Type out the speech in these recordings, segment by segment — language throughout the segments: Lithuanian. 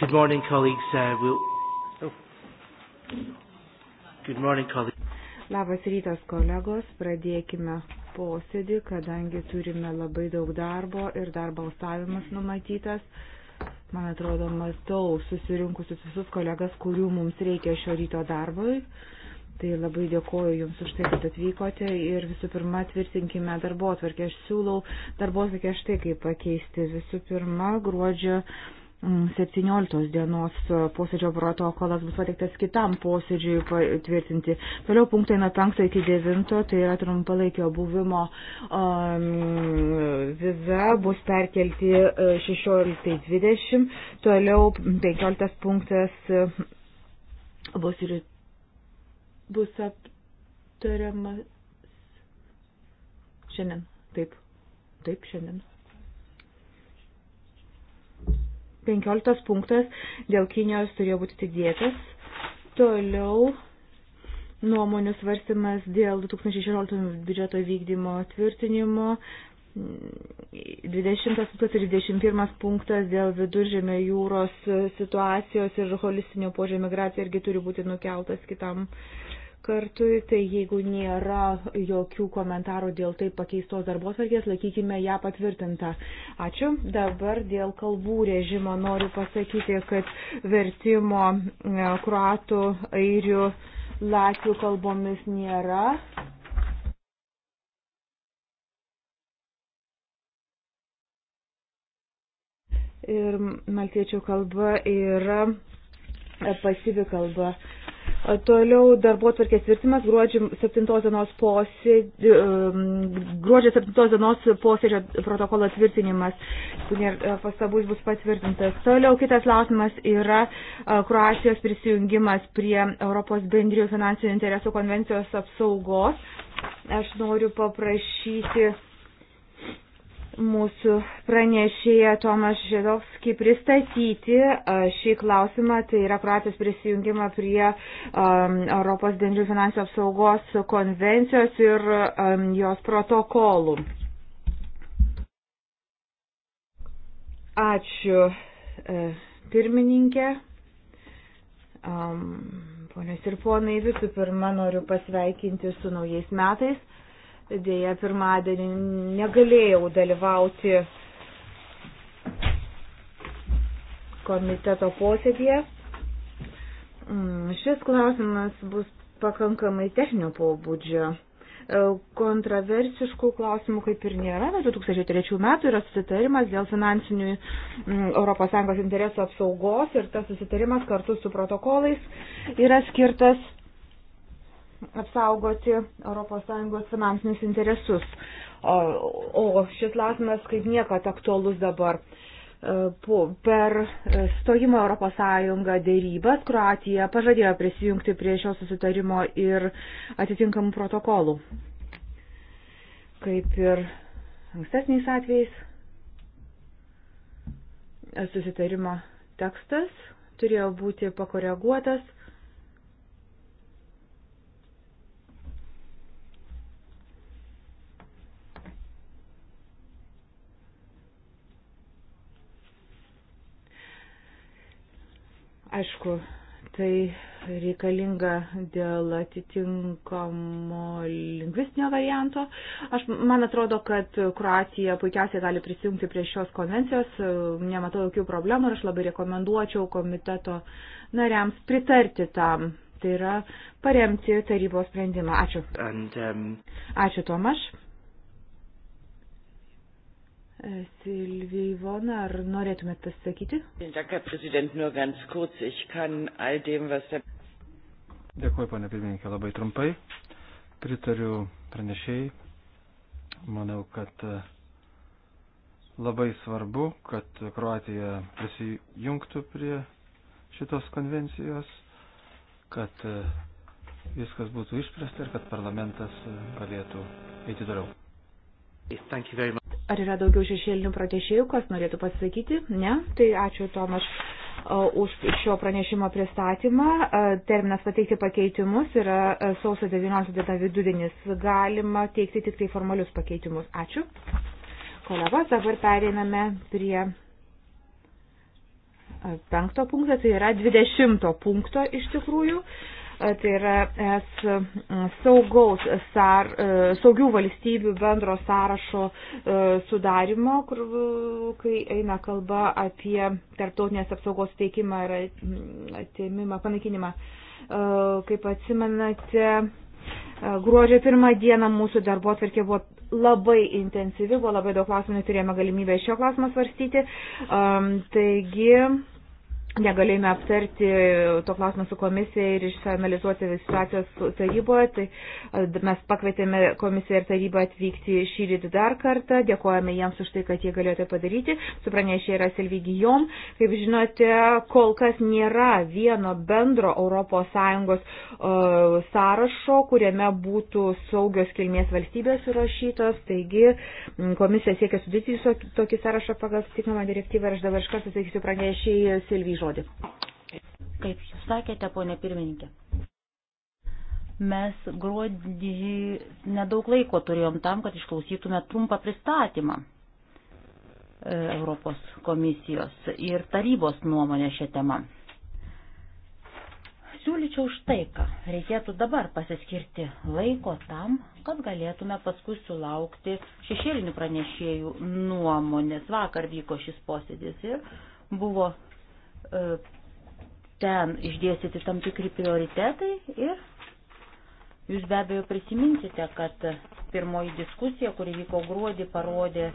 Good morning, colleagues. Uh, we'll... oh. Good morning, colleagues. Labas rytas, kolegos. Pradėkime posėdį, kadangi turime labai daug darbo ir dar balsavimas numatytas. Man atrodo, matau susirinkusius visus kolegas, kurių mums reikia šio ryto darbui. Tai labai dėkoju Jums už tai, kad atvykote ir visų pirma tvirtinkime darbo atvarkę. Aš siūlau darbo atvarkę štai kaip pakeisti. Visų pirma, gruodžio 17 dienos posėdžio protokolas bus pateiktas kitam posėdžiui patvirtinti. Toliau punktai nuo 5 iki 9, tai yra trumpalaikio buvimo um, viza, bus perkelti 16.20, uh, toliau 15 punktas uh, bus, ir, bus aptariamas šiandien. Taip, taip, šiandien. 15 punktas dėl Kinijos turėjo būti atidėtas. Toliau nuomonių svarstymas dėl 2016 biudžeto vykdymo tvirtinimo. 20 ir 21 punktas dėl viduržėmio jūros situacijos ir holistinio požiūrio migracija irgi turi būti nukeltas kitam uh, kartui, tai jeigu nėra jokių komentarų dėl taip pakeistos darbosvarkės, laikykime ją patvirtintą. Ačiū. Dabar dėl kalbų režimo noriu pasakyti, kad vertimo e, kruatų, airių, latvių kalbomis nėra. Ir maltiečių kalba yra pasyvi kalba. Toliau darbo tvarkės tvirtimas gruodžio 7 dienos posėdžio, um, gruodžio 7 dienos posėdžio protokolo tvirtinimas, e, pastabus bus patvirtintas. Toliau kitas klausimas yra e, Kroatijos prisijungimas prie Europos bendrijų finansinių interesų konvencijos apsaugos. Aš noriu paprašyti mūsų pranešėją Tomas Žedovskį pristatyti šį klausimą, tai yra Kroatijos prisijungimą prie um, Europos bendrių finansų apsaugos konvencijos ir um, jos protokolų. Ačiū e, pirmininkė. Um, Ponios ir ponai, visų pirma noriu pasveikinti su naujais metais. Dėja, pirmadienį negalėjau dalyvauti komiteto posėdėje. Mm, šis klausimas bus pakankamai techninio pobūdžio. E, Kontraversiškų klausimų kaip ir nėra. Nuo 2003 metų yra susitarimas dėl finansinių mm, ES interesų apsaugos ir tas susitarimas kartu su protokolais yra skirtas apsaugoti ES finansinius interesus. O, o šis klausimas kaip niekad aktuolus dabar. E, per stojimo ES dėrybas Kroatija pažadėjo prisijungti prie šio susitarimo ir atitinkamų protokolų. Kaip ir ankstesniais atvejais, susitarimo tekstas turėjo būti pakoreguotas Aišku, tai reikalinga dėl atitinkamo lingvistinio varianto. Aš, man atrodo, kad Kroatija puikiausiai gali prisijungti prie šios konvencijos, nematau jokių problemų ir aš labai rekomenduočiau komiteto nariams pritarti tam. Tai yra paremti tarybos sprendimą. Ačiū. And, um... Ačiū, Tomaš. E, Silvija Ivona, ar norėtumėt pasakyti? Dėkuoju, ponė pirmininkė, labai trumpai. Pritariu pranešėjai. Manau, kad e, labai svarbu, kad Kroatija prisijungtų prie šitos konvencijos, kad e, viskas būtų išspręsta ir kad parlamentas galėtų eiti toliau. Thank you very much. Ar yra daugiau šešėlinių pratešėjų, kas norėtų pasakyti? Ne? Tai ačiū Tomaš už šio pranešimo pristatymą. Terminas pateikti pakeitimus yra sausio 19 diena vidudienis. Galima teikti tik tai formalius pakeitimus. Ačiū. Kolegos, dabar pereiname prie penkto punkto, tai yra dvidešimto punkto iš tikrųjų. Uh, E, tai yra es saugaus, sar, e, saugių valstybių bendro sąrašo e, sudarimo, kur, kai eina kalba apie tarptautinės apsaugos teikimą ir atėmimą, panaikinimą. Kaip atsimenate, gruodžio pirmą dieną mūsų darbo atverkė buvo labai intensyvi, buvo labai daug klausimų, neturėjome galimybę šio klausimą svarstyti. Taigi, negalėjome aptarti to klausimo su komisija ir išsianalizuoti situacijos taryboje. Tai mes pakvietėme komisiją ir tarybą atvykti šį rytį dar kartą. Dėkojame jiems už tai, kad jie galėjo tai padaryti. Su pranešė yra Silvigijom. Kaip žinote, kol kas nėra vieno bendro ES sąrašo, kuriame būtų saugios kilmės valstybės surašytos. Taigi komisija siekia sudėti tokį sąrašą pagal atitinkamą direktyvą ir aš dabar iš karto sakysiu pranešėjai Silvyžo žodį. Kaip jūs sakėte, ponė pirmininkė, mes gruodį nedaug laiko turėjom tam, kad išklausytume trumpą pristatymą e, Europos komisijos ir tarybos nuomonę šią temą. Siūlyčiau štai ką. Reikėtų dabar pasiskirti laiko tam, kad galėtume paskui sulaukti šešėlinių pranešėjų nuomonės. Vakar vyko šis posėdis ir buvo E, ten išdėstyti tam tikri prioritetai ir jūs be abejo prisiminsite, kad pirmoji diskusija, kuri vyko gruodį, parodė,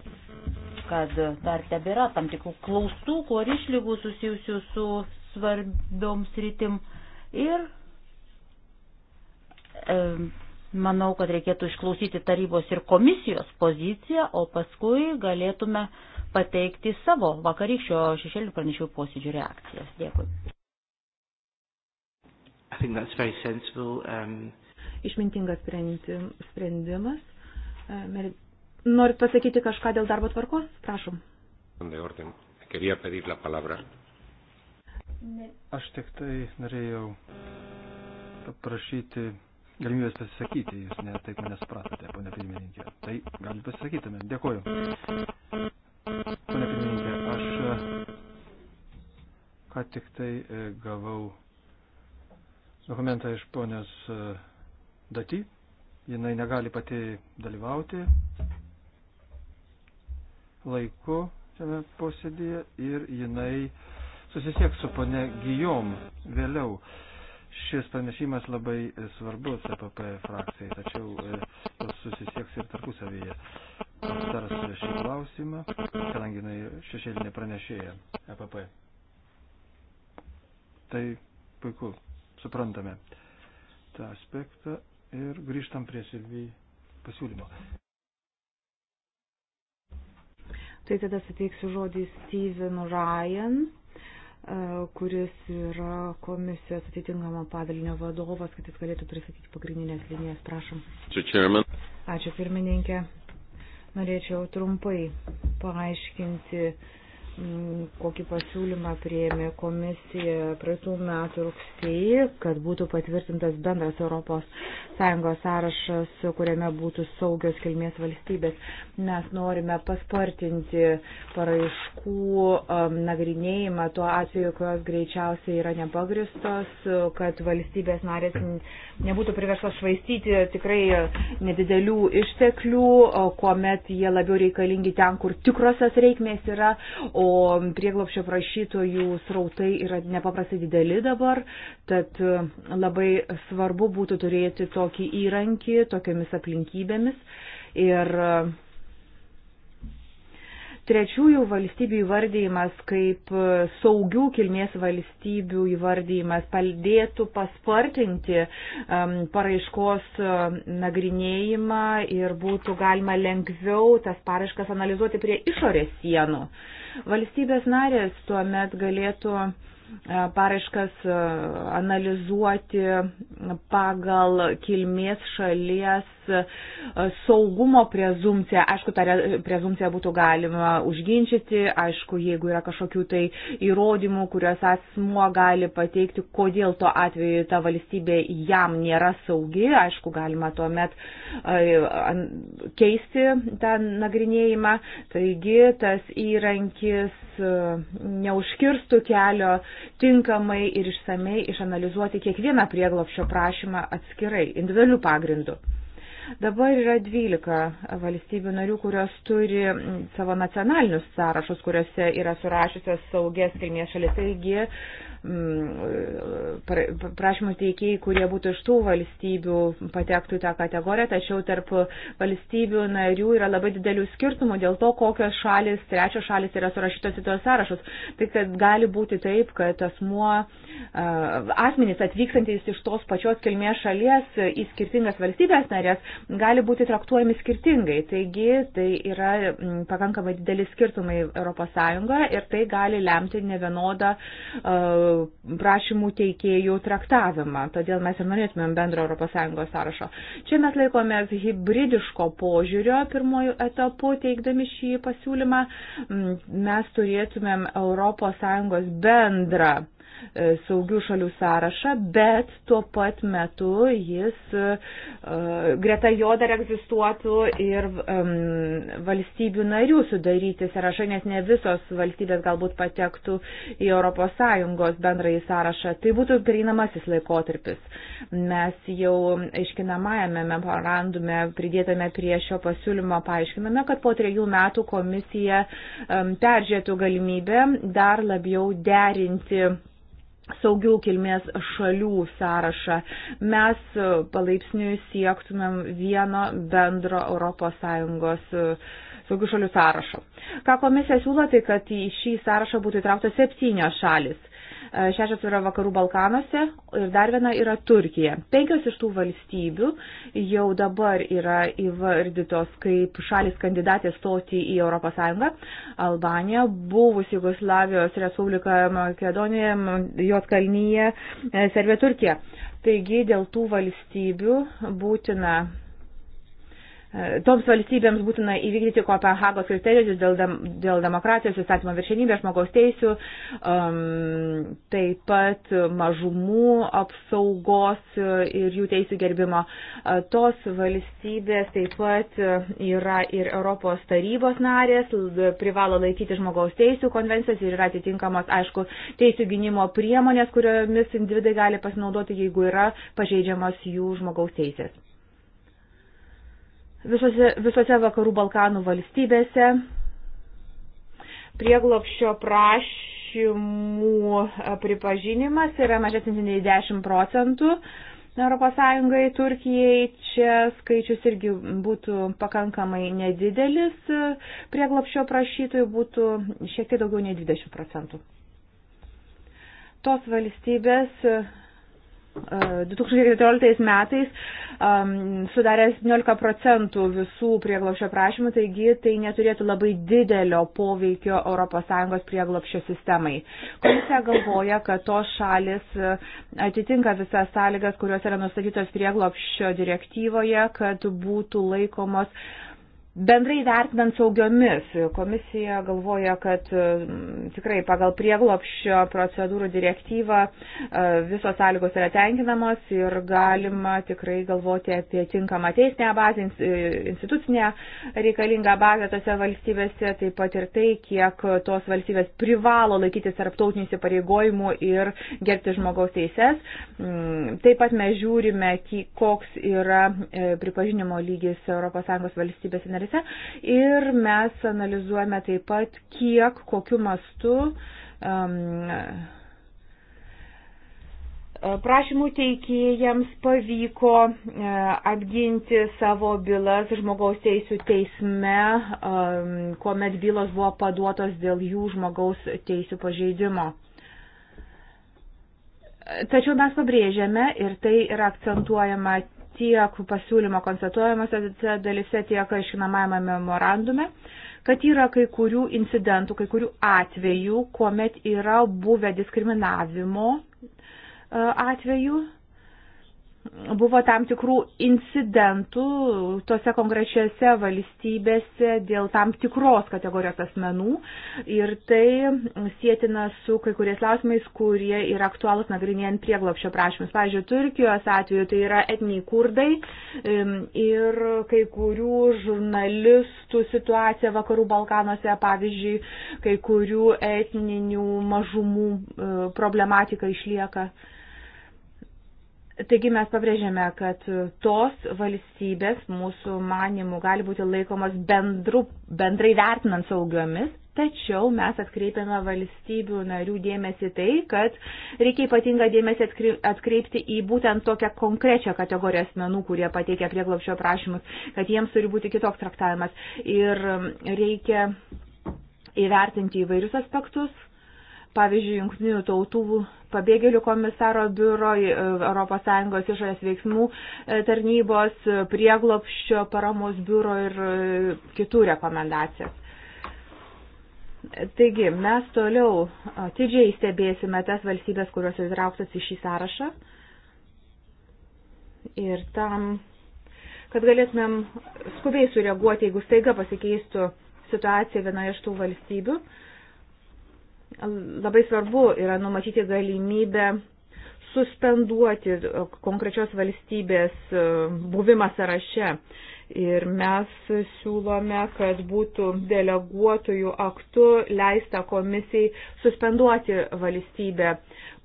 kad dar tebėra tam tikrų klaustukų ar išlygų susijusių su svarbiom sritim ir e, manau, kad reikėtų išklausyti tarybos ir komisijos poziciją, o paskui galėtume e, pateikti savo vakarykščio šešėlių pranešimų posėdžių reakcijas. Dėkui. Um... Išmintingas sprendimas. E, norit pasakyti kažką dėl darbo tvarkos? Prašom. Aš tik tai norėjau paprašyti galimybės pasisakyti, jūs ne taip mane supratote, ponė pirmininkė. Tai galite pasisakyti, dėkuoju. Pane pirmininkė, aš e, ką tik tai e, gavau dokumentą iš ponios e, Dati. Jinai negali pati dalyvauti laiku šiame posėdėje ir jinai susisieks su pone Gijom vėliau. Šis pranešimas labai svarbus APP frakcijai, tačiau susisieks ir tarpusavyje tars šį klausimą, kadangi jinai šešėlinė pranešėja EPP. Tai puiku, suprantame tą aspektą ir grįžtam prie Silvijai pasiūlymo. Tai tada suteiksiu žodį Steven Ryan, e, kuris yra komisijos atitinkamo padalinio vadovas, kad jis galėtų pristatyti pagrindinės linijas. Prašom. Ačiū pirmininkė. Norėčiau trumpai paaiškinti, mm, kokį pasiūlymą prieėmė komisija praeitų metų rugsėjį, kad būtų patvirtintas bendras ES sąrašas, kuriame būtų saugios kilmės valstybės. Mes norime paspartinti paraiškų nagrinėjimą tuo atveju, kurios greičiausiai yra nepagristos, kad valstybės narės nebūtų priverstos švaistyti tikrai nedidelių išteklių, kuomet jie labiau reikalingi ten, kur tikrosios reikmės yra, o prieglopšio prašytojų srautai yra nepaprastai dideli dabar, tad e, labai svarbu būtų turėti tokį įrankį tokiamis aplinkybėmis. Ir e, Trečiųjų valstybių įvardyjimas kaip e, saugių kilmės valstybių įvardyjimas padėtų paspartinti um, paraiškos e, nagrinėjimą ir būtų galima lengviau tas paraiškas analizuoti prie išorės sienų. Valstybės narės tuomet galėtų e, paraiškas analizuoti pagal kilmės šalies E, saugumo prezumcija. Aišku, tą prezumciją būtų galima užginčyti, aišku, jeigu yra kažkokių tai įrodymų, kuriuos asmuo gali pateikti, kodėl to atveju ta valstybė jam nėra saugi, aišku, galima tuomet e, keisti tą nagrinėjimą. Taigi, tas įrankis e, neužkirstų kelio tinkamai ir išsamei išanalizuoti kiekvieną prieglopščio prašymą atskirai, individualių pagrindų. Dabar yra 12 valstybių narių, kurios turi savo nacionalinius sąrašus, kuriuose yra surašysios saugės kilmės šalis. Taigi, mm, prašymų teikėjai, kurie būtų iš tų valstybių, patektų į tą kategoriją, tačiau tarp valstybių narių yra labai didelių skirtumų dėl to, kokios šalis, trečios šalis yra surašytos į tuos sąrašus. Tai kad gali būti taip, kad asmuo asmenys atvykstantis iš tos pačios kilmės šalies į skirtingas valstybės narės gali būti traktuojami skirtingai. Taigi tai yra pakankamai dideli skirtumai ES ir tai gali lemti nevienodą prašymų teikėjų traktavimą. Todėl mes ir norėtumėm bendro ES sąrašo. Čia mes laikomės hybridiško požiūrio pirmojų etapų teikdami šį pasiūlymą. Mes turėtumėm ES bendrą E, saugių šalių sąrašą, bet tuo pat metu jis e, greta jo dar egzistuotų ir valstybių narių sudaryti sąrašai, nes ne visos valstybės galbūt patektų į ES bendrąjį sąrašą. Tai būtų prieinamasis laikotarpis. Mes jau aiškinamajame memorandume pridėtame prie šio pasiūlymo paaiškiname, kad po trejų metų komisija peržiūrėtų galimybę dar labiau derinti saugių kilmės šalių sąrašą, mes e, palaipsniui siektumėm vieno bendro ES e, saugių šalių sąrašo. Ką komisija siūlo, tai kad į šį sąrašą būtų įtrauktos septynios šalis šešios yra vakarų Balkanuose ir dar viena yra Turkija. Penkios iš tų valstybių jau dabar yra įvardytos kaip šalis kandidatės stoti į ES. Albanija, buvusi Jugoslavijos Respublika Makedonija, Jotkalnyje, Serbija, Turkija. Taigi dėl tų valstybių būtina Toms valstybėms būtina įvykdyti Kopenhagos kriterijus dėl, dem, dėl demokratijos įstatymo viršenybės, žmogaus teisų, um, taip pat mažumų apsaugos ir jų teisų gerbimo. Tos valstybės taip pat yra ir Europos tarybos narės, privalo laikyti žmogaus teisų konvencijas ir yra atitinkamos, aišku, teisų gynimo priemonės, kuriomis individai gali pasinaudoti, jeigu yra pažeidžiamos jų žmogaus teisės visose, visose vakarų Balkanų valstybėse. Prieglopščio prašymų e, pripažinimas yra mažesnis nei 10 procentų. ES Turkijai čia skaičius irgi būtų pakankamai nedidelis, e, prieglapščio prašytojų būtų šiek tiek daugiau nei 20 procentų. Tos valstybės 2014 metais um, sudarė 17 procentų visų prieglopšio prašymų, taigi tai neturėtų labai didelio poveikio ES prieglopšio sistemai. Komisija galvoja, kad tos šalis e, atitinka visas sąlygas, kurios yra nustatytos prieglopšio direktyvoje, kad būtų laikomos uh, Bendrai vertinant saugiomis, komisija galvoja, kad mm, tikrai pagal prieglopščio procedūrų direktyvą e, visos sąlygos yra tenkinamos ir galima tikrai galvoti apie tinkamą teisinę bazę, e, institucinę reikalingą bazę tose valstybėse, taip pat ir tai, kiek tos valstybės privalo laikytis tarptautinių įsipareigojimų ir gerbti žmogaus teises. Mm, taip pat mes žiūrime, koks yra e, pripažinimo lygis ES valstybėse narėse ir mes analizuojame taip pat, kiek, kokiu mastu um, prašymų teikėjams pavyko e, apginti savo bylas žmogaus teisų teisme, um, kuomet bylos buvo paduotos dėl jų žmogaus teisų pažeidimo. Tačiau mes pabrėžiame ir tai yra akcentuojama tiek pasiūlymo konstatuojamosiose dalise, tiek aiškinamajame memorandume, kad yra kai kurių incidentų, kai kurių atvejų, kuomet yra buvę diskriminavimo e, atvejų buvo tam tikrų incidentų tose konkrečiose valstybėse dėl tam tikros kategorijos asmenų ir tai sėtina su kai kuriais klausimais, kurie yra aktualūs nagrinėjant prieglopšio prašymus. Pavyzdžiui, Turkijos atveju tai yra etniai kurdai ir kai kurių žurnalistų situacija vakarų Balkanuose, pavyzdžiui, kai kurių etninių mažumų e, problematika išlieka. Taigi mes pabrėžėme, kad tos valstybės mūsų manimų gali būti laikomos bendru, bendrai vertinant saugiomis, tačiau mes atkreipiame valstybių narių dėmesį tai, kad reikia ypatingą dėmesį atkreipti į būtent tokią konkrečią kategoriją asmenų, kurie pateikia prieglopšio prašymus, kad jiems turi būti kitoks traktavimas ir reikia įvertinti įvairius aspektus, pavyzdžiui, Junktinių tautų pabėgėlių komisaro biuro, ES išorės veiksmų e, tarnybos, e, prieglopščio paramos biuro ir e, kitų rekomendacijas. Taigi, mes toliau atidžiai stebėsime tas valstybės, kurios įtrauktas į šį sąrašą. Ir tam, kad galėtumėm skubiai sureaguoti, jeigu staiga pasikeistų situacija vienoje iš tų valstybių. Uh, labai svarbu yra numatyti galimybę suspenduoti konkrečios valstybės e, buvimą sąraše. Ir mes siūlome, kad būtų deleguotojų aktu leista komisijai suspenduoti valstybę,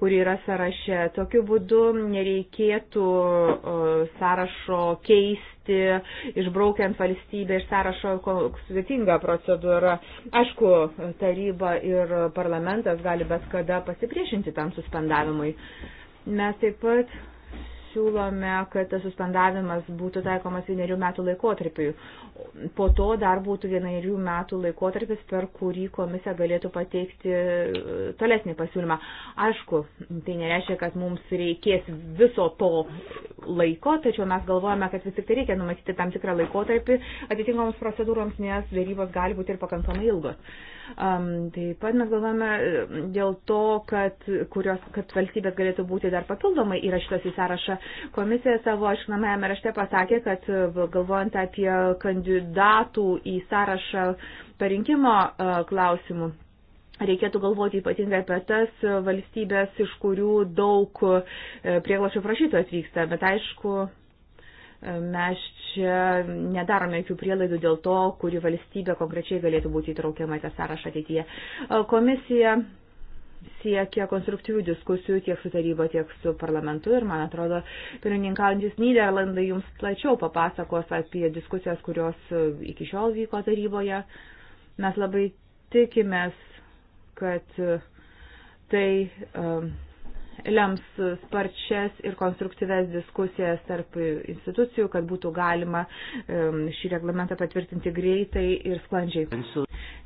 kuri yra sąraše. Tokiu būdu nereikėtų sąrašo keisti, išbraukiant valstybę iš sąrašo sudėtinga procedūra. Aišku, taryba ir parlamentas gali bet kada pasipriešinti tam suspendavimui. Mes taip pat siūlome, kad tas suspendavimas būtų taikomas vienerių metų laikotarpiui. Po to dar būtų vienerių metų laikotarpis, per kurį komisija galėtų pateikti e, tolesnį pasiūlymą. Aišku, tai nereiškia, kad mums reikės viso to laiko, tačiau mes galvojame, kad vis tik tai reikia numatyti tam tikrą laikotarpį atitinkamoms procedūroms, nes dėrybos gali būti ir pakankamai ilgos. Um, taip pat mes galvojame e, dėl to, kad, kurios, kad valstybės galėtų būti dar papildomai įrašytos į sąrašą Komisija savo aiškinamajame rašte pasakė, kad galvojant apie kandidatų į sąrašą parinkimo klausimų, reikėtų galvoti ypatingai apie tas valstybės, iš kurių daug prieglašio prašytojų atvyksta, bet aišku, mes čia nedarome jokių prielaidų dėl to, kuri valstybė konkrečiai galėtų būti įtraukiama į tą sąrašą ateityje. Komisija siekia konstruktyvių diskusijų tiek su taryba, tiek su parlamentu ir, man atrodo, pirmininkaujantis Niderlandai jums plačiau papasakos apie diskusijas, kurios e, iki šiol vyko taryboje. Mes labai tikimės, kad e, tai. Um, lems sparčias ir konstruktyves diskusijas tarp institucijų, kad būtų galima šį reglamentą patvirtinti greitai ir sklandžiai.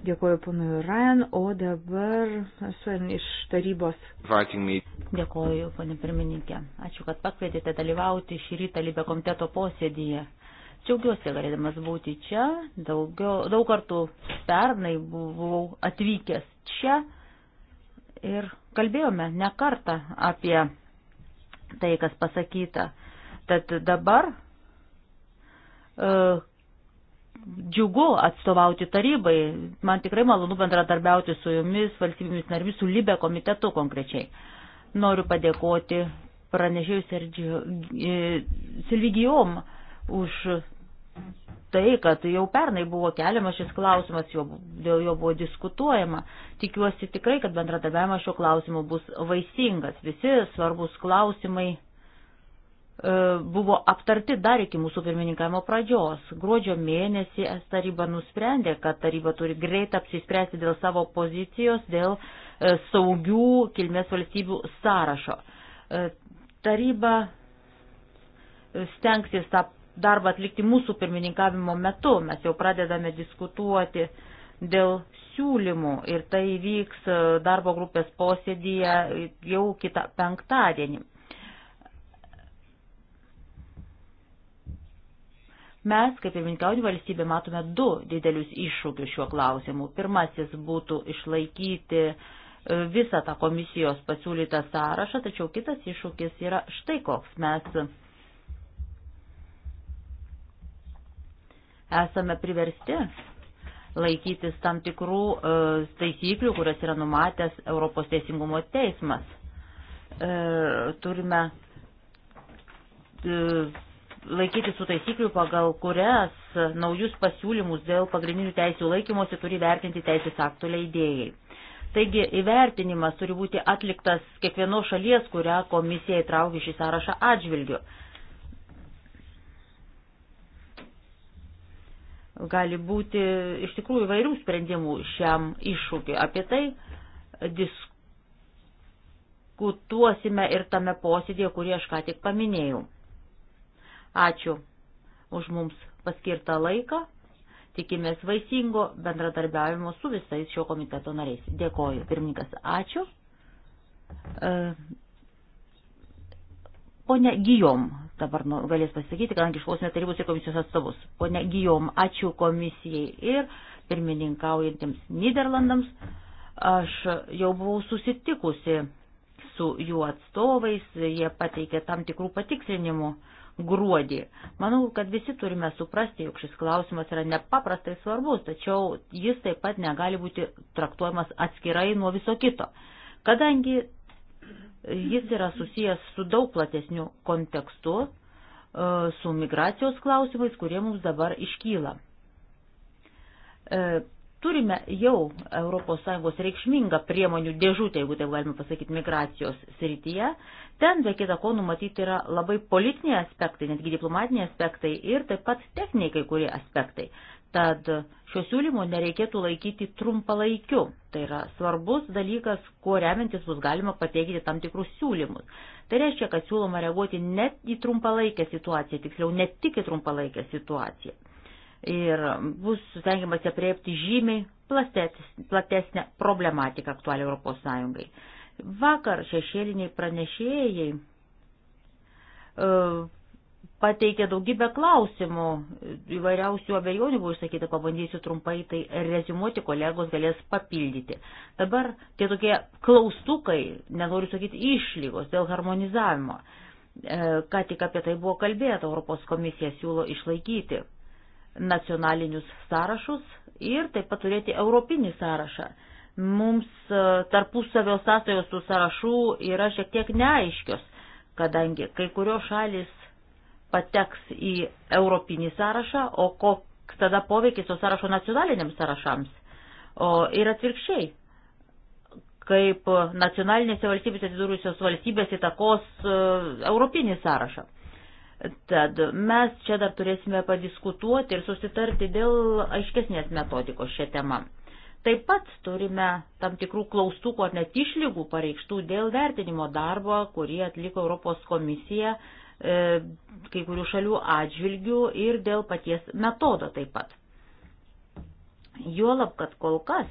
Dėkuoju ponui Ryan, o dabar esu iš tarybos. Dėkuoju, ponė pirmininkė. Ačiū, kad pakvietėte dalyvauti šį rytą Libė komiteto posėdyje. Džiaugiuosi galėdamas būti čia, Daugio, daug kartų pernai buvau atvykęs čia ir kalbėjome ne kartą apie tai, kas pasakyta. Tad dabar e, džiugu atstovauti tarybai. Man tikrai malonu bendradarbiauti su jumis, valstybėmis narvis, su Libe komitetu konkrečiai. Noriu padėkoti pranešėjus ir e, Silvigijom už tai, kad jau pernai buvo keliamas šis klausimas, jo, dėl jo buvo diskutuojama. Tikiuosi tikrai, kad bendradarbiavimas šiuo klausimu bus vaisingas. Visi svarbus klausimai e, buvo aptarti dar iki mūsų pirmininkavimo pradžios. Gruodžio mėnesį es taryba nusprendė, kad taryba turi greit apsispręsti dėl savo pozicijos, dėl e, saugių kilmės valstybių sąrašo. E, taryba e, stengsis tą darbą atlikti mūsų pirmininkavimo metu. Mes jau pradedame diskutuoti dėl siūlymų ir tai vyks e, darbo grupės posėdėje jau kitą penktadienį. Mes, kaip ir minkaudį valstybė, matome du didelius iššūkius šiuo klausimu. Pirmasis būtų išlaikyti e, visą tą komisijos pasiūlytą sąrašą, tačiau kitas iššūkis yra štai koks. Mes esame priversti laikytis tam tikrų e, taisyklių, kurias yra numatęs Europos teisingumo teismas. E, turime e, laikytis tų taisyklių, pagal kurias naujus pasiūlymus dėl pagrindinių teisų laikymosi turi vertinti teisės aktų leidėjai. Taigi įvertinimas turi būti atliktas kiekvienos šalies, kurią komisija įtraukia šį sąrašą atžvilgiu. gali būti iš tikrųjų vairių sprendimų šiam iššūkiu. Apie tai diskutuosime ir tame posėdėje, kurį aš ką tik paminėjau. Ačiū už mums paskirtą laiką. Tikimės vaisingo bendradarbiavimo su visais šio komiteto nariais. Dėkoju. Pirmininkas, ačiū. E, Pone Gijom, dabar nu, galės pasakyti, kadangi išklausime tarybos ir komisijos atstovus. Pone Gijom, ačiū komisijai ir pirmininkaujantiems Niderlandams. Aš jau buvau susitikusi su jų atstovais, jie pateikė tam tikrų patikslinimų gruodį. Manau, kad visi turime suprasti, jog šis klausimas yra nepaprastai svarbus, tačiau jis taip pat negali būti traktuojamas atskirai nuo viso kito. Kadangi Jis yra susijęs su daug platesniu kontekstu, e, su migracijos klausimais, kurie mums dabar iškyla. E, turime jau ES reikšmingą priemonių dėžutę, jeigu taip galima pasakyti, migracijos srityje. Ten, be kita ko, numatyti yra labai politiniai aspektai, netgi diplomatiniai aspektai ir taip pat technikai kurie aspektai. Tad šio siūlymo nereikėtų laikyti trumpalaikiu. Tai yra svarbus dalykas, kuo remiantis bus galima pateikti tam tikrus siūlymus. Tai reiškia, kad siūloma reaguoti net į trumpalaikę situaciją, tiksliau, ne tik į trumpalaikę situaciją. Ir bus stengiamasi apriepti žymiai platesnę problematiką aktualią Europos Sąjungai. Vakar šešėliniai pranešėjai uh, pateikė daugybę klausimų, įvairiausių abejonių buvo išsakyta, pabandysiu trumpai tai rezimuoti, kolegos galės papildyti. Dabar tie tokie klaustukai, nenoriu sakyti išlygos dėl harmonizavimo, e, ką tik apie tai buvo kalbėta, Europos komisija siūlo išlaikyti nacionalinius sąrašus ir taip pat turėti europinį sąrašą. Mums e, tarpusavio sąsajos tų sąrašų yra šiek tiek neaiškios, kadangi kai kurios šalis pateks į europinį sąrašą, o koks tada poveikis to sąrašo nacionaliniams sąrašams. O ir atvirkščiai, kaip nacionalinėse valstybėse atsidūrusios valstybės įtakos e, europinį sąrašą. Tad mes čia dar turėsime padiskutuoti ir susitarti dėl aiškesnės metodikos šią temą. Taip pat turime tam tikrų klaustukų ar net išlygų pareikštų dėl vertinimo darbo, kurį atliko Europos komisija E, kai kurių šalių atžvilgių ir dėl paties metodo taip pat. Juolab, kad kol kas,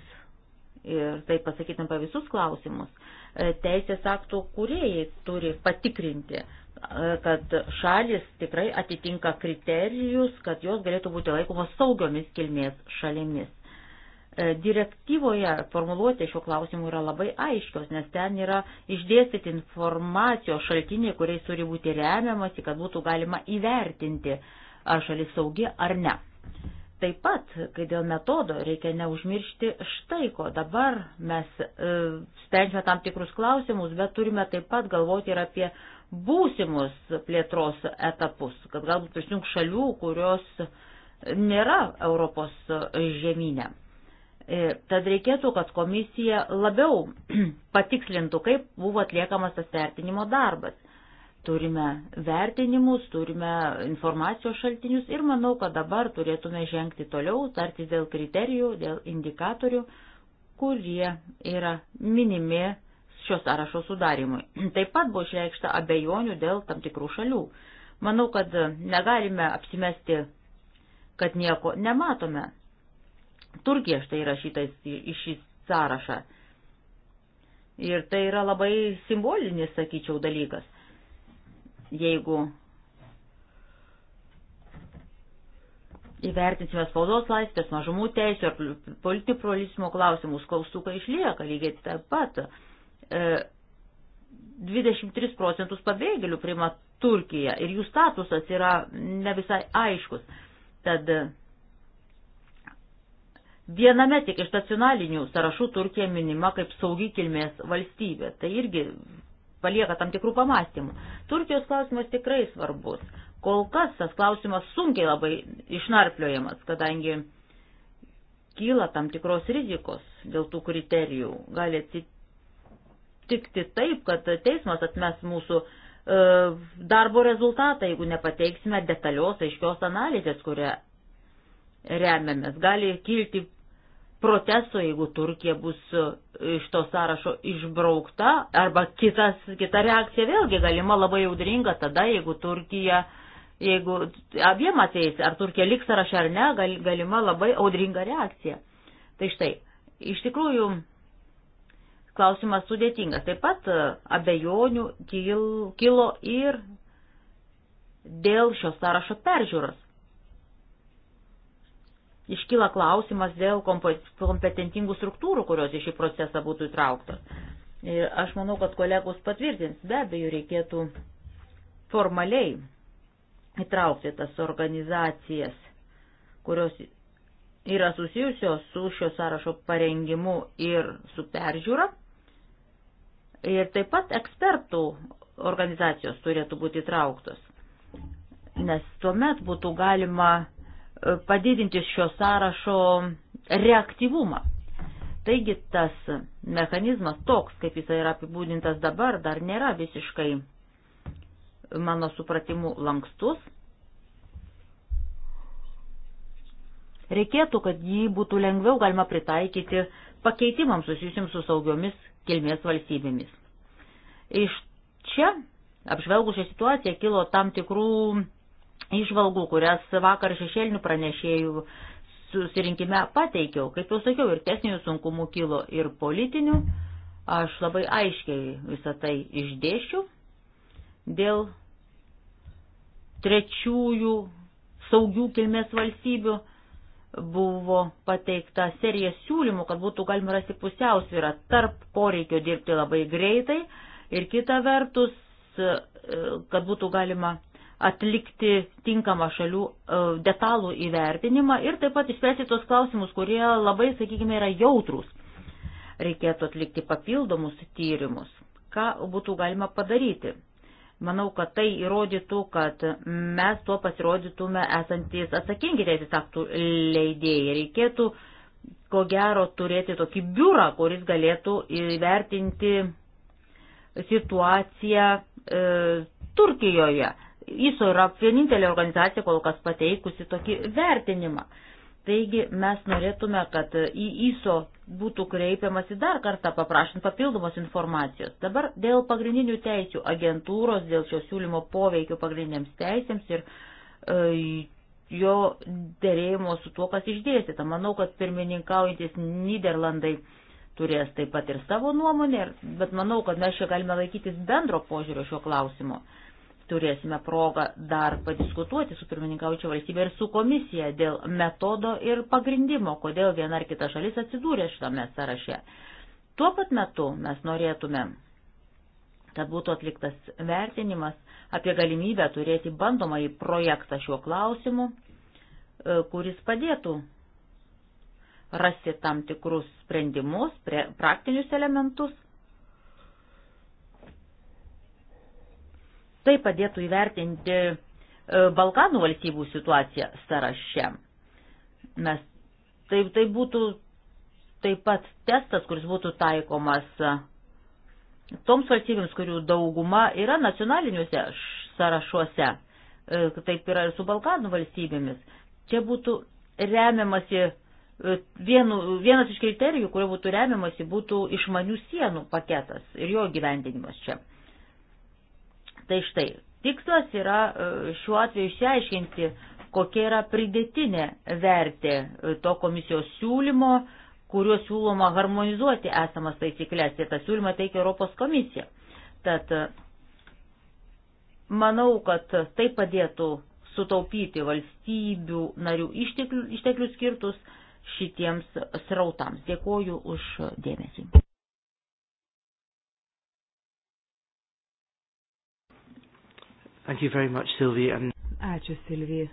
ir tai pasakytum apie visus klausimus, e, teisės aktų kuriejai turi patikrinti, e, kad šalis tikrai atitinka kriterijus, kad jos galėtų būti laikomos saugiomis kilmės šalimis. E, direktyvoje formuluotė šio klausimu yra labai aiškios, nes ten yra išdėstyti informacijos šaltiniai, kuriais turi būti remiamasi, kad būtų galima įvertinti, ar šalis saugi ar ne. Taip pat, kai dėl metodo reikia neužmiršti štai ko, dabar mes e, sprendžiame tam tikrus klausimus, bet turime taip pat galvoti ir apie būsimus plėtros etapus, kad galbūt prisijung šalių, kurios nėra Europos žemynė. E, tad reikėtų, kad komisija labiau patikslintų, kaip buvo atliekamas tas vertinimo darbas. Turime vertinimus, turime informacijos šaltinius ir manau, kad dabar turėtume žengti toliau, tartis dėl kriterijų, dėl indikatorių, kurie yra minimi šios sąrašo sudarimui. Taip pat buvo išreikšta abejonių dėl tam tikrų šalių. Manau, kad negalime apsimesti, kad nieko nematome Turkija štai įrašyta į šį sąrašą. Ir tai yra labai simbolinis, sakyčiau, dalykas. Jeigu įvertinsime spaudos laisvės, mažumų teisų ar politinių pluralizmo klausimus, klaustukai išlieka lygiai taip pat. 23 e, procentus pabėgėlių priima Turkija ir jų statusas yra ne visai aiškus. Tad Viename tik iš nacionalinių sąrašų Turkija minima kaip saugi kilmės valstybė. Tai irgi palieka tam tikrų pamastymų. Turkijos klausimas tikrai svarbus. Kol kas tas klausimas sunkiai labai išnarpliojamas, kadangi kyla tam tikros rizikos dėl tų kriterijų. Gali atsitikti taip, kad teismas atmes mūsų e, darbo rezultatą, jeigu nepateiksime detalios aiškios analizės, kurią remiamės. Gali kilti protesto, jeigu Turkija bus e, iš to sąrašo išbraukta, arba kitas, kita reakcija vėlgi galima labai jaudringa tada, jeigu Turkija, jeigu abiem ateis, ar Turkija liks sąraše ar ne, gal, galima labai audringa reakcija. Tai štai, iš tikrųjų, klausimas sudėtingas. Taip pat e, abejonių kil, kilo ir dėl šio sąrašo peržiūros iškyla klausimas dėl kompetentingų struktūrų, kurios į šį procesą būtų įtrauktos. Ir aš manau, kad kolegos patvirtins, be abejo, reikėtų formaliai įtraukti tas organizacijas, kurios yra susijusios su šio sąrašo parengimu ir su peržiūra. Ir taip pat ekspertų organizacijos turėtų būti įtrauktos, nes tuomet būtų galima padidinti šio sąrašo reaktyvumą. Taigi tas mechanizmas toks, kaip jis yra apibūdintas dabar, dar nėra visiškai mano supratimu lankstus. Reikėtų, kad jį būtų lengviau galima pritaikyti pakeitimams susijusiams su saugiomis kilmės valstybėmis. Iš čia, apžvelgus šią situaciją, kilo tam tikrų išvalgų, kurias vakar šešėlinių pranešėjų susirinkime pateikiau. Kaip jau sakiau, ir tesnių sunkumų kilo, ir politinių. Aš labai aiškiai visą tai išdėšiu dėl trečiųjų saugių kilmės valstybių buvo pateikta serija siūlymų, kad būtų galima rasti pusiausvyrą tarp poreikio dirbti labai greitai ir kita vertus, e, kad būtų galima atlikti tinkamą šalių e, detalų įvertinimą ir taip pat išspręsti tos klausimus, kurie labai, sakykime, yra jautrus. Reikėtų atlikti papildomus tyrimus. Ką būtų galima padaryti? Manau, kad tai įrodytų, kad mes tuo pasirodytume esantis atsakingi teisės aktų leidėjai. Reikėtų, ko gero, turėti tokį biurą, kuris galėtų įvertinti situaciją e, Turkijoje ISO yra vienintelė organizacija kol kas pateikusi tokį vertinimą. Taigi mes norėtume, kad į ISO būtų kreipiamasi dar kartą paprašant papildomos informacijos. Dabar dėl pagrindinių teisių agentūros, dėl šio siūlymo poveikio pagrindiniams teisėms ir e, jo dėrėjimo su tuo, kas išdėstyta. Manau, kad pirmininkaujantis Niderlandai turės taip pat ir savo nuomonę, bet manau, kad mes čia galime laikytis bendro požiūrio šiuo klausimu turėsime progą dar padiskutuoti su pirmininkaučia valstybė ir su komisija dėl metodo ir pagrindimo, kodėl viena ar kita šalis atsidūrė šitame sąraše. Tuo pat metu mes norėtume, kad būtų atliktas vertinimas apie galimybę turėti bandomąjį projektą šiuo klausimu, e, kuris padėtų rasti tam tikrus sprendimus, praktinius elementus Tai padėtų įvertinti e, Balkanų valstybių situaciją sąraše. Mes tai, tai būtų taip pat testas, kuris būtų taikomas e, toms valstybėms, kurių dauguma yra nacionaliniuose sąrašuose, e, taip yra ir su Balkanų valstybėmis. Čia būtų remiamasi vienu, vienas iš kriterijų, kurio būtų remiamasi, būtų išmanių sienų paketas ir jo gyvendinimas čia. Tai štai, tikslas yra e, šiuo atveju išsiaiškinti, kokia yra pridėtinė vertė e, to komisijos siūlymo, kuriuo siūloma harmonizuoti esamas taisyklės ir tą siūlymą teikia Europos komisija. Tad e, manau, kad tai padėtų sutaupyti valstybių narių išteklių, išteklių skirtus šitiems srautams. Dėkuoju už dėmesį. Thank you very much, Sylvie. And... Ačiū, Silvija.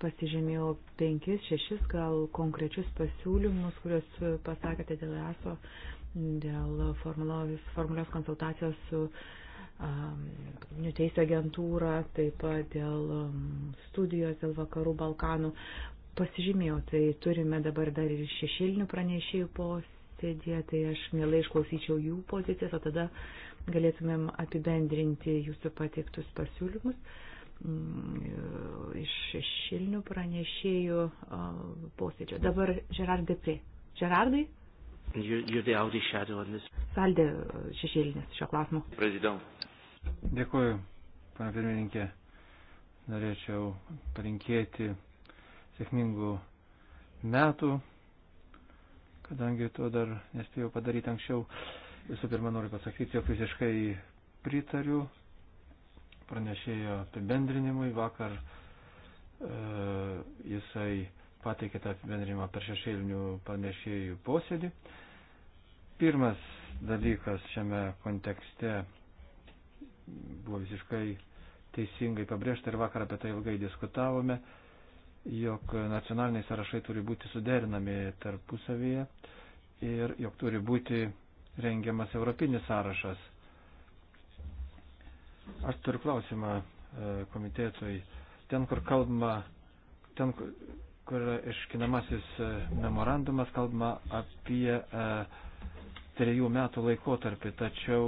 Pasižymėjau penkis, šešis gal konkrečius pasiūlymus, kuriuos pasakėte dėl ESO, dėl formulės, formulės konsultacijos su um, teisų agentūra, taip pat dėl um, studijos, dėl vakarų Balkanų. Pasižymėjau, tai turime dabar dar ir šešilinių pranešėjų posėdį, tai aš mielai išklausyčiau jų pozicijas, o tada uh, galėtumėm apibendrinti jūsų pateiktus pasiūlymus mm, iš šešilnių pranešėjų posėdžio. Dabar Gerardai prie. Gerardai? Saldė šešėlinis šio klausimo. Prezident. Dėkuoju, pana pirmininkė. Norėčiau palinkėti sėkmingų metų, kadangi to dar nespėjau padaryti anksčiau. Uh, Visų pirma, noriu pasakyti, jog visiškai pritariu pranešėjo apibendrinimui. Vakar e, jisai pateikė tą apibendrinimą per šešėlinių pranešėjų posėdį. Pirmas dalykas šiame kontekste buvo visiškai teisingai pabrėžta ir vakar apie tai ilgai diskutavome, jog nacionaliniai sąrašai turi būti suderinami tarpusavyje ir jog turi būti rengiamas europinis sąrašas. Aš turiu klausimą e, komitetui. Ten, kur kalbama, ten, kur iškinamasis e, memorandumas, kalbama apie e, trejų metų laikotarpį, tačiau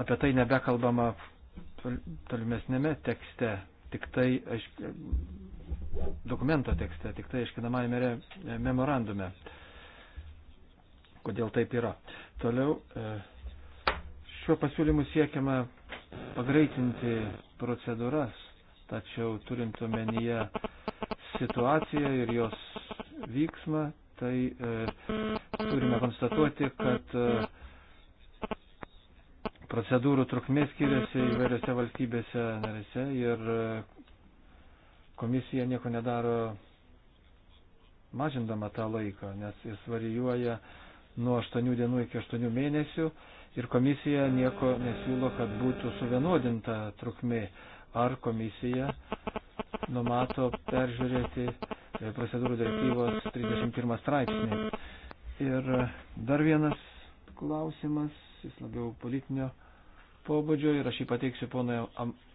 apie tai nebekalbama tolimesnėme tekste, tik tai aišk, dokumento tekste, tik tai aiškinamajame memorandume. E, kodėl taip yra. Toliau e, šiuo pasiūlymu siekiama pagreitinti procedūras, tačiau turint omenyje situaciją ir jos vyksmą, tai e, turime konstatuoti, kad e, procedūrų trukmė skiriasi įvairiose valstybėse narėse ir e, komisija nieko nedaro mažindama tą laiką, nes jis varijuoja e, nuo 8 dienų iki 8 mėnesių ir komisija nieko nesiūlo, kad būtų suvienodinta trukmė. Ar komisija numato peržiūrėti e, procedūrų direktyvos 31 straipsnį. Ir e, dar vienas klausimas, jis labiau politinio pobūdžio ir aš jį pateiksiu ponai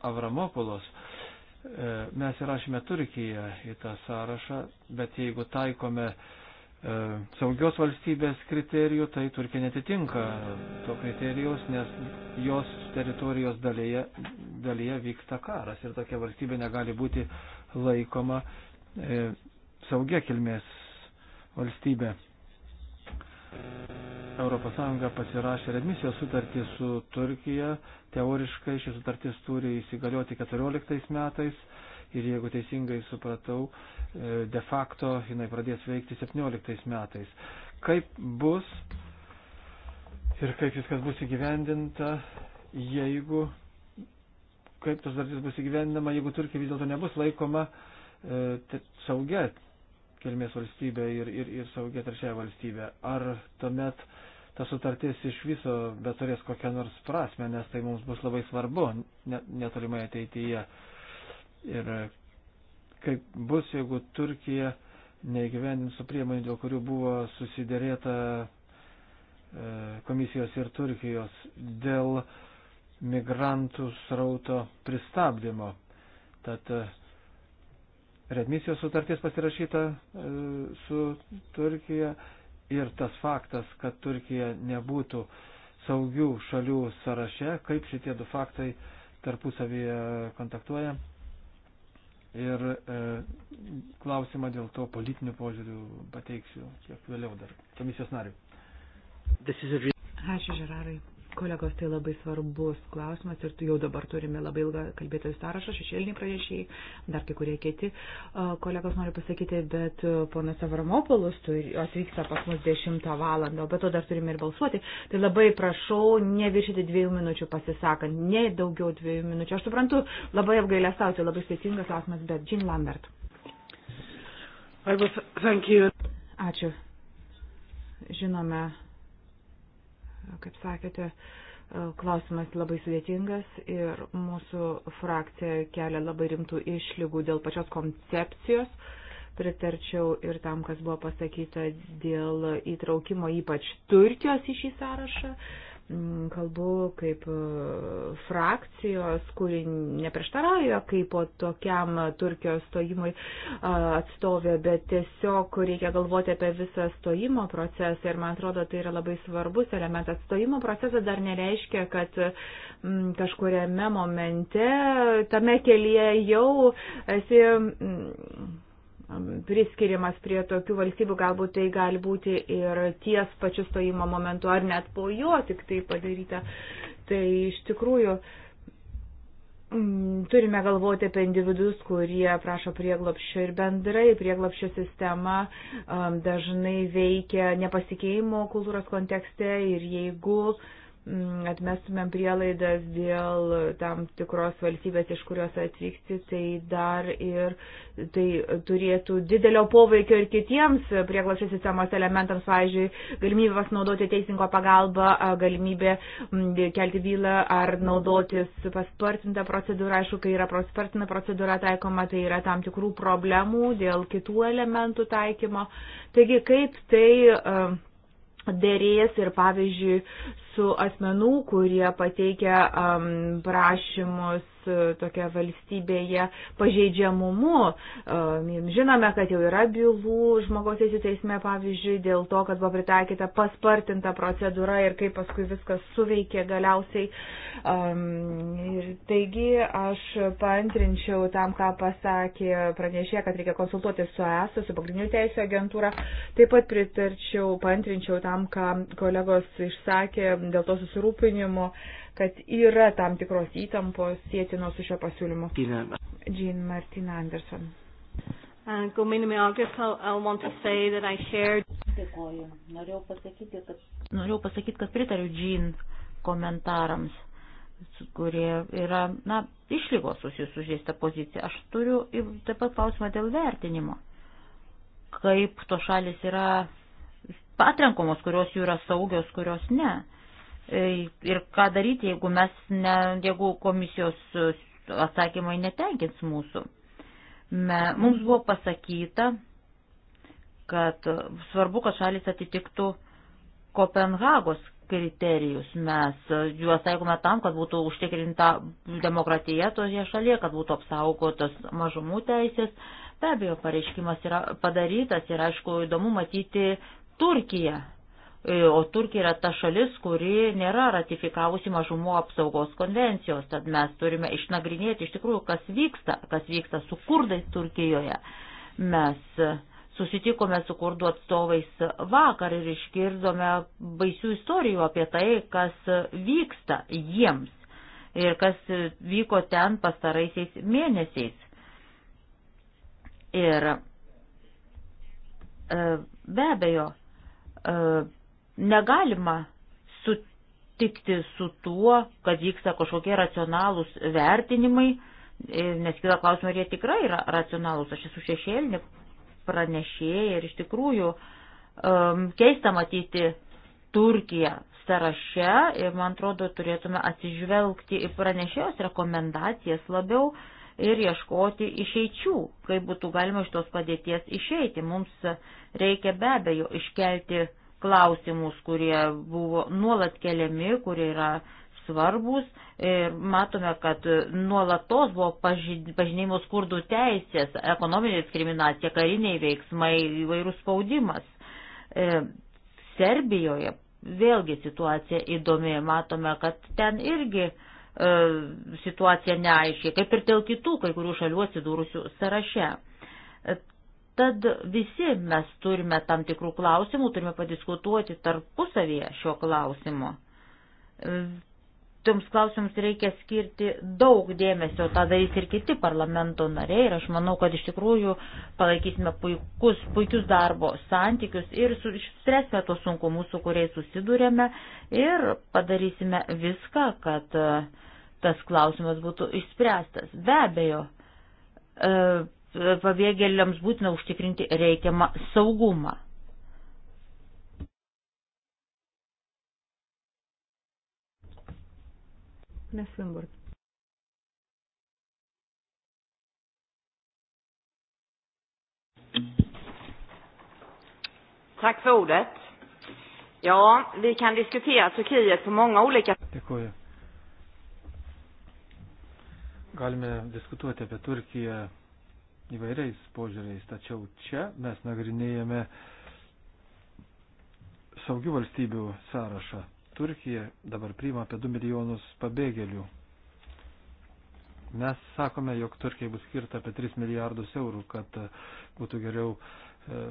Avramopolos. E, mes įrašėme Turkiją į tą sąrašą, bet jeigu taikome E, saugios valstybės kriterijų, tai Turkija netitinka to kriterijus, nes jos teritorijos dalyje, dalyje vyksta karas ir tokia valstybė negali būti laikoma e, saugia kilmės valstybė. ES pasirašė redmisijos sutartį su Turkija, teoriškai ši sutartis turi įsigalioti 14 metais ir jeigu teisingai supratau, e, de facto jinai pradės veikti 17 metais. Kaip bus ir kaip viskas bus įgyvendinta, jeigu, kaip tas darbis bus įgyvendinama, jeigu Turkija vis dėlto nebus laikoma e, saugia kilmės valstybė ir, ir, ir saugia taršia valstybė. Ar tuomet ta sutartis iš viso beturės kokią nors prasme, nes tai mums bus labai svarbu net, netolimoje ateityje. E, ir kaip bus, jeigu Turkija neįgyvendins su priemonių, dėl kurių buvo susidėrėta e, komisijos ir Turkijos dėl migrantų srauto pristabdymo. Tad e, redmisijos sutartis pasirašyta e, su Turkija ir tas faktas, kad Turkija nebūtų saugių šalių sąraše, kaip šitie du faktai tarpusavyje kontaktuoja, ir e, klausimą dėl to politinių požiūrių pateiksiu kiek vėliau dar komisijos nariui. Ačiū, Žerarai. Kolegos, tai labai svarbus klausimas ir jau dabar turime labai ilgą kalbėtojų sąrašą, šešėliniai pranešėjai, dar kai kurie kiti. Kolegos noriu pasakyti, bet ponas Avramopoulos atvyksta pas mus 10 valandą, bet to dar turime ir balsuoti. Tai labai prašau neviršyti dviejų minučių pasisakant, ne daugiau dviejų minučių. Aš suprantu, labai apgailę stauti, labai sveitingas klausimas, bet Jean Lambert. Ačiū. Žinome, kaip sakėte, e, klausimas labai sudėtingas ir mūsų frakcija kelia labai rimtų išlygų dėl pačios koncepcijos. Pritarčiau ir tam, kas buvo pasakyta dėl įtraukimo ypač Turkijos į šį sąrašą. Uh, Mm, kalbu kaip e, frakcijos, kuri neprieštarauja kaip po tokiam Turkijos stojimui e, atstovė, bet tiesiog reikia galvoti apie visą stojimo procesą ir man atrodo tai yra labai svarbus elementas. Stojimo procesas dar nereiškia, kad m, mm, kažkuriame momente tame kelyje jau esi. M, mm, priskiriamas prie tokių valstybių, galbūt tai gali būti ir ties pačiu stojimo momentu, ar net po jo tik tai padaryta. Tai iš tikrųjų mm, turime galvoti apie individus, kurie prašo prieglopščio ir bendrai prieglopščio sistema dažnai veikia nepasikeimo kultūros kontekste ir jeigu uh, Mm, atmestumėm prielaidas dėl tam tikros valstybės, iš kurios atvykti, tai dar ir tai turėtų didelio poveikio ir kitiems prieglašio sistemos elementams, pavyzdžiui, galimybė pasinaudoti teisingo pagalbą, galimybė kelti bylą ar naudotis paspartintą procedūrą. Aišku, kai yra paspartinta procedūra taikoma, tai yra tam tikrų problemų dėl kitų elementų taikymo. Taigi, kaip tai. Uh, dėrės ir, pavyzdžiui, asmenų, kurie pateikia um, prašymus E, tokia valstybėje pažeidžiamumu. E, žinome, kad jau yra bylų žmogaus teisų teisme, pavyzdžiui, dėl to, kad buvo pritaikyta paspartinta procedūra ir kaip paskui viskas suveikė galiausiai. E, ir taigi aš paantrinčiau tam, ką pasakė pranešė, kad reikia konsultuoti su ES, su pagrindinių teisų agentūra. Taip pat pritarčiau, paantrinčiau tam, ką kolegos išsakė dėl to susirūpinimo kad yra tam tikros įtampos sėtinos su šio pasiūlymu. Jean Martina Anderson. Dėkoju. Norėjau pasakyti, kad, Norėjau pasakyti, kad pritariu Jean komentarams, kurie yra, na, išlygos susijusius tą poziciją. Aš turiu taip pat klausimą dėl vertinimo. Kaip to šalis yra atrenkomos, kurios jų yra saugios, kurios ne. Uh, E, ir ką daryti, jeigu, mes ne, jeigu komisijos e, atsakymai netenkins mūsų. Me, mums buvo pasakyta, kad svarbu, kad šalis atitiktų Kopenhagos kriterijus. Mes e, juos taikome tam, kad būtų užtikrinta demokratija toje šalyje, kad būtų apsaugotos mažumų teisės. Be abejo, pareiškimas yra padarytas ir aišku įdomu matyti Turkiją E, o Turkija yra ta šalis, kuri nėra ratifikavusi mažumo apsaugos konvencijos, tad mes turime išnagrinėti iš tikrųjų, kas vyksta, kas vyksta su kurdais Turkijoje. Mes e, susitikome su kurdų atstovais vakar ir išgirdome baisių istorijų apie tai, kas vyksta jiems ir kas vyko ten pastaraisiais mėnesiais. Ir e, be abejo, Negalima sutikti su tuo, kad vyksta kažkokie racionalūs vertinimai, e, nes kila klausimai, ar jie tikrai yra racionalūs. Aš esu šešėlinė pranešėja ir iš tikrųjų um, keista matyti Turkiją sąraše ir, man atrodo, turėtume atsižvelgti į pranešėjos rekomendacijas labiau ir ieškoti išeičių, kaip būtų galima iš tos padėties išeiti. Mums reikia be abejo iškelti klausimus, kurie buvo nuolat keliami, kurie yra svarbus ir matome, kad nuolatos buvo pažinėjimo skurdų teisės, ekonominė diskriminacija, kariniai veiksmai, įvairūs spaudimas. E, Serbijoje vėlgi situacija įdomi, matome, kad ten irgi e, situacija neaiškiai, kaip ir dėl kitų kai kurių šalių atsidūrusių sąraše. Tad visi mes turime tam tikrų klausimų, turime padiskutuoti tarpusavyje šio klausimo. Toms klausimams reikia skirti daug dėmesio, tą darys ir kiti parlamento nariai ir aš manau, kad iš tikrųjų palaikysime puikus, puikius darbo santykius ir išspręsime tos sunkumus, su kuriais susidurėme ir padarysime viską, kad tas klausimas būtų išspręstas. Be abejo, e, pabėgėliams būtina užtikrinti reikiamą saugumą. Nesvimburt. Tack för ordet. Ja, vi kan diskutera Turkiet på många olika sätt. Dėkuoju. Galime diskutuoti apie Turkiją įvairiais požiūriais, tačiau čia mes nagrinėjame saugių valstybių sąrašą. Turkija dabar priima apie 2 milijonus pabėgėlių. Mes sakome, jog Turkijai bus skirta apie 3 milijardus eurų, kad e, būtų geriau e,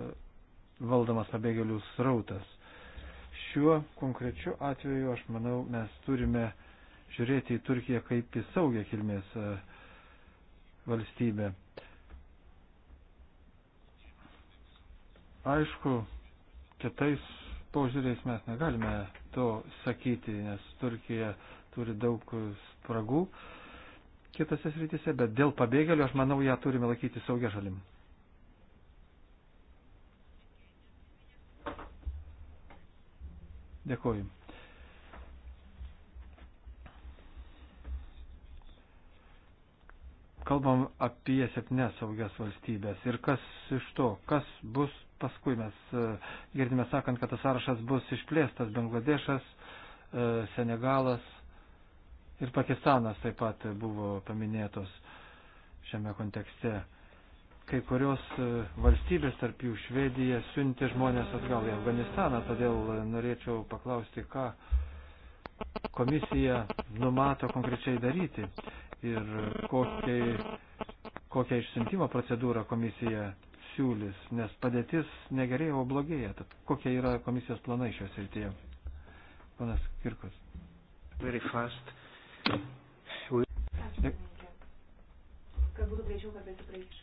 valdomas pabėgėlių srautas. Šiuo konkrečiu atveju, aš manau, mes turime žiūrėti į Turkiją kaip į saugę kilmės e, valstybę. Aišku, kitais požiūriais mes negalime to sakyti, nes Turkija turi daug spragų kitose srityse, bet dėl pabėgėlių aš manau ją turime laikyti saugia šalim. Dėkuoju. Kalbam apie septynes saugias valstybės ir kas iš to, kas bus paskui mes e, girdime sakant, kad tas sąrašas bus išplėstas Bangladešas, e, Senegalas ir Pakistanas taip pat buvo paminėtos šiame kontekste. Kai kurios e, valstybės, tarp jų Švedija, siuntė žmonės atgal į Afganistaną, todėl norėčiau paklausti, ką komisija numato konkrečiai daryti ir kokią, kokią išsiuntimo procedūrą komisija siūlys, nes padėtis negerėja, o blogėja. Tad kokie yra komisijos planai šios rytyje? Panas Kirkus. Very fast. We... Ačiū, Kad būtų greičiau, kalbėsiu praeičiau.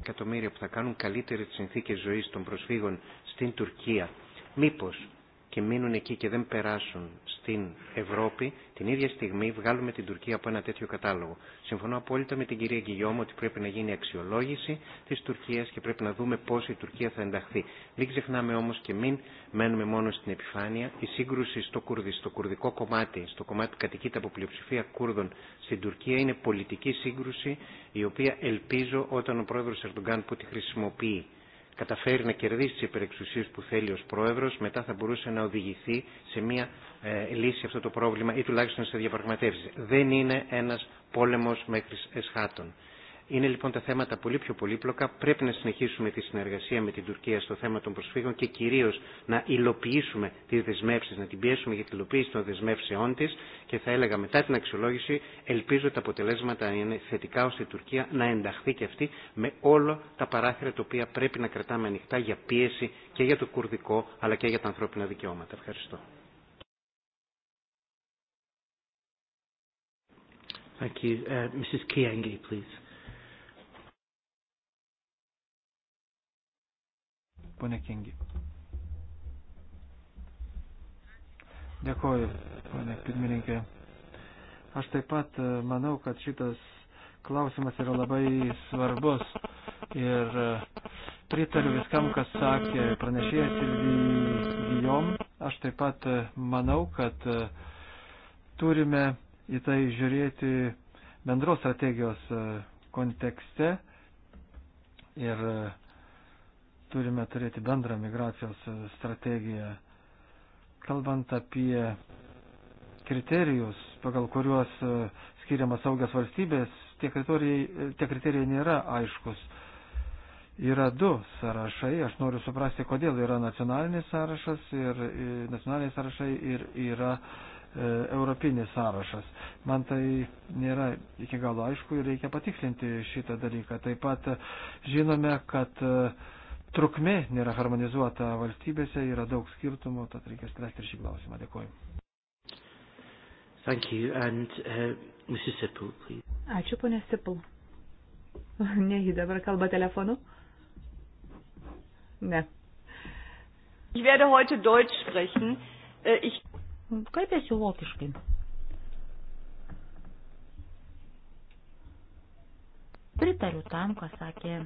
Εκατομμύρια που θα κάνουν καλύτερε τι συνθήκε ζωή των προσφύγων στην Τουρκία. Μήπω και μείνουν εκεί και δεν περάσουν στην Ευρώπη, την ίδια στιγμή βγάλουμε την Τουρκία από ένα τέτοιο κατάλογο. Συμφωνώ απόλυτα με την κυρία Γκυγιώμ ότι πρέπει να γίνει αξιολόγηση τη Τουρκία και πρέπει να δούμε πώ η Τουρκία θα ενταχθεί. Μην ξεχνάμε όμω και μην μένουμε μόνο στην επιφάνεια. Η σύγκρουση στο, Κουρδι, στο κουρδικό κομμάτι, στο κομμάτι που κατοικείται από πλειοψηφία Κούρδων στην Τουρκία, είναι πολιτική σύγκρουση η οποία ελπίζω όταν ο πρόεδρο Ερντογκάν που τη χρησιμοποιεί καταφέρει να κερδίσει τις υπερεξουσίες που θέλει ως πρόεδρος, μετά θα μπορούσε να οδηγηθεί σε μια ε, λύση αυτό το πρόβλημα ή τουλάχιστον σε διαπραγματεύσεις. Δεν είναι ένας πόλεμος μέχρι εσχάτων. Είναι λοιπόν τα θέματα πολύ πιο πολύπλοκα. Πρέπει να συνεχίσουμε τη συνεργασία με την Τουρκία στο θέμα των προσφύγων και κυρίω να υλοποιήσουμε τι δεσμεύσει, να την πιέσουμε για την υλοποίηση των δεσμεύσεών τη. Και θα έλεγα μετά την αξιολόγηση, ελπίζω τα αποτελέσματα είναι θετικά ώστε η Τουρκία να ενταχθεί και αυτή με όλα τα παράθυρα τα οποία πρέπει να κρατάμε ανοιχτά για πίεση και για το κουρδικό αλλά και για τα ανθρώπινα δικαιώματα. Ευχαριστώ. Thank you. Uh, Mrs. Kiangi, please. Pone Kingi. Dėkuoju, pone pirmininkė. Aš taip pat e, manau, kad šitas klausimas yra labai svarbus ir e, pritariu viskam, kas sakė pranešėjas Ilvijom. Aš taip pat e, manau, kad turime į tai žiūrėti bendros strategijos kontekste ir uh, turime turėti bendrą migracijos strategiją. Kalbant apie kriterijus, pagal kuriuos e, skiriamas saugios valstybės, tie kriterijai, e, tie kriterijai nėra aiškus. Yra du sąrašai, aš noriu suprasti, kodėl yra nacionalinis sąrašas ir, ir e, nacionaliniai sąrašai ir yra e, europinis sąrašas. Man tai nėra iki galo aišku ir reikia patikslinti šitą dalyką. Taip pat žinome, kad e, trukmė nėra harmonizuota valstybėse, yra daug skirtumų, tad reikia spręsti ir šį klausimą. Dėkuoju. Thank you. And uh, Mrs. Sippel, please. Ačiū, ponė Sippel. Ne, ji dabar kalba telefonu? Ne. Ich werde heute Deutsch sprechen. Äh, ich... Kalbėsiu vokiškai. Pritariu tam, ką sakė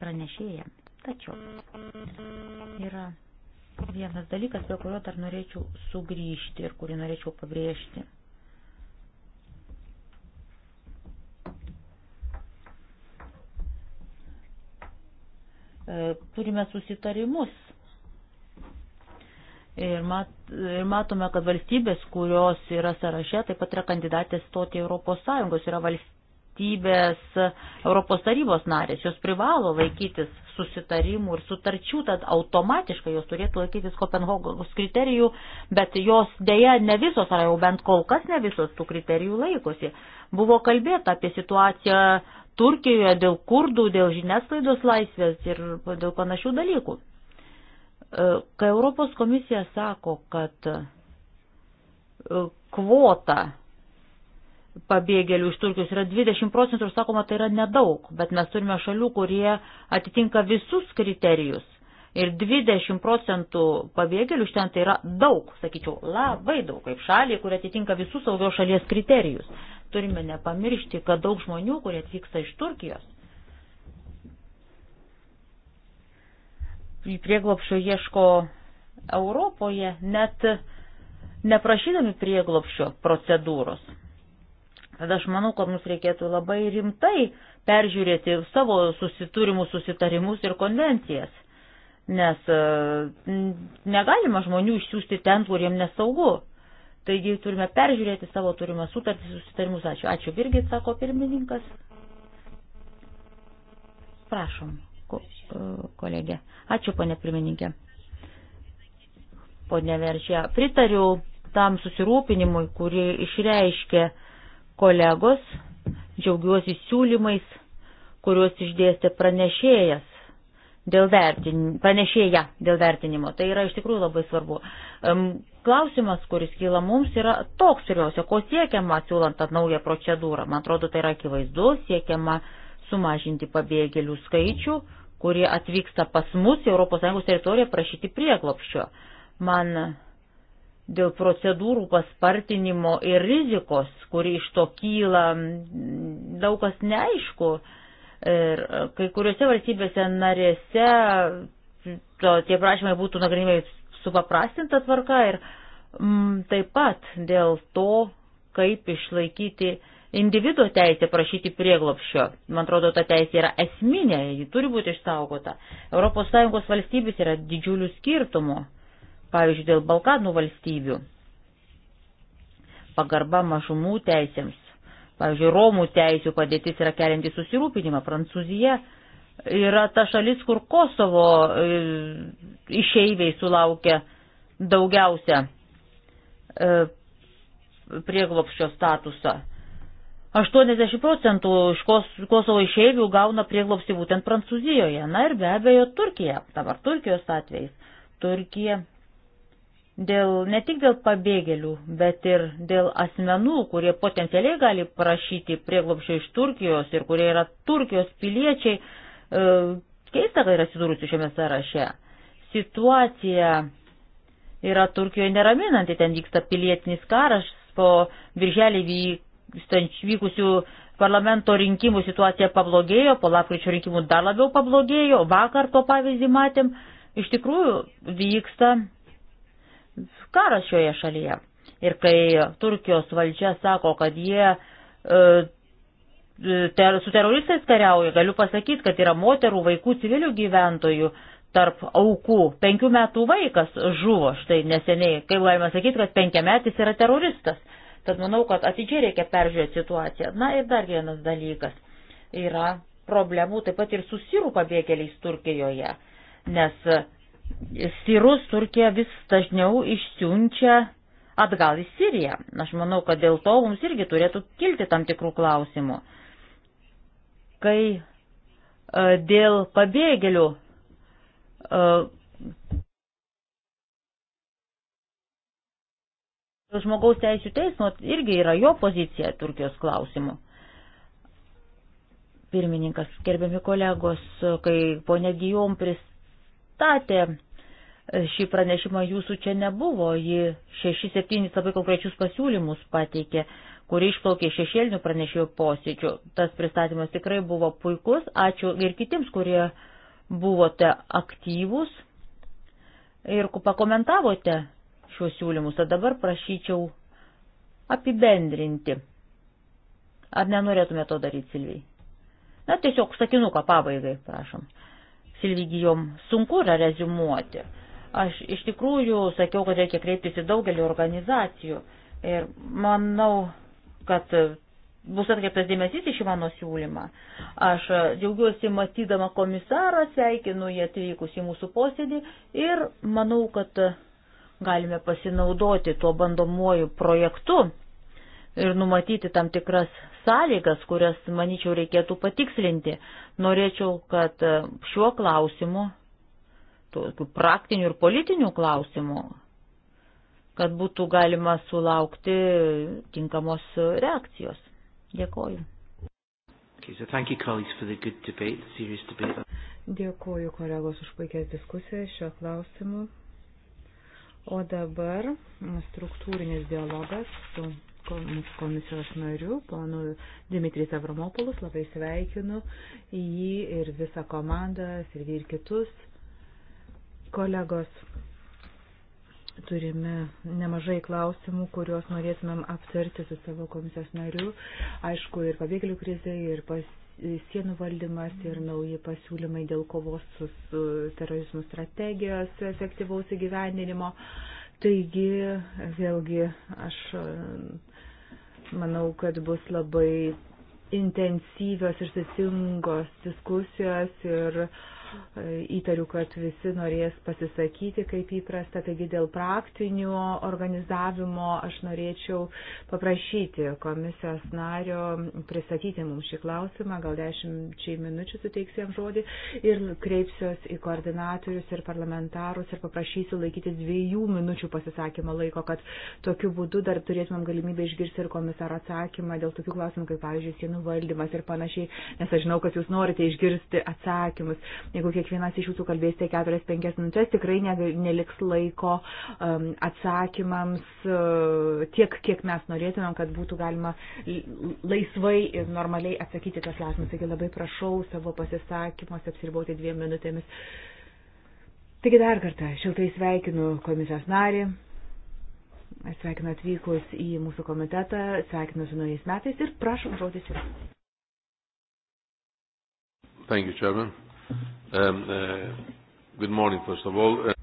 pranešėja. Tačiau yra vienas dalykas, prie kurio dar norėčiau sugrįžti ir kurį norėčiau pabrėžti. E, turime susitarimus Ir, mat, ir matome, kad valstybės, kurios yra sąraše, taip pat yra kandidatės stoti Europos Sąjungos, yra valst, valstybės Europos tarybos narės, jos privalo laikytis susitarimų ir sutarčių, tad automatiškai jos turėtų laikytis Kopenhagos kriterijų, bet jos dėja ne visos, ar jau bent kol kas ne visos tų kriterijų laikosi. Buvo kalbėta apie situaciją Turkijoje dėl kurdų, dėl žiniasklaidos laisvės ir dėl panašių dalykų. E, kai Europos komisija sako, kad e, kvota pabėgėlių iš Turkijos yra 20 procentų ir sakoma, tai yra nedaug, bet mes turime šalių, kurie atitinka visus kriterijus. Ir 20 procentų pabėgėlių iš ten tai yra daug, sakyčiau, labai daug, kaip šaliai, kurie atitinka visus saugios šalies kriterijus. Turime nepamiršti, kad daug žmonių, kurie atvyksta iš Turkijos, prieglopšio ieško Europoje, net neprašydami prieglopšio procedūros. Tada aš manau, kad mums reikėtų labai rimtai peržiūrėti savo susiturimus, susitarimus ir konvencijas, nes e, negalima žmonių išsiųsti ten, kur jiem nesaugu. Taigi turime peržiūrėti savo turimą sutartį, susitarimus. Ačiū. Ačiū, Birgit, sako pirmininkas. Prašom, ko, e, kolegė. Ačiū, ponė pirmininkė. Ponė Veršė, pritariu tam susirūpinimui, kurį išreiškė kolegos, džiaugiuosi siūlymais, kuriuos išdėstė pranešėjas. Dėl vertin... Pranešėja dėl vertinimo. Tai yra iš tikrųjų labai svarbu. Klausimas, kuris kyla mums, yra toks pirmiausia, ko siekiama siūlant tą naują procedūrą. Man atrodo, tai yra akivaizdu, siekiama sumažinti pabėgėlių skaičių, kurie atvyksta pas mus į ES teritoriją prašyti prieglopščio. Man dėl procedūrų paspartinimo ir rizikos, kuri iš to kyla, daug kas neaišku. Ir e, kai kuriuose valstybėse narėse to, tie prašymai būtų nagrinėjami supaprastinta tvarka ir m, mm, taip pat dėl to, kaip išlaikyti individuo teisę prašyti prieglopščio. Man atrodo, ta teisė yra esminė, ji turi būti išsaugota. ES valstybės yra didžiulių skirtumų pavyzdžiui, dėl Balkanų valstybių, pagarba mažumų teisėms, pavyzdžiui, Romų teisų padėtis yra kelianti susirūpinimą, Prancūzija yra ta šalis, kur Kosovo e, išeiviai sulaukia daugiausia e, prieglopščio statusą. 80 procentų iš Kosovo išeivių gauna prieglopsi būtent Prancūzijoje. Na ir be abejo Turkija, dabar Turkijos atvejais. Turkija dėl, ne tik dėl pabėgėlių, bet ir dėl asmenų, kurie potencialiai gali prašyti prieglopščio iš Turkijos ir kurie yra Turkijos piliečiai, e, keista, kad yra atsidūrusi šiame sąraše. Situacija yra Turkijoje neraminanti, ten vyksta pilietinis karas, po virželį vykusių parlamento rinkimų situacija pablogėjo, po lapkričio rinkimų dar labiau pablogėjo, vakar to pavyzdį matėm, iš tikrųjų vyksta karas šioje šalyje. Ir kai Turkijos valdžia sako, kad jie e, e, ter, su teroristais kariauja, galiu pasakyti, kad yra moterų, vaikų, civilių gyventojų tarp aukų. Penkių metų vaikas žuvo štai neseniai. Kaip galima sakyti, kad penkiametis yra teroristas. Tad manau, kad atidžiai reikia peržiūrėti situaciją. Na ir dar vienas dalykas. Yra problemų taip pat ir su sirų pabėgėliais Turkijoje. Nes sirus Turkija vis dažniau išsiunčia atgal į Siriją. Aš manau, kad dėl to mums irgi turėtų kilti tam tikrų klausimų. Kai e, dėl pabėgėlių e, žmogaus teisų teismo irgi yra jo pozicija Turkijos klausimu. Pirmininkas, gerbiami kolegos, kai ponė Gijom pristatė pristatė e, šį pranešimą, jūsų čia nebuvo, ji 6-7 labai konkrečius pasiūlymus pateikė, kuri išplaukė šešėlinių pranešėjų posėdžių. Tas pristatymas tikrai buvo puikus, ačiū ir kitiems, kurie buvote aktyvus ir pakomentavote šiuos siūlymus, o dabar prašyčiau apibendrinti. Ar nenorėtume to daryti, Silvijai? Na, tiesiog sakinuką pabaigai, prašom. Uh, Silvigijom sunku yra rezumuoti. Aš iš tikrųjų sakiau, kad reikia kreiptis į daugelį organizacijų ir manau, kad bus atkreiptas dėmesys į šį mano siūlymą. Aš džiaugiuosi matydama komisarą, sveikinu jį atvykus į mūsų posėdį ir manau, kad galime pasinaudoti tuo bandomuoju projektu ir numatyti tam tikras sąlygas, kurias, manyčiau, reikėtų patikslinti. Norėčiau, kad e, šiuo klausimu, tokių praktinių ir politinių klausimų, kad būtų galima sulaukti tinkamos reakcijos. Dėkoju. Dėkoju kolegos už puikias diskusijas šio klausimu. O dabar struktūrinis dialogas su komisijos nariu, panu Dimitris Avramopoulos, labai sveikinu jį ir visą komandą, ir ir kitus kolegos. Turime nemažai klausimų, kuriuos norėtumėm aptarti su savo komisijos nariu. Aišku, ir pabėgėlių krizė, ir pas sienų valdymas ir nauji pasiūlymai dėl kovos su, su terorizmu strategijos efektyvaus įgyvendinimo. Taigi, vėlgi, aš Manau, kad bus labai intensyvios ir sėsingos diskusijos ir uh, Įtariu, kad visi norės pasisakyti, kaip įprasta. Taigi dėl praktinio organizavimo aš norėčiau paprašyti komisijos nario pristatyti mums šį klausimą, gal dešimčiai minučių suteiksiu jam žodį ir kreipsiuos į koordinatorius ir parlamentarus ir paprašysiu laikytis dviejų minučių pasisakymo laiko, kad tokiu būdu dar turėtumėm galimybę išgirsti ir komisaro atsakymą dėl tokių klausimų, kaip pavyzdžiui, sienų valdymas ir panašiai, nes aš žinau, kad jūs norite išgirsti atsakymus. Jeigu kiekvienas iš jūsų kalbėsite 4-5 minutės, tikrai neliks laiko um, atsakymams uh, tiek, kiek mes norėtumėm, kad būtų galima laisvai ir normaliai atsakyti tos klausimus. Taigi labai prašau savo pasisakymuose apsiriboti dviem minutėmis. Taigi dar kartą šiltai sveikinu komisijos narį. Sveikinu atvykus į mūsų komitetą, sveikinu su naujais metais ir prašom žodis jums. Thank you, Chairman. Um, uh, good morning, first of all. Uh,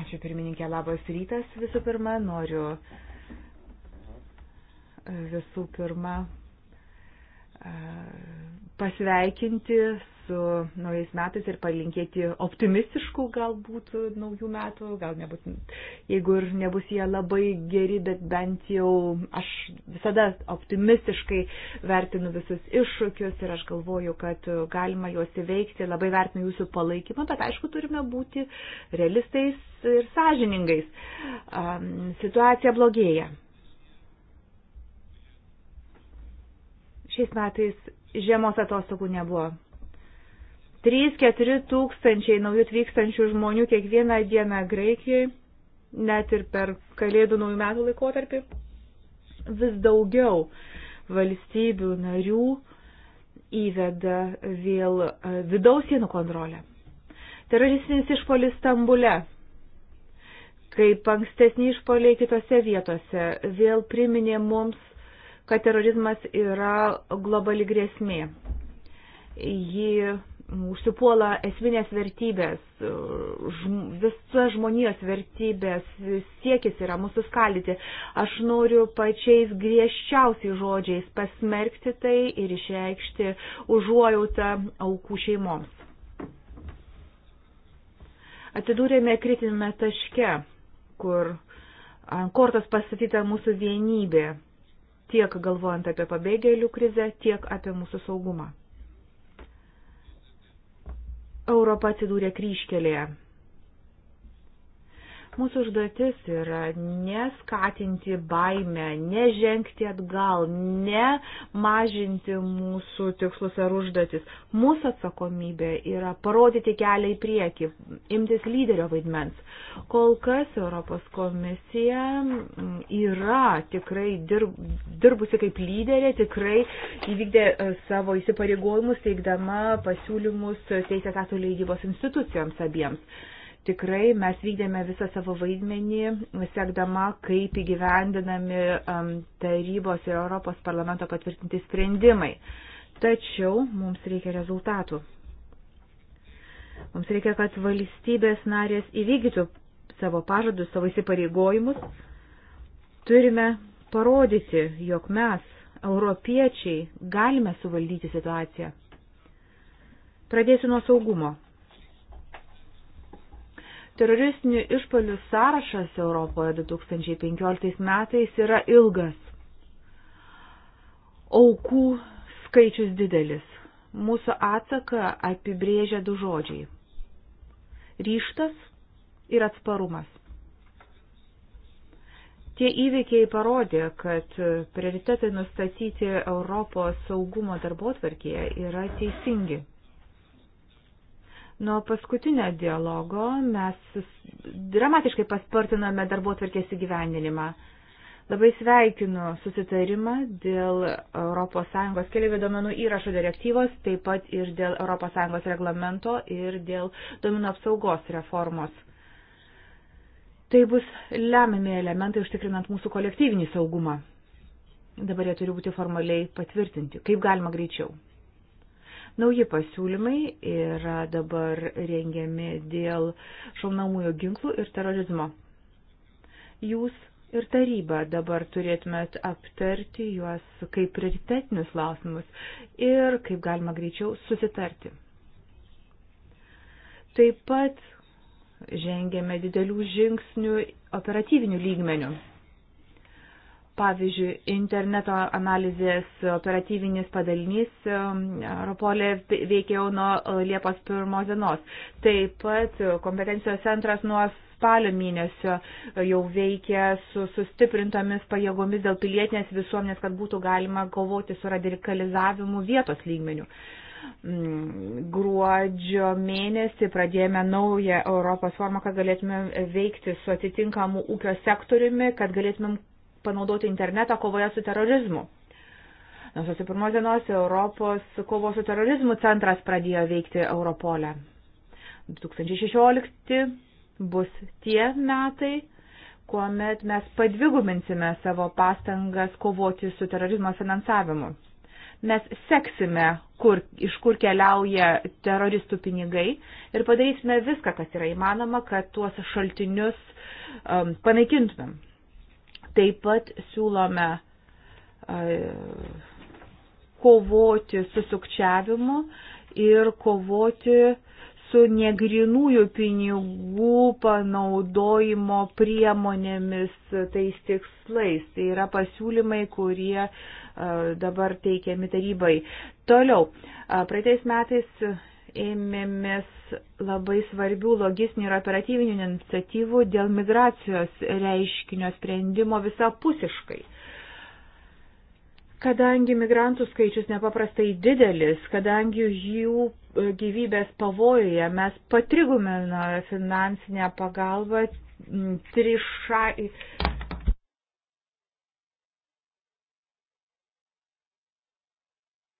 Ačiū pirmininkė, labas rytas visų pirma. Noriu uh, visų pirma uh, pasveikinti su naujais metais ir palinkėti optimistiškų galbūt naujų metų, gal nebus, jeigu ir nebus jie labai geri, bet bent jau aš visada optimistiškai vertinu visus iššūkius ir aš galvoju, kad galima juos įveikti, labai vertinu jūsų palaikymą, bet aišku, turime būti realistais ir sąžiningais. Um, situacija blogėja. Šiais metais žiemos atostogų nebuvo. 3-4 tūkstančiai naujų atvykstančių žmonių kiekvieną dieną Graikijoje, net ir per Kalėdų naujų metų laikotarpį, vis daugiau valstybių narių įveda vėl e, vidaus sienų kontrolę. Teroristinis išpolis Stambule, kaip ankstesni išpoliai kitose vietose, vėl priminė mums, kad terorizmas yra globali grėsmė. Ji užsipuola esminės vertybės, visa žmonijos vertybės, siekis yra mūsų skaldyti. Aš noriu pačiais griežčiausiai žodžiais pasmerkti tai ir išreikšti užuojautą aukų šeimoms. Atsidūrėme kritinėme taške, kur ant kortos pastatyta mūsų vienybė, tiek galvojant apie pabėgėlių krizę, tiek apie mūsų saugumą. Europa atsidūrė kryškelėje. Mūsų užduotis yra neskatinti baimę, nežengti atgal, nemažinti mūsų tikslus ar užduotis. Mūsų atsakomybė yra parodyti kelią į priekį, imtis lyderio vaidmens. Kol kas Europos komisija yra tikrai dirb, dirbusi kaip lyderė, tikrai įvykdė e, savo įsipareigojimus teikdama pasiūlymus teisės aktų leidybos institucijoms abiems tikrai mes vykdėme visą savo vaidmenį, sekdama, kaip įgyvendinami um, tarybos ir Europos parlamento patvirtinti sprendimai. Tačiau mums reikia rezultatų. Mums reikia, kad valstybės narės įvykdytų savo pažadus, savo įsipareigojimus. Turime parodyti, jog mes, europiečiai, galime suvaldyti situaciją. Pradėsiu nuo saugumo Teroristinių išpolių sąrašas Europoje 2015 metais yra ilgas. Aukų skaičius didelis. Mūsų atsaką apibrėžia du žodžiai - ryštas ir atsparumas. Tie įvykiai parodė, kad prioritetai nustatyti Europos saugumo darbo tvarkėje yra teisingi. Nuo paskutinio dialogo mes dramatiškai paspartinome darbo tvarkės įgyvendinimą. Labai sveikinu susitarimą dėl ES keliaivių domenų įrašo direktyvos, taip pat ir dėl ES reglamento ir dėl domenų apsaugos reformos. Tai bus lemiami elementai užtikrinant mūsų kolektyvinį saugumą. Dabar jie turi būti formaliai patvirtinti, kaip galima greičiau. Nauji pasiūlymai yra dabar rengiami dėl šaunamųjų ginklų ir terorizmo. Jūs ir taryba dabar turėtumėt aptarti juos kaip prioritetinius klausimus ir kaip galima greičiau susitarti. Taip pat žengėme didelių žingsnių operatyvinių lygmenių. Pavyzdžiui, interneto analizės operatyvinis padalinys Europolė um, veikia jau nuo uh, Liepos pirmos dienos. Taip pat uh, kompetencijos centras nuo spalio mėnesio uh, jau veikia su sustiprintomis pajėgomis dėl pilietinės visuomenės, kad būtų galima kovoti su radikalizavimu vietos lygmeniu. Mm, gruodžio mėnesį pradėjome naują Europos formą, kad galėtume veikti su atitinkamu ūkio sektoriumi, kad galėtumėm panaudoti internetą kovoje su terorizmu. Nuo sausio pirmos dienos Europos kovos su terorizmu centras pradėjo veikti Europolę. 2016 bus tie metai, kuomet mes padvigubinsime savo pastangas kovoti su terorizmo finansavimu. Mes seksime, kur, iš kur keliauja teroristų pinigai ir padarysime viską, kas yra įmanoma, kad tuos šaltinius um, panaikintumėm. Taip pat siūlome kovoti su sukčiavimu ir kovoti su negrinųjų pinigų panaudojimo priemonėmis tais tikslais. Tai yra pasiūlymai, kurie dabar teikiami tarybai. Toliau, praeitais metais ėmėmės labai svarbių logistinių ir operatyvinių iniciatyvų dėl migracijos reiškinio sprendimo visapusiškai. Kadangi migrantų skaičius nepaprastai didelis, kadangi jų e, gyvybės pavojuje mes patrigumėme finansinę pagalbą trišai,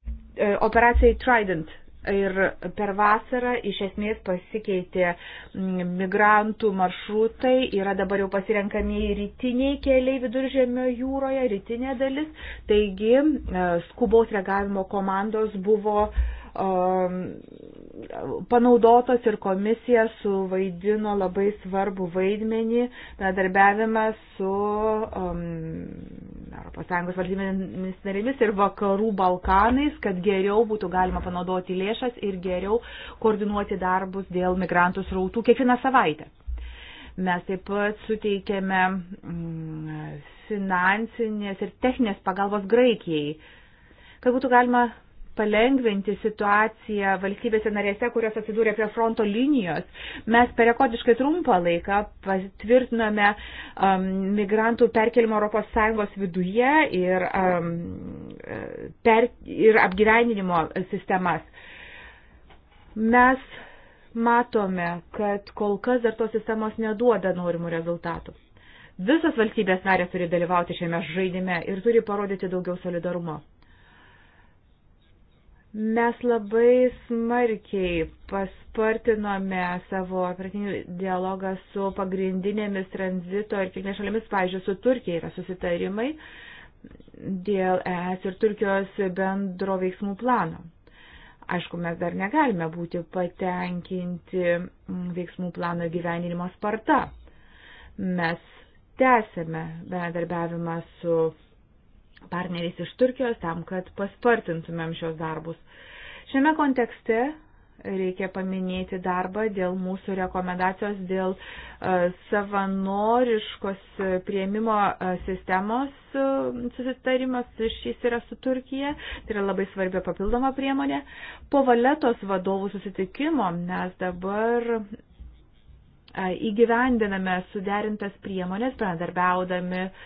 e, operacijai Trident Ir per vasarą iš esmės pasikeitė mm, migrantų maršrutai, yra dabar jau pasirenkami rytiniai keliai viduržėmio jūroje, rytinė dalis. Taigi e, skubaus reagavimo komandos buvo um, panaudotos ir komisija suvaidino labai svarbu vaidmenį bendarbiavimą su um, ES valstybėmis narėmis ir vakarų Balkanais, kad geriau būtų galima panaudoti lėšas ir geriau koordinuoti darbus dėl migrantų srautų kiekvieną savaitę. Mes taip pat suteikėme mm, finansinės ir techninės pagalbos Graikijai, kad būtų galima palengventi situaciją valstybėse narėse, kurios atsidūrė prie fronto linijos. Mes per rekodiškai trumpą laiką patvirtinome um, migrantų perkelimo ES viduje ir, um, per, ir apgyvendinimo sistemas. Mes matome, kad kol kas dar tos sistemos neduoda norimų rezultatų. Visos valstybės narės turi dalyvauti šiame žaidime ir turi parodyti daugiau solidarumo. Mes labai smarkiai paspartinome savo operatinį dialogą su pagrindinėmis tranzito ir kilmės šalimis, pavyzdžiui, su Turkija yra susitarimai dėl ES ir Turkijos bendro veiksmų plano. Aišku, mes dar negalime būti patenkinti veiksmų plano gyvenimo sparta. Mes tęsėme bendarbiavimą su partneriais iš Turkijos tam, kad paspartintumėm šios darbus. Šiame kontekste reikia paminėti darbą dėl mūsų rekomendacijos dėl e, savanoriškos prieimimo e, sistemos e, susitarimas, šis yra su Turkija, tai yra labai svarbia papildoma priemonė. Po valetos vadovų susitikimo mes dabar įgyvendiname suderintas priemonės, bendarbiaudami uh,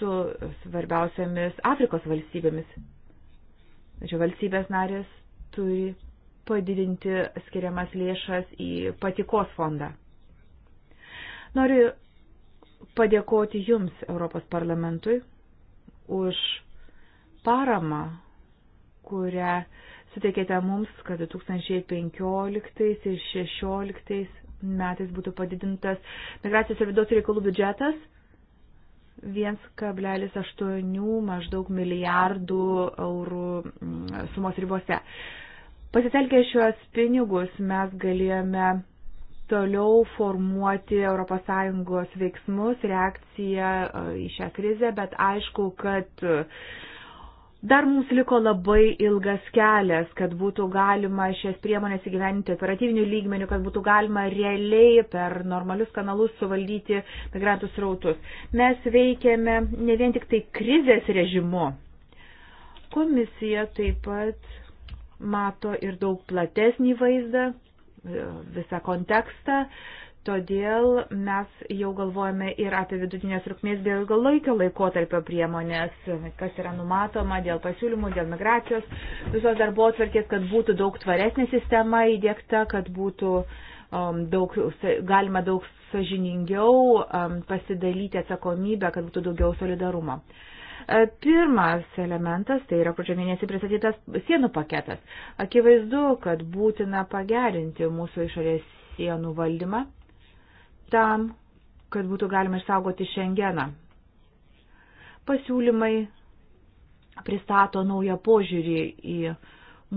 su svarbiausiamis Afrikos valstybėmis. Tačiau valstybės narės turi padidinti skiriamas lėšas į patikos fondą. Noriu padėkoti Jums, Europos parlamentui, už paramą, kurią suteikėte mums, kad 2015 ir 2016 metais būtų padidintas migracijos ir vidaus reikalų biudžetas 1,8 maždaug milijardų eurų mm, sumos ribose. Pasitelkę šiuos pinigus mes galėjome toliau formuoti ES veiksmus, reakciją e, į šią krizę, bet aišku, kad Dar mums liko labai ilgas kelias, kad būtų galima šias priemonės įgyveninti operatyvinių lygmenių, kad būtų galima realiai per normalius kanalus suvaldyti migrantų srautus. Mes veikiame ne vien tik tai krizės režimu. Komisija taip pat mato ir daug platesnį vaizdą, visą kontekstą. Todėl mes jau galvojame ir apie vidutinės trukmės bei ilgalaikio laikotarpio priemonės, kas yra numatoma dėl pasiūlymų, dėl migracijos, visos darbo atvarkės, kad būtų daug tvaresnė sistema įdėkta, kad būtų um, daug, galima daug sažiningiau um, pasidalyti atsakomybę, kad būtų daugiau solidarumo. E, pirmas elementas, tai yra pradžio mėnesį pristatytas sienų paketas. Akivaizdu, kad būtina pagerinti mūsų išorės sienų valdymą tam, kad būtų galima išsaugoti šiandieną. Pasiūlymai pristato naują požiūrį į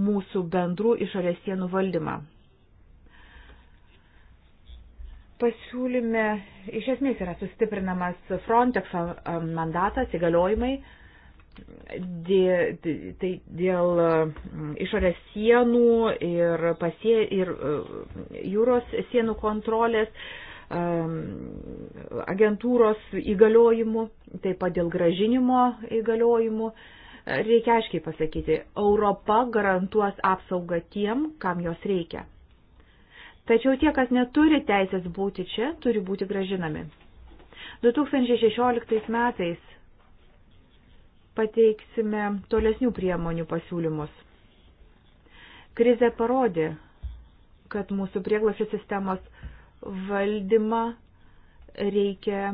mūsų bendrų išorės sienų valdymą. Pasiūlyme iš esmės yra sustiprinamas Frontex mandatas, įgaliojimai dėl, tai dėl mm, išorės sienų ir, pasie, ir mm, jūros sienų kontrolės agentūros įgaliojimų, taip pat dėl gražinimo įgaliojimų. Reikia aiškiai pasakyti, Europa garantuos apsaugą tiem, kam jos reikia. Tačiau tie, kas neturi teisės būti čia, turi būti gražinami. 2016 metais pateiksime tolesnių priemonių pasiūlymus. Krize parodė, kad mūsų prieglašio sistemos valdymą reikia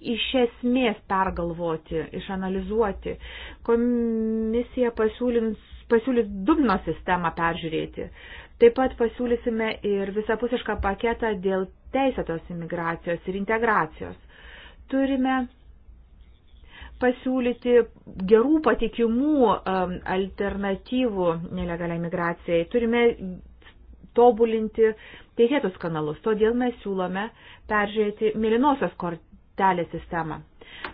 iš esmės pergalvoti, išanalizuoti. Komisija pasiūlys Dublino sistemą peržiūrėti. Taip pat pasiūlysime ir visapusišką paketą dėl teisėtos imigracijos ir integracijos. Turime pasiūlyti gerų patikimų um, alternatyvų nelegaliai migracijai. Turime tobulinti teisėtus kanalus. Todėl mes siūlome peržiūrėti mėlynosios kortelės sistemą.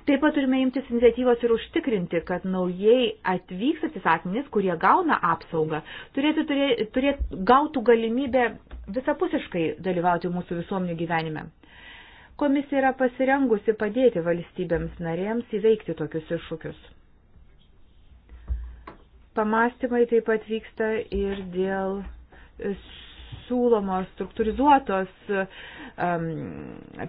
Taip pat turime imtis iniciatyvos ir užtikrinti, kad naujai atvykstantis asmenys, kurie gauna apsaugą, turėtų, turėtų, turėtų gautų galimybę visapusiškai dalyvauti mūsų visuomenių gyvenime. Komisija yra pasirengusi padėti valstybėms narėms įveikti tokius iššūkius. Pamastymai taip pat vyksta ir dėl siūlomos struktūrizuotos um,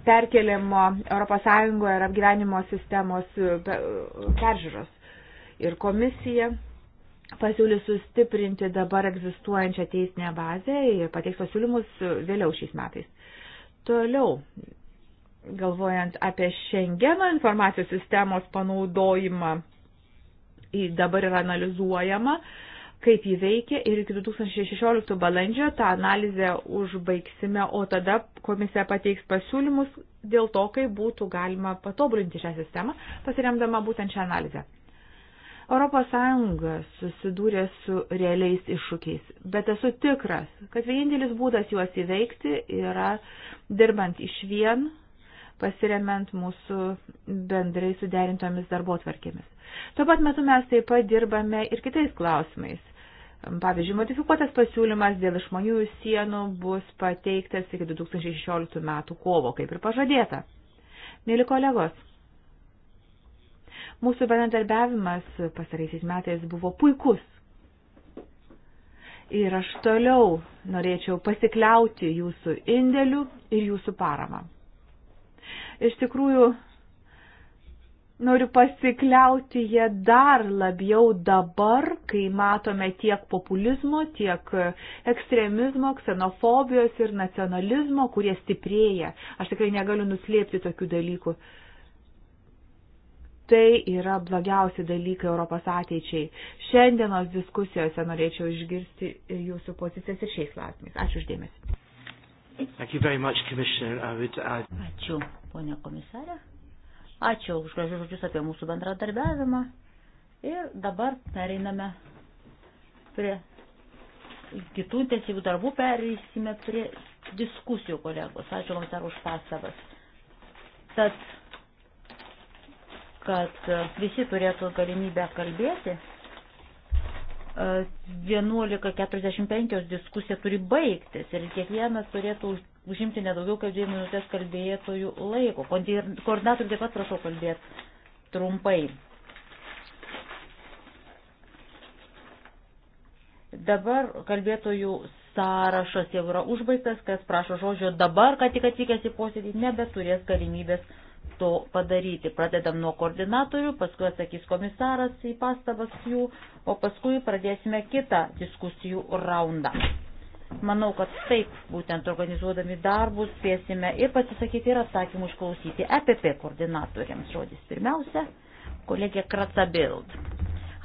perkeliamo ES ir apgyvenimo sistemos e, peržiūros. Ir komisija pasiūlys sustiprinti dabar egzistuojančią teisinę bazę ir pateiks pasiūlymus vėliau šiais metais. Toliau, galvojant apie Schengeno informacijos sistemos panaudojimą, dabar yra analizuojama, uh, kaip jį veikia ir iki 2016 balandžio tą analizę užbaigsime, o tada komisija pateiks pasiūlymus dėl to, kaip būtų galima patobulinti šią sistemą, pasiremdama būtent šią analizę. ES susidūrė su realiais iššūkiais, bet esu tikras, kad vienintelis būdas juos įveikti yra dirbant iš vien, pasiremiant mūsų bendrai suderintomis darbo tvarkėmis. Tuo pat metu mes taip pat dirbame ir kitais klausimais. Pavyzdžiui, modifikuotas pasiūlymas dėl išmaniųjų sienų bus pateiktas iki 2016 metų kovo, kaip ir pažadėta. Mėly kolegos, mūsų bendradarbiavimas pasaraisiais metais buvo puikus. Ir aš toliau norėčiau pasikliauti jūsų indėliu ir jūsų paramą. Iš tikrųjų, noriu pasikliauti jie dar labiau dabar, kai matome tiek populizmo, tiek ekstremizmo, ksenofobijos ir nacionalizmo, kurie stiprėja. Aš tikrai negaliu nuslėpti tokių dalykų. Tai yra blogiausi dalykai Europos ateičiai. Šiandienos diskusijose norėčiau išgirsti jūsų pozicijas ir šiais klausimais. Ačiū uždėmesi. Ačiū, ponia komisarė. Ačiū už gražius žodžius apie mūsų bendradarbiavimą. Ir dabar pereiname prie kitų intensyvių darbų, pereisime prie diskusijų kolegos. Ačiū jums dar už pastabas. Tad, kad visi turėtų galimybę kalbėti. 11.45 diskusija turi baigtis ir kiekvienas turėtų užimti nedaugiau kaip 2 minutės kalbėtojų laiko. Koordinatorių taip pat prašau kalbėti trumpai. Dabar kalbėtojų sąrašas jau yra užbaigtas, kas prašo žodžio dabar, kad tik atvykęs į posėdį, nebeturės galimybės to padaryti. Pradedam nuo koordinatorių, paskui atsakys komisaras į pastabas jų, o paskui pradėsime kitą diskusijų raundą. Manau, kad taip, būtent organizuodami darbus, spėsime ir pasisakyti ir atsakymų išklausyti EPP koordinatoriams. Žodis pirmiausia, kolegė Kratsabild.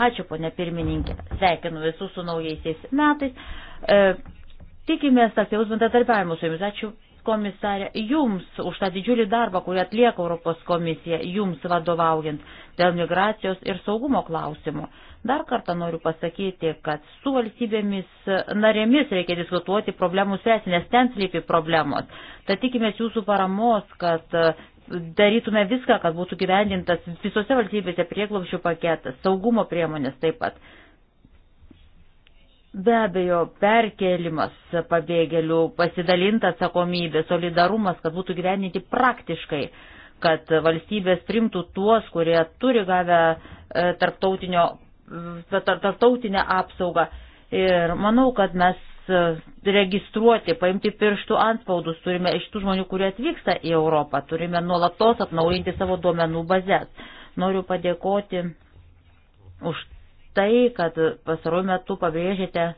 Ačiū, ponė pirmininkė. Sveikinu visus su naujaisiais metais. E, tikimės aktyvaus bendradarbiavimo su jumis. Ačiū komisarė, jums už tą didžiulį darbą, kurį atlieka Europos komisija, jums vadovaujant dėl migracijos ir saugumo klausimų. Dar kartą noriu pasakyti, kad su valstybėmis narėmis reikia diskutuoti problemų sesi, nes ten slypi problemos. Tad tikimės jūsų paramos, kad e, darytume viską, kad būtų gyvendintas visose valstybėse prieglobšių paketas, saugumo priemonės taip pat. Be abejo, perkelimas pabėgėlių, pasidalinta atsakomybė, solidarumas, kad būtų gyveninti praktiškai, kad valstybės primtų tuos, kurie turi gavę e, e, tarptautinę apsaugą. Ir manau, kad mes e, registruoti, paimti pirštų anspaudus turime iš tų žmonių, kurie atvyksta į Europą, turime nuolatos atnaujinti savo duomenų bazės. Noriu padėkoti už tai, kad pasaruoju metu pabrėžėte e,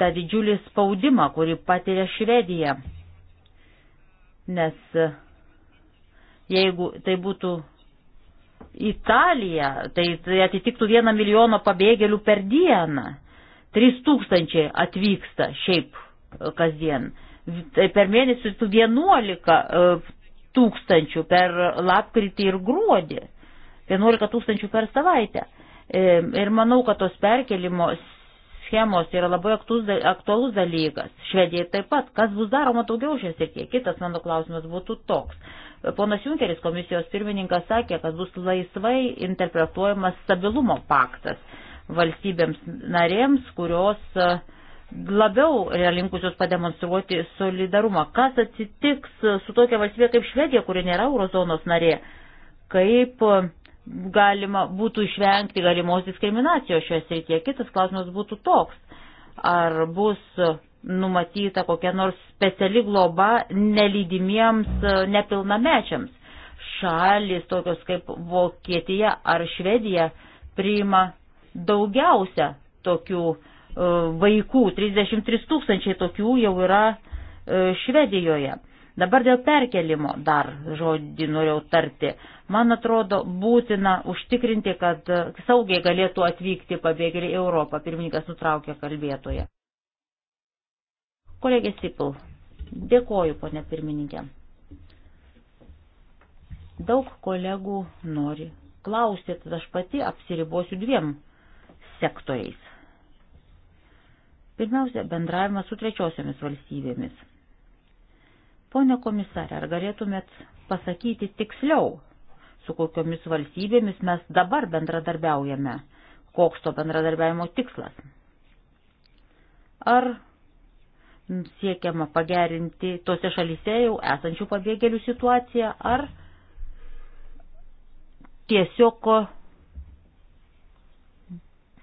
tą didžiulį spaudimą, kurį patiria Švedija. Nes e, jeigu tai būtų Italija, tai, tai atitiktų vieną milijoną pabėgėlių per dieną. 3000 atvyksta šiaip e, kasdien. Tai per mėnesį tu 11 tūkstančių per lapkritį ir gruodį. 11 tūkstančių per savaitę. E, ir manau, kad tos perkelimo schemos yra labai aktus, aktualus dalykas. Švedijai taip pat. Kas bus daroma daugiau šią sėkį? Kitas mano klausimas būtų toks. Ponas Junkeris, komisijos pirmininkas, sakė, kad bus laisvai interpretuojamas stabilumo paktas valstybėms narėms, kurios e, labiau yra linkusios pademonstruoti solidarumą. Kas atsitiks su tokia valstybė kaip Švedija, kuri nėra eurozonos narė? Kaip e, galima būtų išvengti galimos diskriminacijos šioje srityje. Kitas klausimas būtų toks, ar bus numatyta kokia nors speciali globa nelydimiems nepilnamečiams. Šalis tokios kaip Vokietija ar Švedija priima daugiausia tokių e, vaikų, 33 tūkstančiai tokių jau yra e, Švedijoje. Dabar dėl perkelimo dar žodį norėjau tarti. Man atrodo, būtina užtikrinti, kad saugiai galėtų atvykti pabėgėliai į Europą. Pirmininkas nutraukė kalbėtoje. Kolegė Sipil, dėkoju, ponė pirmininkė. Daug kolegų nori klausti, tad aš pati apsiribosiu dviem sektoriais. Pirmiausia, bendravimas su trečiosiomis valstybėmis Pone komisarė, ar galėtumėt pasakyti tiksliau, su kokiomis valstybėmis mes dabar bendradarbiaujame, koks to bendradarbiavimo tikslas? Ar siekiama pagerinti tose šalyse jau esančių pabėgėlių situaciją, ar tiesiog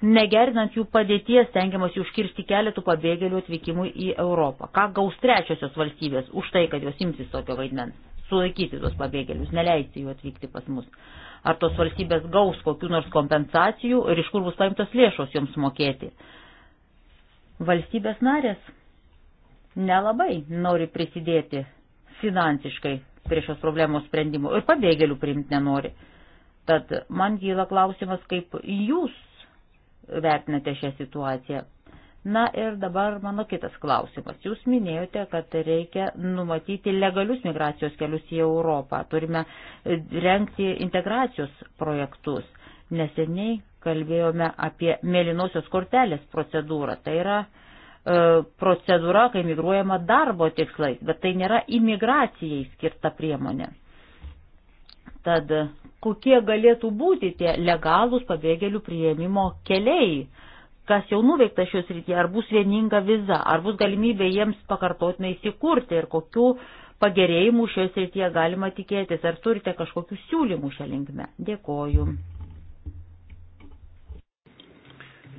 negerinant jų padėties, tengiamas jų užkirsti keletų pabėgėlių atvykimui į Europą. Ką gaus trečiosios valstybės už tai, kad jos imsis tokio vaidmens? Sulaikyti tuos pabėgėlius, neleisti jų atvykti pas mus. Ar tos valstybės gaus kokiu nors kompensacijų ir iš kur bus paimtos lėšos joms mokėti? Valstybės narės nelabai nori prisidėti finansiškai prie šios problemos sprendimo ir pabėgėlių priimti nenori. Tad man gyla klausimas, kaip jūs vertinate šią situaciją? Na ir dabar mano kitas klausimas. Jūs minėjote, kad reikia numatyti legalius migracijos kelius į Europą. Turime renkti integracijos projektus. Neseniai kalbėjome apie mėlynosios kortelės procedūrą. Tai yra e, procedūra, kai migruojama darbo tikslais, bet tai nėra imigracijai skirta priemonė. Tad kokie galėtų būti tie legalūs pabėgėlių prieimimo keliai, kas jau nuveikta šios rytyje, ar bus vieninga viza, ar bus galimybė jiems pakartotinai įsikurti ir kokiu pagerėjimu šios rytyje galima tikėtis, ar turite kažkokių siūlymų šią linkmę. Dėkoju.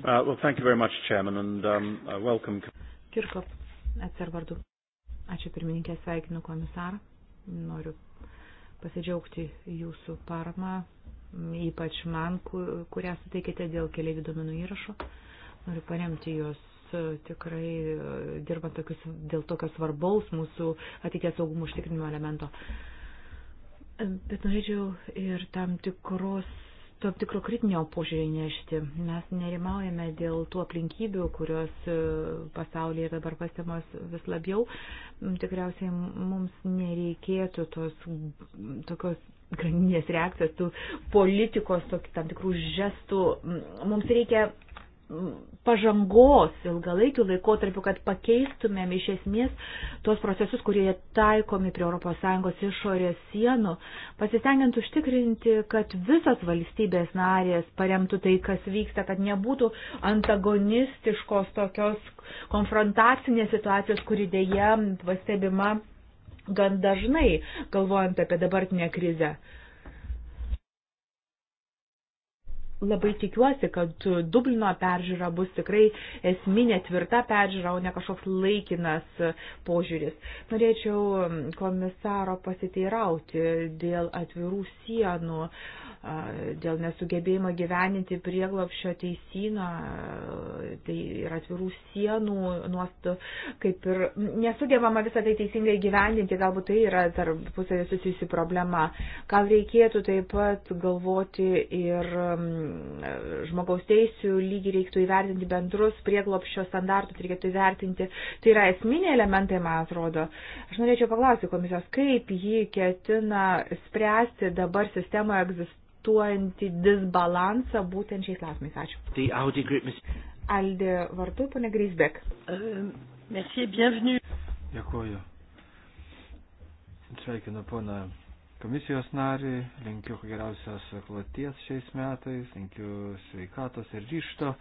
Uh, well, thank you very much, Chairman, and um, uh, welcome. Kirkop, atsarvardu. Ačiū pirmininkė, sveikinu komisarą. Noriu pasidžiaugti jūsų paramą, ypač man, kurią suteikėte dėl keliaivių duomenų įrašo. Noriu paremti juos e, tikrai e, dirbant tokius, dėl tokio svarbaus mūsų ateities saugumo užtikrinimo elemento. E, bet norėčiau ir tam tikros tam tikro kritinio požiūrį nešti. Mes nerimaujame dėl tų aplinkybių, kurios e, pasaulyje dabar pastemos vis labiau. Tikriausiai mums nereikėtų tos tokios grandinės reakcijas, tų politikos, tokių tam tikrų žestų. Mums reikia pažangos ilgalaikių laikotarpių, kad pakeistumėm iš esmės tuos procesus, kurie taikomi prie ES išorės sienų, pasistengiant užtikrinti, kad visas valstybės narės paremtų tai, kas vyksta, kad nebūtų antagonistiškos tokios konfrontacinės situacijos, kuri dėja pastebima gan dažnai, galvojant apie dabartinę krizę. Uh, labai tikiuosi, kad Dublino peržiūra bus tikrai esminė tvirta peržiūra, o ne kažkoks laikinas požiūris. Norėčiau mm, komisaro pasiteirauti dėl atvirų sienų. Uh, dėl nesugebėjimo gyveninti prieglopšio teisino tai ir atvirų sienų nuostų, kaip ir nesugebama visą tai teisingai gyvendinti, galbūt tai yra tarpusavė susijusi problema. Gal reikėtų taip pat galvoti ir žmogaus teisų lygį reiktų įvertinti bendrus prieglopšio standartus, reikėtų įvertinti. Tai yra esminiai elementai, man atrodo. Aš norėčiau paklausyti komisijos, kaip jį ketina spręsti dabar sistemoje egzistuojantį egzistuojantį disbalansą būtent šiais klausimais. Ačiū. Aldė vardu, ponė Grisbek. Um, merci, bienvenue. Dėkuoju. Sveikinu poną komisijos narį, linkiu geriausios kloties šiais metais, linkiu sveikatos ir ryšto,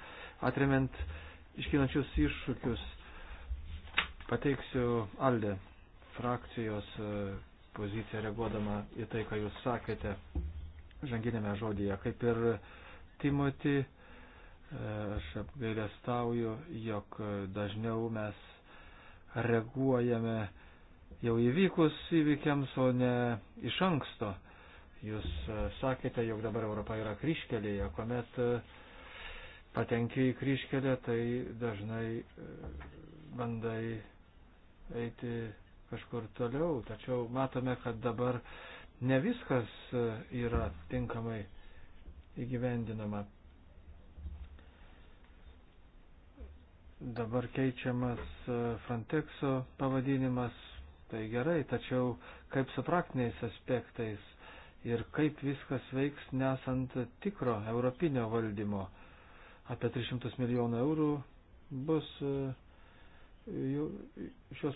atremiant iškylančius iššūkius. Pateiksiu Aldė frakcijos uh, poziciją reaguodama į tai, ką jūs sakėte žanginėme žodėje, kaip ir Timoti, e, aš apgailestauju, jog dažniau mes reaguojame jau įvykus įvykiams, o ne iš anksto. Jūs e, sakėte, jog dabar Europa yra kryškelėje, kuomet e, patenki į kryškelę, tai dažnai bandai eiti kažkur toliau, tačiau matome, kad dabar uh, ne viskas e, yra tinkamai įgyvendinama. Dabar keičiamas e, Frontexo pavadinimas, tai gerai, tačiau kaip su praktiniais aspektais ir kaip viskas veiks nesant tikro europinio valdymo. Apie 300 milijonų eurų bus e, šios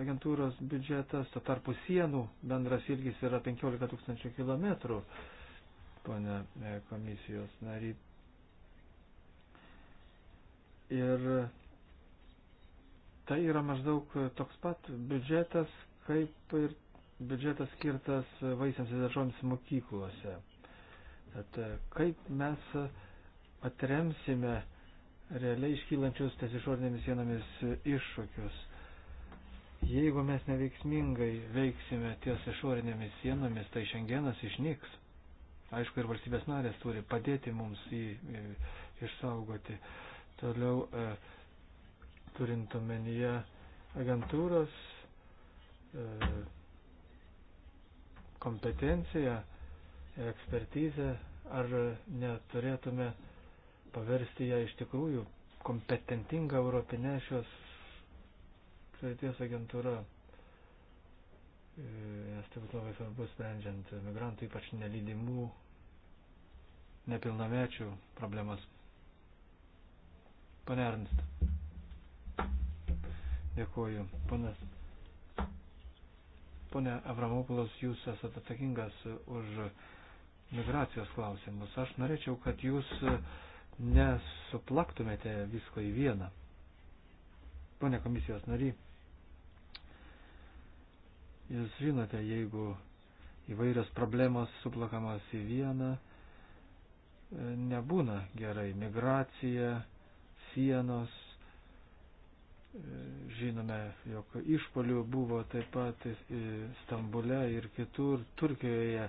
agentūros biudžetas, to tarpu sienų bendras ilgis yra 15 tūkstančių kilometrų, pone e, komisijos nary. Ir tai yra maždaug toks pat biudžetas, kaip ir biudžetas skirtas vaisiams ir daržovėms mokyklose. Tad kaip mes atremsime realiai iškylančius ties išorinėmis sienomis iššūkius. Jeigu mes neveiksmingai veiksime ties išorinėmis sienomis, tai šiandienas išnyks. Aišku, ir valstybės narės turi padėti mums jį e, išsaugoti. Toliau, e, turint omenyje agentūros e, kompetenciją, ekspertizę, ar neturėtume e, paversti ją iš tikrųjų kompetentinga Europinė šios praeities agentūra. Nes tai bus labai svarbu sprendžiant migrantų, ypač nelydimų, nepilnamečių problemas. Pane Ernst. Dėkuoju. Ponas. Pone Avramopulos, jūs esate atsakingas už migracijos klausimus. Aš norėčiau, kad jūs uh, nesuplaktumėte visko į vieną. Pone komisijos nary, jūs žinote, jeigu įvairios problemos suplakamos į vieną, e, nebūna gerai. Migracija, sienos, e, žinome, jog išpolių buvo taip pat Stambule ir kitur, Turkijoje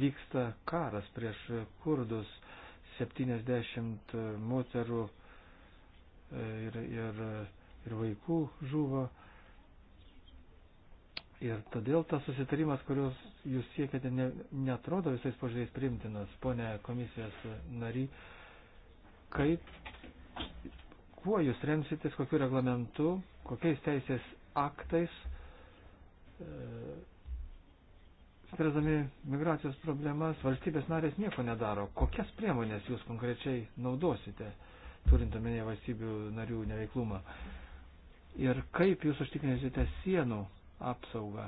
vyksta karas prieš kurdus 70 e, moterų e, ir, ir, ir vaikų žuvo. Ir todėl tas susitarimas, kurios jūs siekiate, ne, netrodo visais požiūrėjais primtinas, ponė komisijos nary. Kaip, kuo jūs remsitės, kokiu reglamentu, kokiais teisės aktais e, Spręsdami migracijos problemas, valstybės narės nieko nedaro. Kokias priemonės jūs konkrečiai naudosite, turint omenyje valstybių narių neveiklumą? Ir kaip jūs užtikrinsite sienų apsaugą?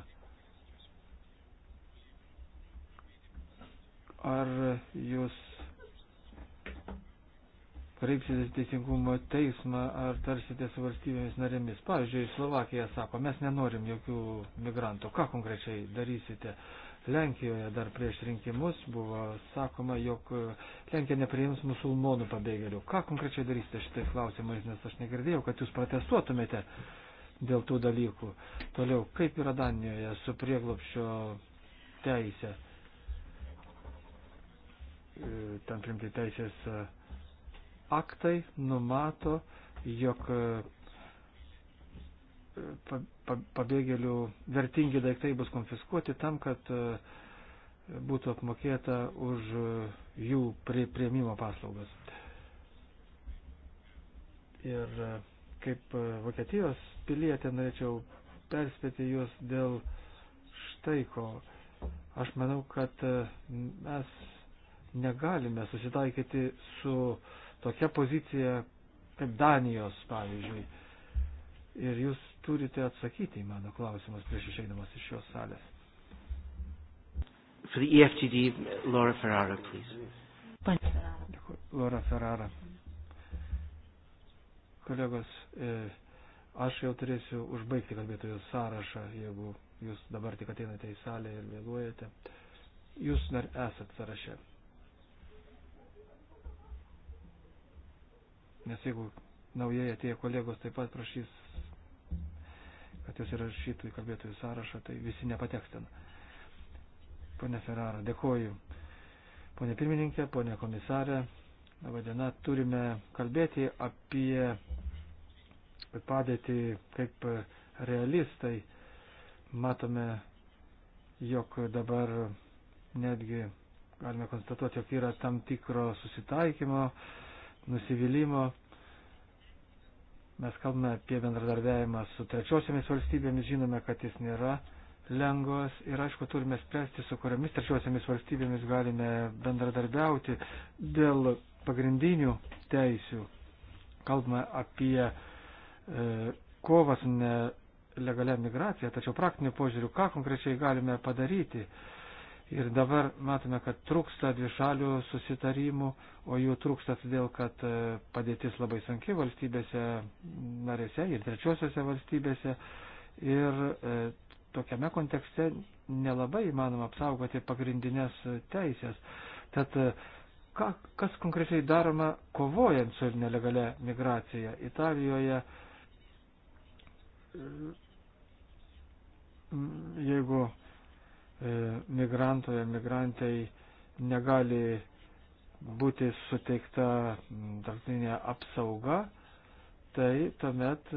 Ar jūs kreipsitės teisingumo teismą ar tarsitės su valstybėmis narėmis. Pavyzdžiui, Slovakija sako, mes nenorim jokių migrantų. Ką konkrečiai darysite? Lenkijoje dar prieš rinkimus buvo sakoma, jog e, Lenkija nepriims musulmonų pabėgėlių. Ką konkrečiai darysite šitai klausimais, nes aš negirdėjau, kad jūs protestuotumėte dėl tų dalykų. Toliau, kaip yra Danijoje su prieglopščio teisė? E, ten primti teisės e, aktai numato, jog pabėgėlių vertingi daiktai bus konfiskuoti tam, kad e, būtų apmokėta už e, jų prie, prieimimo paslaugas. Ir e, kaip Vokietijos pilietė norėčiau perspėti juos dėl štai ko. Aš manau, kad mes negalime susitaikyti su tokia pozicija kaip Danijos, pavyzdžiui. Ir jūs turite atsakyti į mano klausimus prieš išeidamas iš šios salės. For the EFTD, Laura Ferrara, please. Pane Ferrara. Laura Ferrara. Kolegos, e, aš jau turėsiu užbaigti kalbėtojų sąrašą, jeigu jūs dabar tik ateinate į salę ir vėluojate. Jūs dar esat sąraše. Nes jeigu naujai atėję kolegos taip pat prašys kad jūs įrašytų į kalbėtojų sąrašą, tai visi nepateks ten. Pone Ferrara, dėkoju. Pone pirmininkė, pone komisarė, labadiena, turime kalbėti apie padėtį kaip realistai. Matome, jog dabar netgi galime konstatuoti, jog yra tam tikro susitaikymo, nusivylimų Mes kalbame apie bendradarbiavimą su trečiosiamis valstybėmis, žinome, kad jis nėra lengvas ir aišku turime spręsti, su kuriamis trečiosiamis valstybėmis galime bendradarbiauti dėl pagrindinių teisių. Kalbame apie e, kovą su nelegalia migracija, tačiau praktiniu požiūriu, ką konkrečiai galime padaryti. E, Ir dabar matome, kad trūksta dvišalių susitarimų, o jų trūksta todėl, kad e, padėtis labai sunki valstybėse narėse ir trečiosiose valstybėse. Ir e, tokiame kontekste nelabai įmanoma apsaugoti pagrindinės teisės. Tad e, ka, kas konkrečiai daroma kovojant su nelegalia migracija Italijoje? E, jeigu E, migrantoje, migrantai negali būti suteikta tarptautinė apsauga, tai tuomet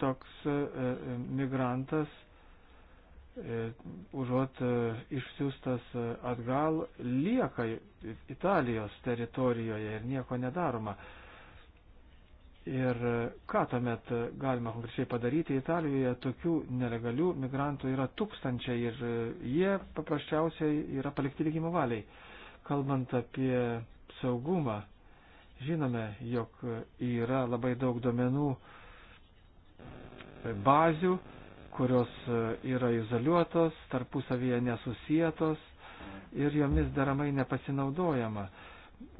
toks e, e, migrantas užuot išsiųstas atgal lieka Italijos teritorijoje ir nieko nedaroma. Ir e, ką tuomet e, galima konkrečiai padaryti? Italijoje tokių nelegalių migrantų yra tūkstančiai ir e, jie paprasčiausiai yra palikti likimo valiai. Kalbant apie saugumą, žinome, jog yra labai daug duomenų bazių, kurios yra izoliuotos, tarpusavyje nesusietos ir jomis deramai nepasinaudojama.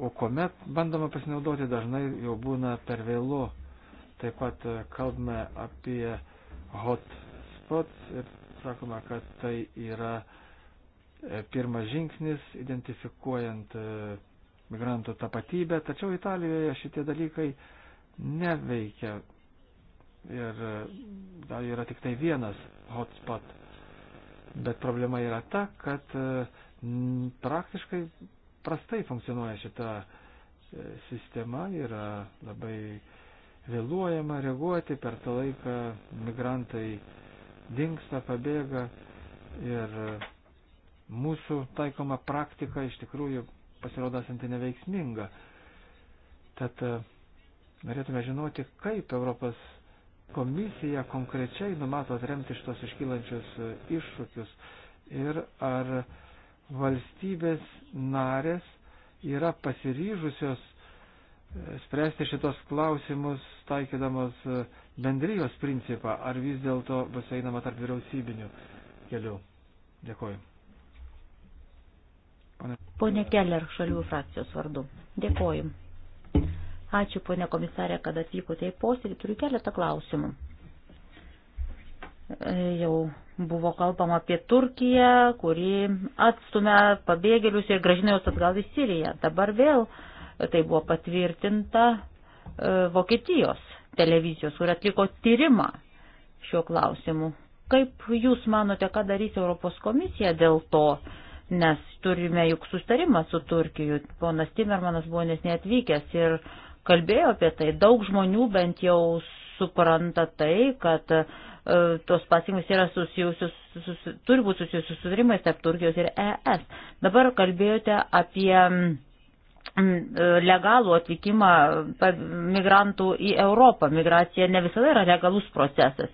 O kuomet bandoma pasinaudoti, dažnai jau būna per vėlu. Taip pat e, kalbame apie hotspots ir sakoma, kad tai yra e, pirmas žingsnis identifikuojant e, migrantų tapatybę, tačiau Italijoje šitie dalykai neveikia. Ir dar yra tik tai vienas hotspot. Bet problema yra ta, kad praktiškai prastai funkcionuoja šita e, sistema, yra labai vėluojama reaguoti, per tą laiką migrantai dinksta, pabėga ir e, mūsų taikoma praktika iš tikrųjų pasirodo esanti neveiksminga. Tad e, norėtume žinoti, kaip Europos komisija konkrečiai numato atremti šitos iškylančius iššūkius ir ar valstybės narės yra pasiryžusios e, spręsti šitos klausimus taikydamos e, bendrijos principą, ar vis dėlto bus einama tarp vyriausybinių kelių. Dėkuoju. Pone, Pone Keller, šalių frakcijos vardu. Dėkuoju. Ačiū, ponė komisarė, kad atvykote į posėdį. Turiu keletą klausimų. E, jau Buvo kalbama apie Turkiją, kuri atstumia pabėgėlius ir gražina juos atgal į Siriją. Dabar vėl tai buvo patvirtinta e, Vokietijos televizijos, kur atliko tyrimą šiuo klausimu. Kaip Jūs manote, ką darys Europos komisija dėl to, nes turime juk sustarimą su Turkiju. Ponas Timermanas buvo nesneatvykęs ir kalbėjo apie tai. Daug žmonių bent jau supranta tai, kad e, tos pasiekmes yra susijusios, sus, turi būti susijusios su sutarimais tarp Turkijos ir ES. Dabar kalbėjote apie legalų atvykimą migrantų į Europą. Migracija ne visada yra legalus procesas.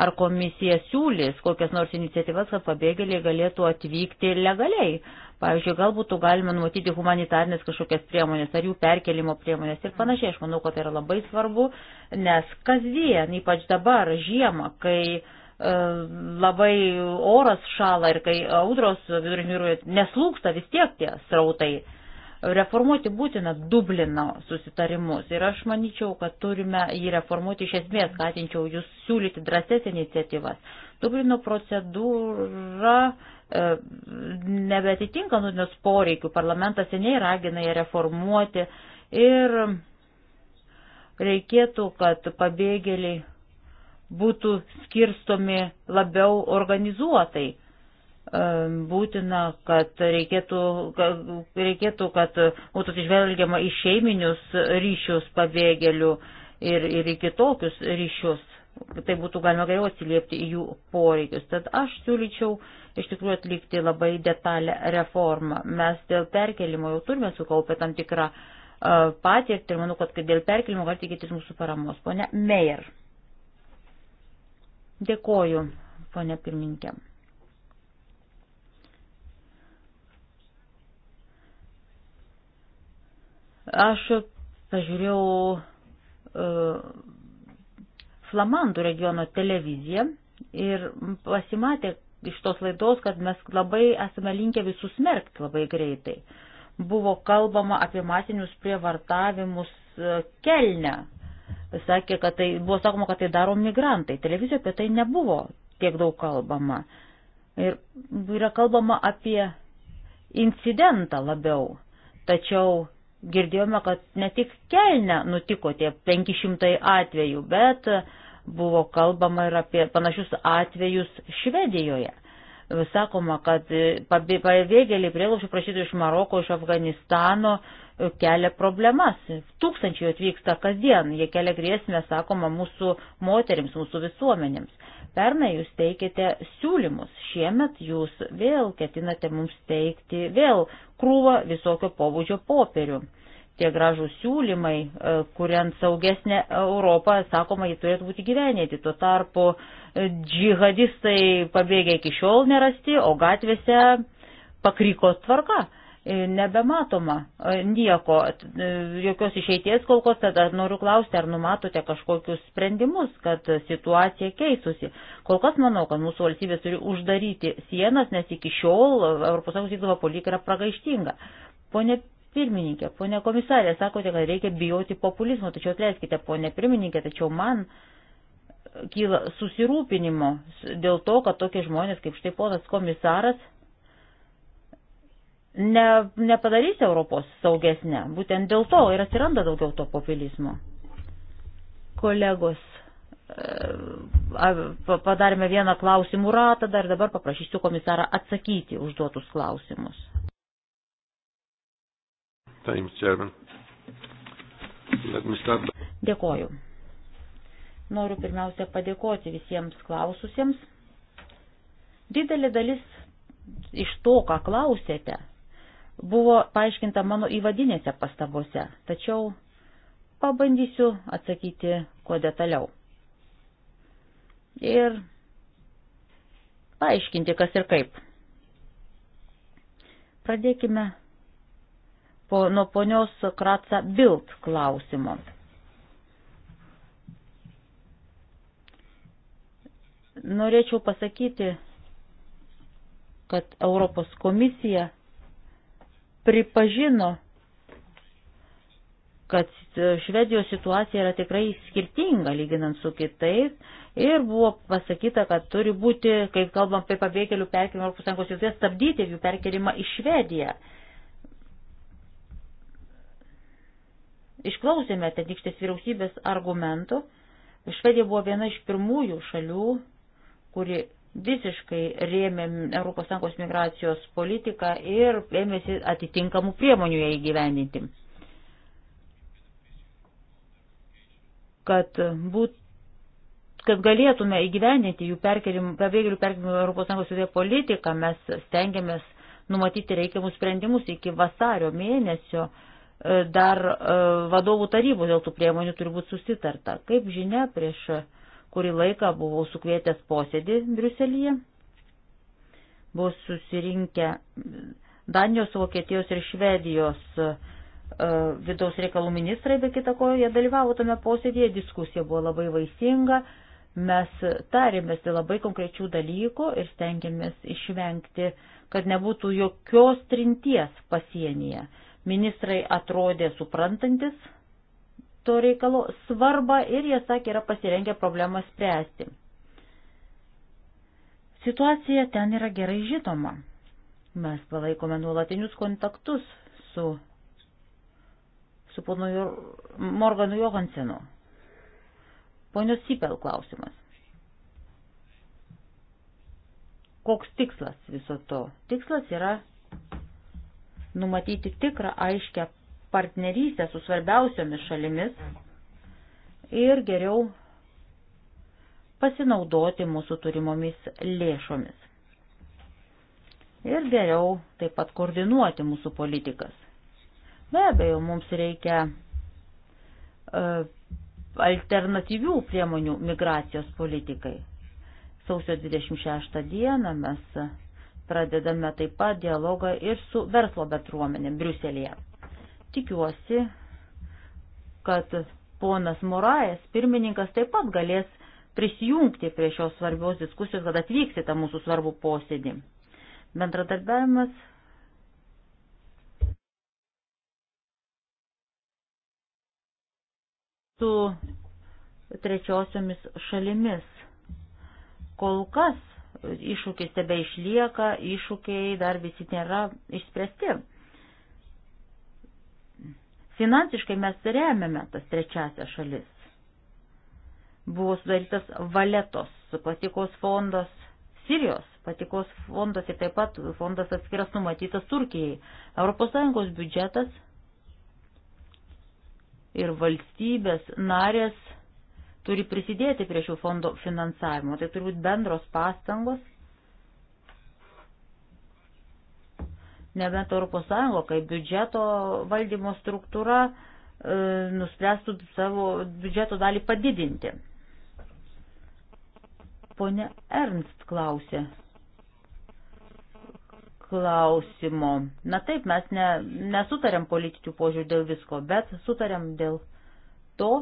Ar komisija siūlys kokias nors iniciatyvas, kad pabėgėliai galėtų atvykti legaliai? Pavyzdžiui, gal būtų galima numatyti humanitarnės kažkokias priemonės ar jų perkelimo priemonės ir panašiai. Aš manau, kad tai yra labai svarbu, nes kasdien, ypač dabar, žiemą, kai e, labai oras šala ir kai audros vidurinių neslūksta vis tiek tie srautai reformuoti būtina Dublino susitarimus. Ir aš manyčiau, kad turime jį reformuoti iš esmės, skatinčiau jūs siūlyti drąsės iniciatyvas. Dublino procedūra E, nebetitinka nūdienos poreikių. Parlamentas seniai ragina ją reformuoti ir reikėtų, kad pabėgėliai būtų skirstomi labiau organizuotai. E, būtina, kad reikėtų, kad, reikėtų, kad būtų atsižvelgiama į šeiminius ryšius pabėgėlių ir, ir į kitokius ryšius tai būtų galima geriau atsiliepti į jų poreikius. Tad aš siūlyčiau iš tikrųjų atlikti labai detalę reformą. Mes dėl perkelimo jau turime sukaupę tam tikrą uh, patirtį ir manau, kad dėl perkelimo gali tikėtis mūsų paramos. Pone Meir. Dėkoju, pone pirmininkė. Aš pažiūrėjau uh, Flamandų regiono televiziją ir pasimatė iš tos laidos, kad mes labai esame linkę visus smerkti labai greitai. Buvo kalbama apie masinius prievartavimus e, kelne. Sakė, kad tai buvo sakoma, kad tai daro migrantai. Televizijoje apie tai nebuvo tiek daug kalbama. Ir yra kalbama apie incidentą labiau. Tačiau girdėjome, kad ne tik kelne nutiko tie 500 atvejų, bet uh, buvo kalbama ir apie panašius atvejus Švedijoje. Sakoma, kad e, pabėgėliai prielaušių prašytojų iš Maroko, iš Afganistano e, kelia problemas. Tūkstančiai atvyksta kasdien, jie kelia grėsmę, sakoma, mūsų moterims, mūsų visuomenėms. Pernai jūs teikėte siūlymus, šiemet jūs vėl ketinate mums teikti vėl krūvą visokio pobūdžio popierių tie gražūs siūlymai, e, kuriant saugesnę Europą, sakoma, jį turėtų būti gyvenėti. Tuo tarpu e, džihadistai pabėgė iki šiol nerasti, o gatvėse pakryko tvarka. E, nebematoma nieko, jokios išeities kol kas, tada noriu klausti, ar numatote kažkokius sprendimus, kad situacija keistųsi. Kol kas manau, kad mūsų valstybės turi uždaryti sienas, nes iki šiol ES vykdoma politika yra pragaištinga. Pone Pirmininkė, ponė komisarė, sakote, kad reikia bijoti populizmo, tačiau atleiskite, ponė pirmininkė, tačiau man kyla susirūpinimo dėl to, kad tokie žmonės kaip štai ponas komisaras ne, nepadarys Europos saugesnė. Būtent dėl to ir atsiranda daugiau to populizmo. Kolegos, e, padarėme vieną klausimų ratą, dar dabar paprašysiu komisarą atsakyti užduotus klausimus. Dėkoju. Noriu pirmiausia padėkoti visiems klaususiems. Didelė dalis iš to, ką klausėte, buvo paaiškinta mano įvadinėse pastabose, tačiau pabandysiu atsakyti kuo detaliau. Ir paaiškinti, kas ir kaip. Pradėkime po, nuo ponios Kratsa Bild klausimo. Norėčiau pasakyti, kad Europos komisija pripažino, kad Švedijos situacija yra tikrai skirtinga lyginant su kitais ir buvo pasakyta, kad turi būti, kai kalbam apie pabėgėlių perkelimą Europos Sąjungos jungties, stabdyti jų perkelimą į Švediją. Išklausėme tenykštės vyriausybės argumentų. Švedija buvo viena iš pirmųjų šalių, kuri visiškai rėmė ES migracijos politiką ir ėmėsi atitinkamų priemonių ją įgyvendinti. Kad, būt, kad galėtume įgyvendinti jų perkelimų, pabėgėlių perkelimų ES politiką, mes stengiamės numatyti reikiamus sprendimus iki vasario mėnesio. Uh, dar e, vadovų tarybų dėl tų priemonių turi būti susitarta. Kaip žinia, prieš kurį laiką buvau sukvietęs posėdį Briuselyje, buvo susirinkę Danijos, Vokietijos ir Švedijos e, vidaus reikalų ministrai, be kita ko, jie dalyvavo tame posėdėje, diskusija buvo labai vaisinga, mes tarėmės dėl labai konkrečių dalykų ir stengiamės išvengti, kad nebūtų jokios trinties pasienyje. Uh, Ministrai atrodė suprantantis to reikalo svarbą ir jie sakė, yra pasirengę problemą spręsti. Situacija ten yra gerai žinoma. Mes palaikome nuolatinius kontaktus su, su ponu Morganu Johansenu. Ponios Sipel klausimas. Koks tikslas viso to? Tikslas yra numatyti tikrą aiškę partnerystę su svarbiausiomis šalimis ir geriau pasinaudoti mūsų turimomis lėšomis. Ir geriau taip pat koordinuoti mūsų politikas. Be abejo, mums reikia uh, alternatyvių priemonių migracijos politikai. Sausio 26 dieną mes Pradedame taip pat dialogą ir su verslo bendruomenė Briuselėje. Tikiuosi, kad ponas Moraes, pirmininkas, taip pat galės prisijungti prie šios svarbios diskusijos, kad atvyksite tą mūsų svarbų posėdį. Bendradarbiavimas. su trečiosiomis šalimis. Kol kas iššūkis tebe išlieka, iššūkiai dar visi nėra išspręsti. Finansiškai mes remiame tas trečiasias šalis. Buvo sudarytas valetos patikos fondas, Sirijos patikos fondas ir taip pat fondas atskiras numatytas Turkijai. ES biudžetas ir valstybės narės turi prisidėti prie šių fondo finansavimo. Tai turi būti bendros pastangos. Nebent ES, kaip biudžeto valdymo struktūra, e, nuspręstų savo biudžeto dalį padidinti. Pone Ernst klausė klausimo. Na taip, mes ne, nesutarėm politinių požiūrį dėl visko, bet sutarėm dėl to,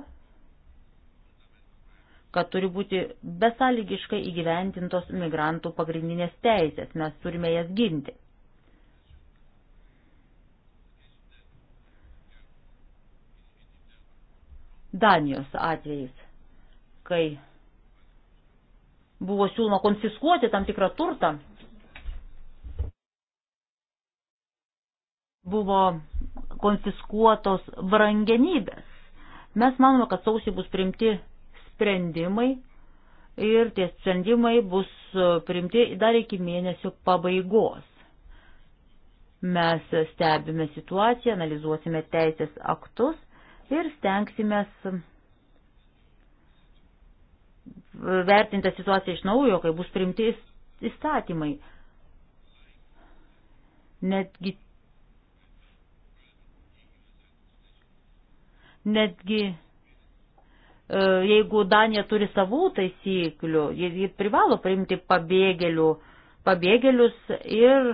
kad turi būti besąlygiškai įgyventintos migrantų pagrindinės teisės, mes turime jas ginti. Danijos atvejais, kai buvo siūloma konfiskuoti tam tikrą turtą, buvo konfiskuotos brangenybės. Mes manome, kad sausį bus priimti sprendimai ir tie sprendimai bus e, priimti dar iki mėnesio pabaigos. Mes stebime situaciją, analizuosime teisės aktus ir stengsime vertinti situaciją iš naujo, kai bus priimti įstatymai. Netgi, netgi E, jeigu Danija turi savų taisyklių, ji privalo priimti pabėgėlių, pabėgėlius ir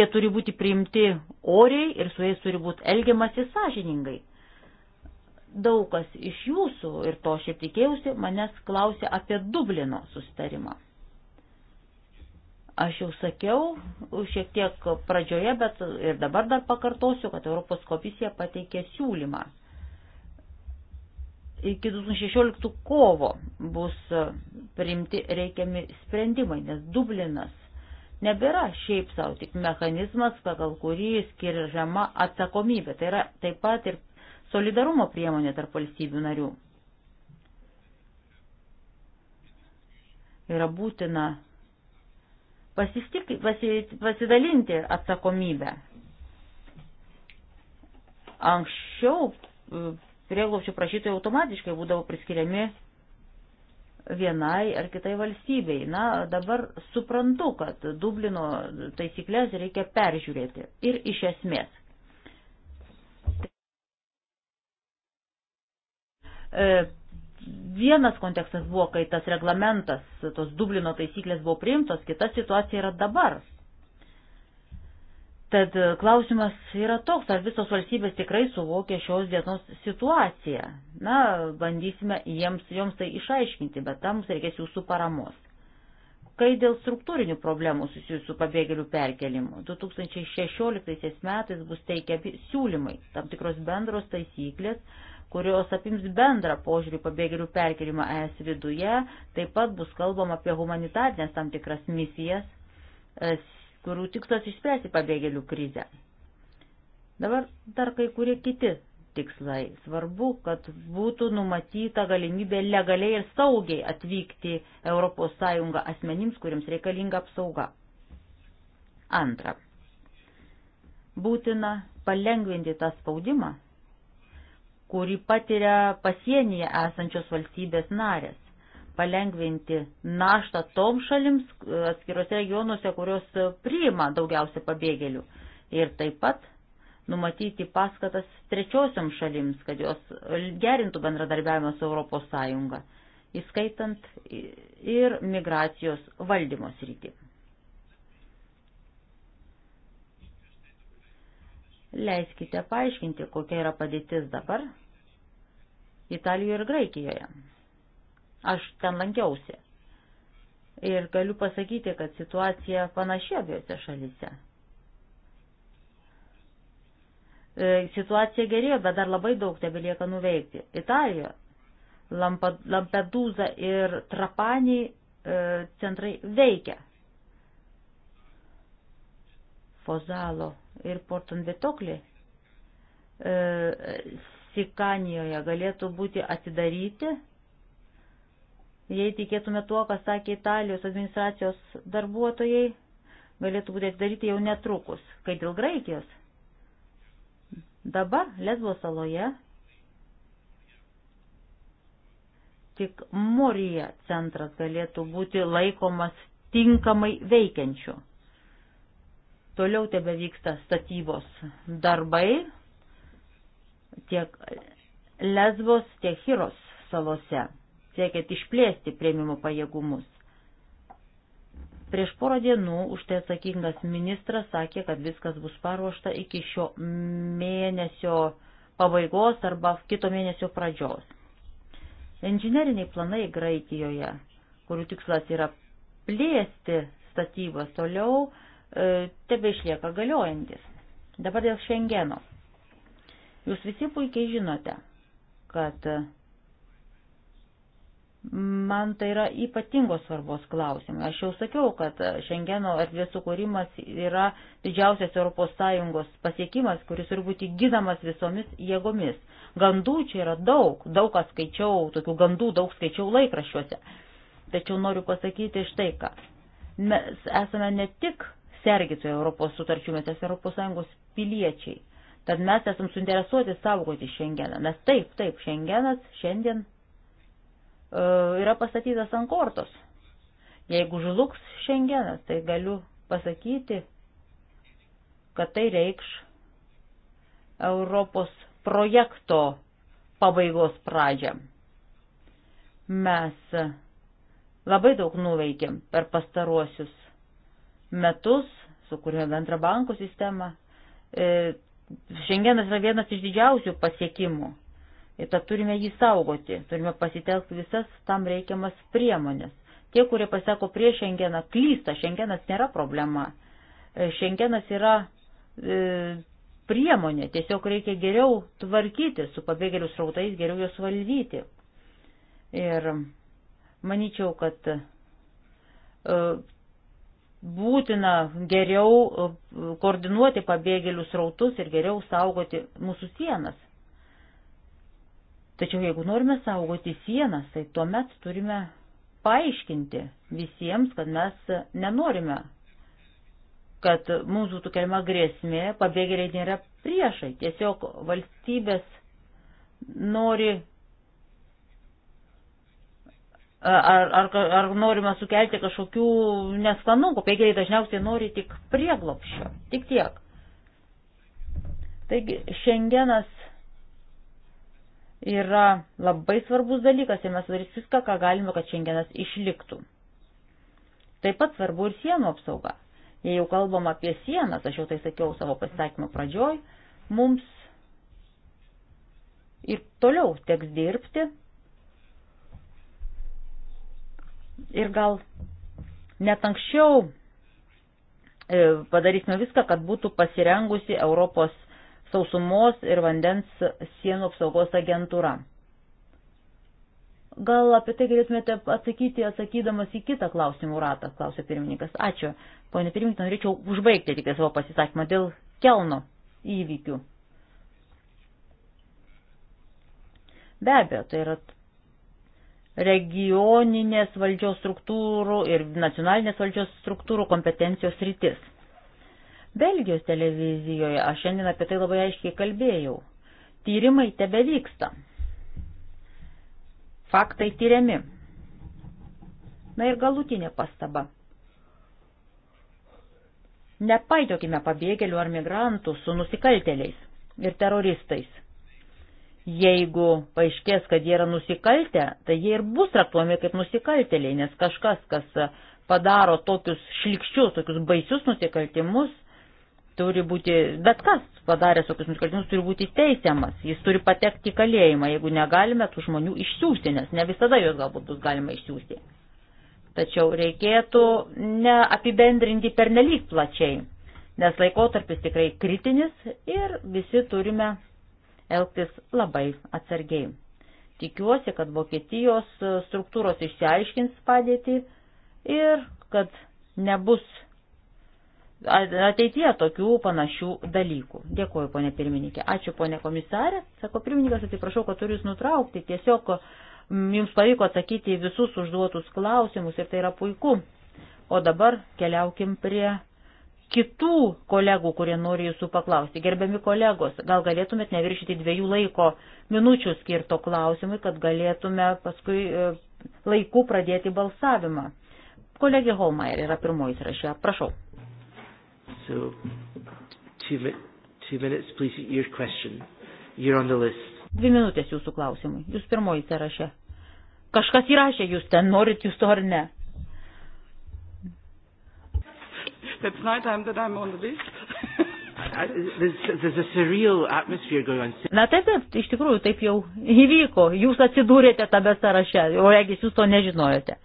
jie turi būti priimti oriai ir su jais turi būti elgiamasi sąžiningai. Daug kas iš jūsų, ir to šiaip tikėjausi, manęs klausė apie Dublino sustarimą. Aš jau sakiau šiek tiek pradžioje, bet ir dabar dar pakartosiu, kad Europos komisija pateikė siūlymą iki 2016 kovo bus e, priimti reikiami sprendimai, nes Dublinas nebėra šiaip savo tik mechanizmas, pagal kurį skiriama atsakomybė. Tai yra taip pat ir solidarumo priemonė tarp valstybių narių. Yra būtina pasistik, pasi, pasidalinti atsakomybę. Anksčiau e, prieglopščių prašytojai automatiškai būdavo priskiriami vienai ar kitai valstybei. Na, dabar suprantu, kad Dublino taisyklės reikia peržiūrėti ir iš esmės. E, vienas kontekstas buvo, kai tas reglamentas, tos Dublino taisyklės buvo priimtos, kita situacija yra dabar. Tad e, klausimas yra toks, ar visos valstybės tikrai suvokia šios dienos situaciją. Na, bandysime jiems, joms tai išaiškinti, bet tam mums reikės jūsų paramos. Kai dėl struktūrinių problemų susijusių pabėgėlių perkelimu, 2016 metais bus teikiami siūlymai, tam tikros bendros taisyklės, kurios apims bendrą požiūrį pabėgėlių perkelimą ES viduje, taip pat bus kalbama apie humanitarnės tam tikras misijas, e, kurių tikslas išspręsti pabėgėlių krizę. Dabar dar kai kurie kiti tikslai. Svarbu, kad būtų numatyta galimybė legaliai ir saugiai atvykti ES asmenims, kuriems reikalinga apsauga. Antra. Būtina palengvinti tą spaudimą, kurį patiria pasienyje esančios valstybės narės palengvinti naštą tom šalims e, atskiruose regionuose, kurios e, priima daugiausia pabėgėlių. Ir taip pat numatyti paskatas trečiosiam šalims, kad jos e, gerintų bendradarbiavimą su ES, įskaitant ir migracijos valdymo sritį. Leiskite paaiškinti, kokia yra padėtis dabar Italijoje ir Graikijoje. Aš ten lankiausi. Ir galiu pasakyti, kad situacija panaši abiejose šalyse. E, situacija gerėjo, bet dar labai daug tebelieka nuveikti. Italijoje Lampedusa ir Trapani e, centrai veikia. Fozalo ir Porton Vetokli e, Sikanijoje galėtų būti atidaryti Jei tikėtume tuo, ką sakė Italijos administracijos darbuotojai, galėtų būti atidaryti jau netrukus, kai dėl Graikijos. Dabar Lesbo saloje tik Morija centras galėtų būti laikomas tinkamai veikiančiu. Toliau tebe vyksta statybos darbai tiek Lesbos, tiek Hiros salose siekiant išplėsti prieimimo pajėgumus. Prieš porą dienų už tai atsakingas ministras sakė, kad viskas bus paruošta iki šio mėnesio pabaigos arba kito mėnesio pradžios. Inžineriniai planai Graikijoje, kurių tikslas yra plėsti statybas toliau, e, tebe išlieka galiojantis. Dabar dėl Šengeno. Jūs visi puikiai žinote, kad Man tai yra ypatingos svarbos klausimai. Aš jau sakiau, kad Šengeno erdvės sukūrimas yra didžiausias ES pasiekimas, kuris turi būti gydamas visomis jėgomis. Gandų čia yra daug, daug ką skaičiau, tokių gandų daug skaičiau laikraščiuose. Tačiau noriu pasakyti štai ką. Mes esame ne tik sergitoje Europos sutarčių, mes esame ES piliečiai. Tad mes esame suinteresuoti saugoti Šengeną, nes taip, taip, Šengenas šiandien E, yra pastatytas ant kortos. Jeigu žlugs šiandienas, tai galiu pasakyti, kad tai reikš Europos projekto pabaigos pradžią. Mes labai daug nuveikėm per pastaruosius metus, sukūrėme bendrą bankų sistemą. E, šiandienas yra vienas iš didžiausių pasiekimų Ir tad turime jį saugoti, turime pasitelkti visas tam reikiamas priemonės. Tie, kurie pasako prieš šengeną, klysta, šengenas nėra problema. E, šengenas yra e, priemonė, tiesiog reikia geriau tvarkyti su pabėgėlių srautais, geriau juos valdyti. Ir manyčiau, kad e, būtina geriau e, koordinuoti pabėgėlių srautus ir geriau saugoti mūsų sienas. Tačiau jeigu norime saugoti sienas, tai tuomet turime paaiškinti visiems, kad mes nenorime, kad mums būtų keliama grėsmė, pabėgėliai nėra priešai, tiesiog valstybės nori ar, ar, ar norima sukelti kažkokių neskanumų, pabėgėliai dažniausiai nori tik prieglopščio, tik tiek. Taigi šiandienas yra labai svarbus dalykas ir mes darys viską, ką galime, kad šiandienas išliktų. Taip pat svarbu ir sienų apsauga. Jei jau kalbam apie sienas, aš jau tai sakiau savo pasisakymo pradžioj, mums ir toliau teks dirbti. Ir gal net anksčiau e, padarysime viską, kad būtų pasirengusi Europos sausumos ir vandens sienų apsaugos agentūra. Gal apie tai galėtumėte atsakyti, atsakydamas į kitą klausimų ratą, klausė pirmininkas. Ačiū. Pone pirmininkas, norėčiau užbaigti tik tai savo pasisakymą dėl kelno įvykių. Be abejo, tai yra regioninės valdžios struktūrų ir nacionalinės valdžios struktūrų kompetencijos rytis. Belgijos televizijoje, aš šiandien apie tai labai aiškiai kalbėjau, tyrimai tebe vyksta. Faktai tyriami. Na ir galutinė pastaba. Nepaidokime pabėgėlių ar migrantų su nusikalteliais ir teroristais. Jeigu paaiškės, kad jie yra nusikaltę, tai jie ir bus traktuojami kaip nusikalteliai, nes kažkas, kas padaro tokius šlikščius, tokius baisius nusikaltimus, turi būti, bet kas padaręs tokius nusikaltimus turi būti teisiamas, jis turi patekti į kalėjimą, jeigu negalime tų žmonių išsiųsti, nes ne visada juos galbūt bus galima išsiųsti. Tačiau reikėtų neapibendrinti pernelyg plačiai, nes laikotarpis tikrai kritinis ir visi turime elgtis labai atsargiai. Tikiuosi, kad Vokietijos struktūros išsiaiškins padėtį ir kad nebus ateityje tokių panašių dalykų. Dėkuoju, ponė pirmininkė. Ačiū, ponė komisarė. Sako pirmininkas, atsiprašau, kad turiu jūs nutraukti. Tiesiog jums pavyko atsakyti į visus užduotus klausimus ir tai yra puiku. O dabar keliaukim prie kitų kolegų, kurie nori jūsų paklausti. Gerbiami kolegos, gal galėtumėt neviršyti dviejų laiko minučių skirto klausimui, kad galėtume paskui e, laiku pradėti balsavimą. Kolegė Holmaier yra pirmoji srašė. Prašau. So, two, mi two minutes, please, your question. You're on the list. Dvi minutės jūsų klausimui. Jūs pirmoji sąraše. Kažkas įrašė jūs ten, norit jūs to ar ne. That's my time that I'm on the list. Na taip, taip, iš tikrųjų taip jau įvyko. Jūs atsidūrėte tame sąraše, o regis jūs to nežinojote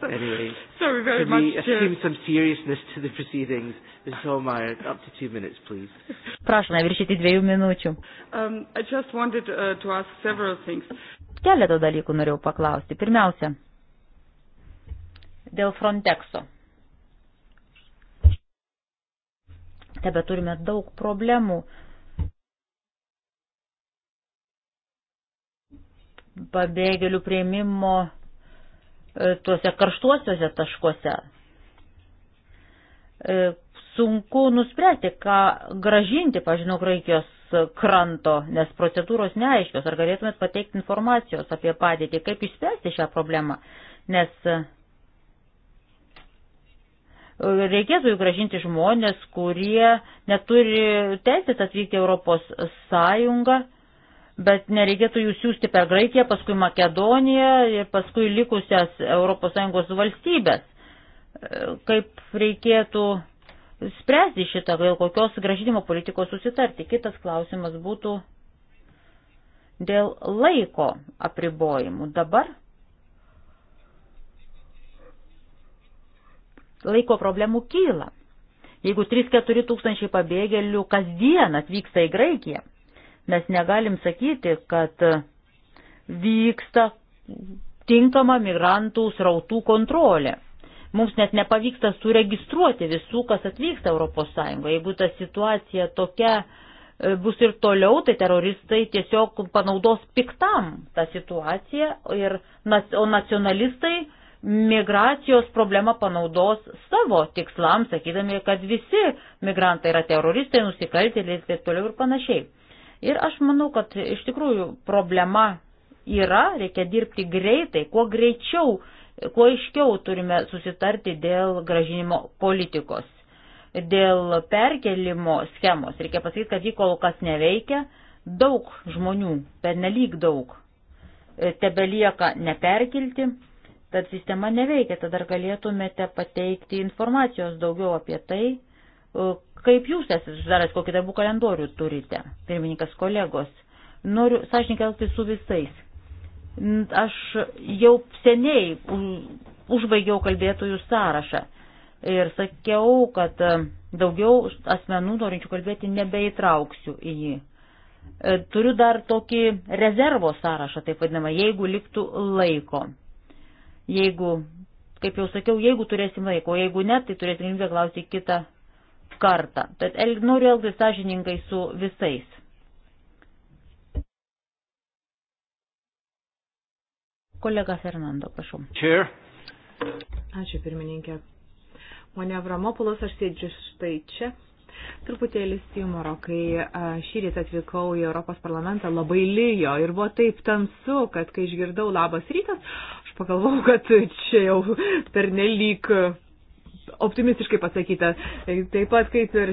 so, anyway, sorry very can much. We assume uh, some seriousness to the proceedings. Mrs. Holmeyer, up to two minutes, please. Prašom, neviršyti dviejų minučių. Um, I just wanted uh, to ask several things. Keletą dalykų norėjau paklausti. Pirmiausia, dėl Frontexo. Tebe turime daug problemų. Pabėgėlių prieimimo E, tuose karštuosiuose taškuose. E, sunku nuspręsti, ką gražinti, pažinau, Graikijos kranto, nes procedūros neaiškios. Ar galėtumėt pateikti informacijos apie padėtį, kaip išspręsti šią problemą? Nes e, reikėtų įgražinti žmonės, kurie neturi teisės atvykti Europos Sąjungą bet nereikėtų jų siūsti per Graikiją, paskui Makedoniją ir paskui likusias ES valstybės. Kaip reikėtų spręsti šitą, dėl kokios gražinimo politikos susitarti. Kitas klausimas būtų dėl laiko apribojimų. Dabar laiko problemų kyla. Jeigu 3-4 tūkstančiai pabėgėlių kasdien atvyksta į Graikiją, Mes negalim sakyti, kad vyksta tinkama migrantų srautų kontrolė. Mums net nepavyksta suregistruoti visų, kas atvyksta ES. Jeigu ta situacija tokia e, bus ir toliau, tai teroristai tiesiog panaudos piktam tą situaciją, ir, o nacionalistai migracijos problemą panaudos savo tikslams, sakydami, kad visi migrantai yra teroristai, nusikaltėliai ir taip toliau ir panašiai. Ir aš manau, kad iš tikrųjų problema yra, reikia dirbti greitai, kuo greičiau, kuo aiškiau turime susitarti dėl gražinimo politikos. Dėl perkelimo schemos reikia pasakyti, kad ji kol kas neveikia, daug žmonių, pernelyg daug, e, tebelieka neperkelti, tad sistema neveikia, tad ar galėtumėte pateikti informacijos daugiau apie tai, E, kaip jūs esate susidaręs, kokį darbų kalendorių turite, pirmininkas kolegos? Noriu sąžininkai elgtis su visais. Aš jau seniai užbaigiau kalbėtojų sąrašą ir sakiau, kad e, daugiau asmenų norinčių kalbėti nebeįtrauksiu į jį. E, turiu dar tokį rezervo sąrašą, taip vadinamą, jeigu liktų laiko. Jeigu, kaip jau sakiau, jeigu turėsim laiko, jeigu ne, tai turėsim galimybę klausti kitą kartą. Tad el, noriu elgtis sąžiningai su visais. Kolega Fernando, prašau. Chair. Ačiū, pirmininkė. Mane Avramopulas, aš sėdžiu štai čia. Truputėlis humoro, kai šį rytą atvykau į Europos parlamentą, labai lyjo ir buvo taip tamsu, kad kai išgirdau labas rytas, aš pagalvojau, kad čia jau per nelik optimistiškai pasakyta. Taip pat kaip ir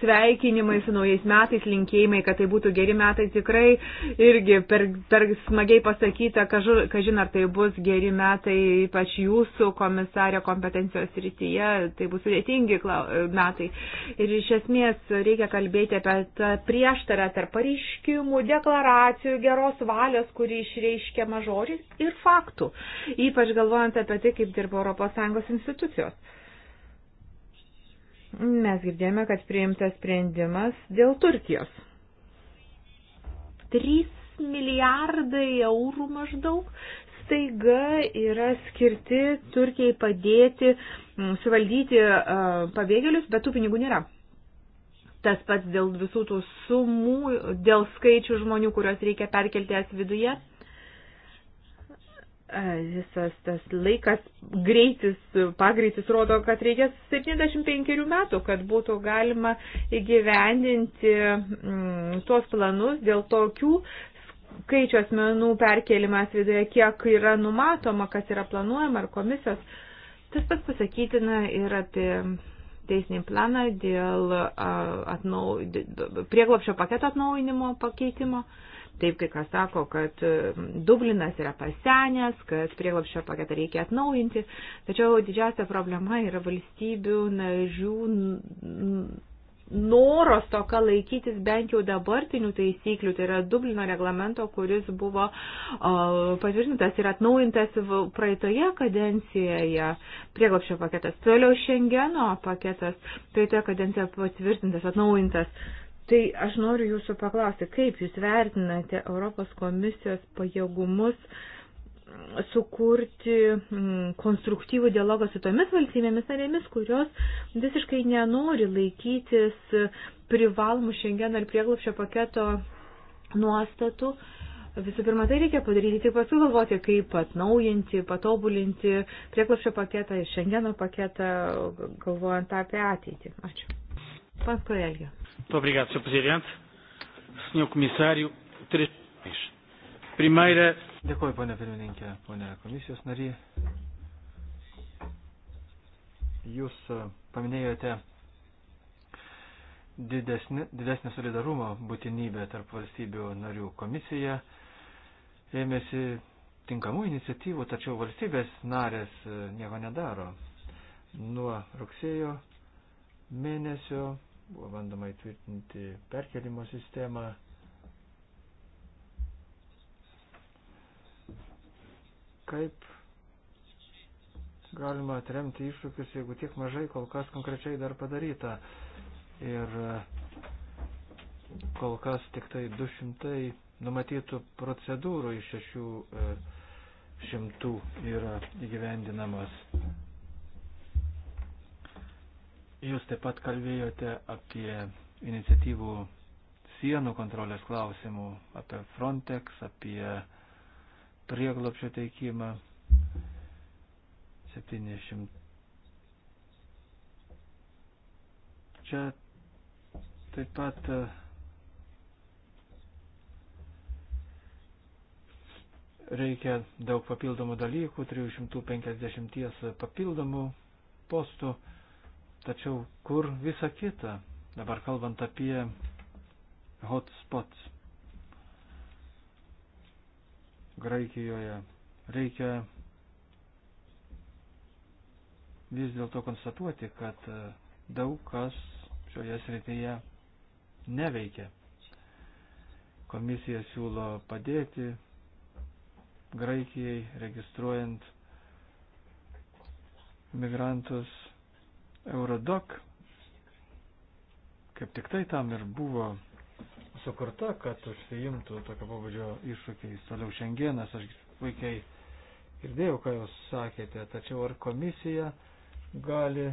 sveikinimai su naujais metais, linkėjimai, kad tai būtų geri metai tikrai irgi per, per smagiai pasakyta, kažin ar tai bus geri metai, ypač jūsų komisario kompetencijos rytyje, tai bus sudėtingi metai. Ir iš esmės reikia kalbėti apie prieštarą tarp pareiškimų, deklaracijų, geros valios, kurį išreiškia mažoris ir faktų. Ypač galvojant apie tai, kaip dirba ES institucijos Mes girdėjome, kad priimtas sprendimas dėl Turkijos. 3 milijardai eurų maždaug staiga yra skirti Turkijai padėti mm, suvaldyti pabėgėlius, bet tų pinigų nėra. Tas pats dėl visų tų sumų, dėl skaičių žmonių, kuriuos reikia perkelti es viduje, visas tas laikas, greitis, pagreitis rodo, kad reikia 75 metų, kad būtų galima įgyvendinti mm, tuos planus dėl tokių skaičių asmenų perkelimas viduje, kiek yra numatoma, kas yra planuojama ar komisijos. Tas pats pasakytina ir apie teisinį planą dėl atnau, prieglopšio paketo atnaujinimo pakeitimo. Uh, Taip, kai kas sako, kad um, Dublinas yra pasenęs, kad prieglapščio paketą reikia atnaujinti, tačiau didžiausia problema yra valstybių narių noros toka laikytis bent jau dabartinių taisyklių, tai yra Dublino reglamento, kuris buvo patvirtintas ir atnaujintas praeitoje kadencijoje prieglapščio paketas, toliau Šengeno paketas, praeitoje kadencijoje patvirtintas, atnaujintas. Tai aš noriu jūsų paklausti, kaip jūs vertinate Europos komisijos pajėgumus sukurti mm, konstruktyvų dialogą su tomis valstybėmis narėmis, kurios visiškai nenori laikytis privalomų šiandien ar prieglapšio paketo nuostatų. Visų pirma, tai reikia padaryti, tik paskui galvoti, kaip atnaujinti, patobulinti prieklapšio paketą ir šiandieno paketą, galvojant apie ateitį. Ačiū. Pas Koelgė. Muito obrigado, Sr. Presidente. Sr. Comissário, três questões. Primeira. Dėkuoju, ponia pirmininkė, ponia komisijos narė. Jūs e, paminėjote didesnį, didesnį solidarumo būtinybę tarp valstybių narių. Komisija ėmėsi tinkamų iniciatyvų, tačiau valstybės narės e, nieko nedaro. Nuo rugsėjo mėnesio buvo bandoma įtvirtinti perkelimo sistemą. Kaip galima atremti iššūkius, jeigu tiek mažai kol kas konkrečiai dar padaryta. Ir kol kas tik tai 200 numatytų procedūrų iš 600 e, yra įgyvendinamas. Jūs taip pat kalbėjote apie iniciatyvų sienų kontrolės klausimų, apie Frontex, apie prieglopšio teikimą 700. Čia taip pat e, reikia daug papildomų dalykų, 350 papildomų postų. Tačiau kur visa kita, dabar kalbant apie hotspots Graikijoje, reikia vis dėlto konstatuoti, kad e, daug kas šioje srityje neveikia. Komisija siūlo padėti Graikijai registruojant migrantus Eurodok kaip tik tai tam ir buvo sukurta, kad užsijimtų tokio pabudžio iššūkiais. Toliau šiandienas aš puikiai girdėjau, ką jūs sakėte, tačiau ar komisija gali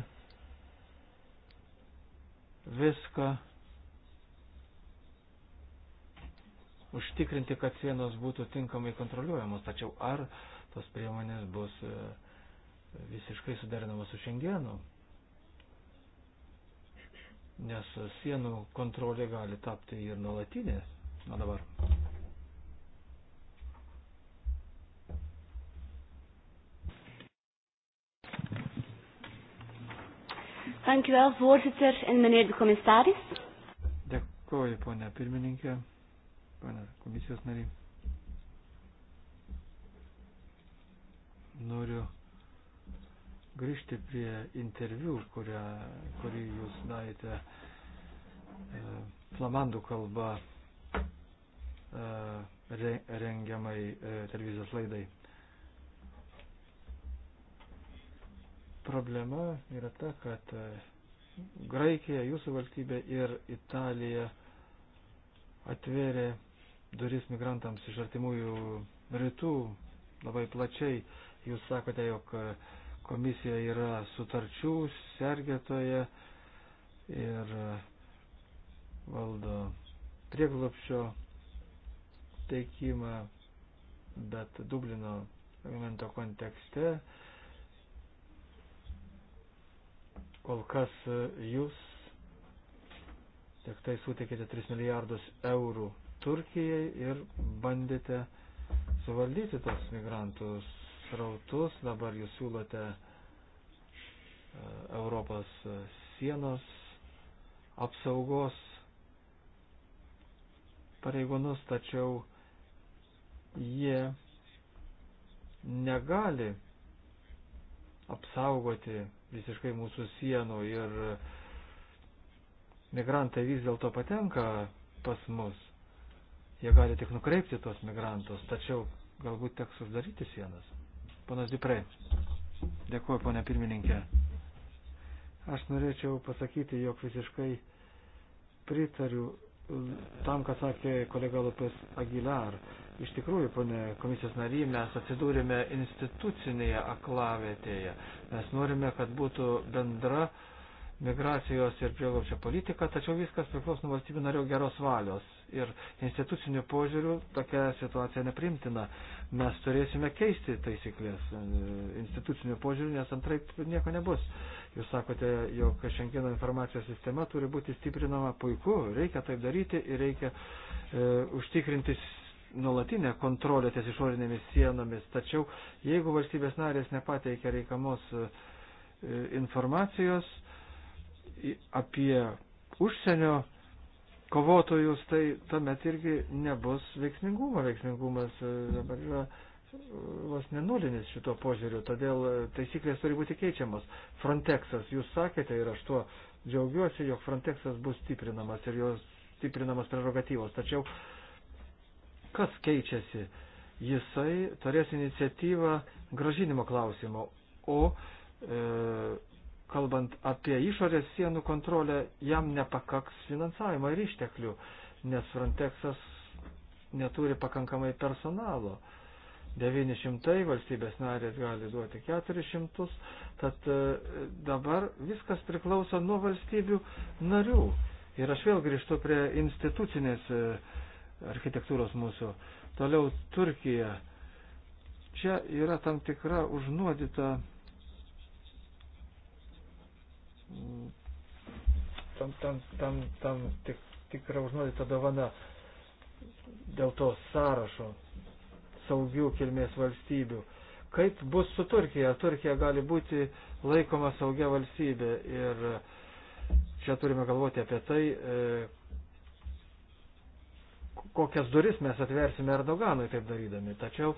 viską užtikrinti, kad sienos būtų tinkamai kontroliuojamos, tačiau ar tos priemonės bus e, visiškai suderinamos su šiandienu nes sienų kontrolė gali tapti ir nuolatinė. Na dabar. Dank u wel, voorzitter en meneer de commissaris. Dėkuoju, ponia pirmininkė, ponia komisijos nariai. Noriu grįžti prie interviu, kurią, kurį jūs daite e, flamandų kalba e, rengiamai e, televizijos laidai. Problema yra ta, kad e, Graikija, jūsų valstybė ir Italija atvėrė duris migrantams iš artimųjų rytų labai plačiai. Jūs sakote, jog e, Komisija yra sutarčių sergėtoje ir valdo prieglopščio teikimą, bet Dublino reglamento kontekste kol kas jūs tik tai suteikėte 3 milijardus eurų Turkijai ir bandėte suvaldyti tos migrantus srautus, dabar jūs siūlote e, Europos sienos apsaugos pareigūnus, tačiau jie negali apsaugoti visiškai mūsų sienų ir migrantai vis dėlto patenka pas mus. Jie gali tik nukreipti tos migrantus, tačiau galbūt teks uždaryti sienas. Panas Diprai. Dėkuoju, ponė pirmininkė. Aš norėčiau pasakyti, jog visiškai pritariu tam, ką sakė kolega Lopes Aguilar. Iš tikrųjų, ponė komisijos nary, mes atsidūrėme institucinėje aklavėtėje. Mes norime, kad būtų bendra migracijos ir prieglobčio politika, tačiau viskas priklauso nuo valstybių narių geros valios ir institucinių požiūrių tokia situacija neprimtina. Mes turėsime keisti taisyklės e, institucinių požiūrių, nes antraip nieko nebus. Jūs sakote, jog šiandieno informacijos sistema turi būti stiprinama puiku, reikia taip daryti ir reikia e, užtikrinti nuolatinę kontrolę ties išorinėmis sienomis. Tačiau jeigu valstybės narės nepateikia reikamos e, informacijos apie užsienio kovotojus, tai tuomet irgi nebus veiksmingumo. Veiksmingumas e, dabar yra e, vos nenulinis šito požiūriu, todėl taisyklės turi būti keičiamos. Frontexas, jūs sakėte ir aš tuo džiaugiuosi, jog Frontexas bus stiprinamas ir jos stiprinamas prerogatyvos. Tačiau kas keičiasi? Jisai turės iniciatyvą gražinimo klausimo, o e, kalbant apie išorės sienų kontrolę, jam nepakaks finansavimo ir išteklių, nes Frontexas neturi pakankamai personalo. 900 valstybės narės gali duoti 400, tad e, dabar viskas priklauso nuo valstybių narių. Ir aš vėl grįžtu prie institucinės e, architektūros mūsų. Toliau Turkija. Čia yra tam tikra užnuodyta tam, tam, tam, tam tik, tikra užnuodyta dovana dėl to sąrašo saugių kilmės valstybių. Kaip bus su Turkija? Turkija gali būti laikoma saugia valstybė ir čia turime galvoti apie tai, e, kokias duris mes atversime Erdoganui taip darydami. Tačiau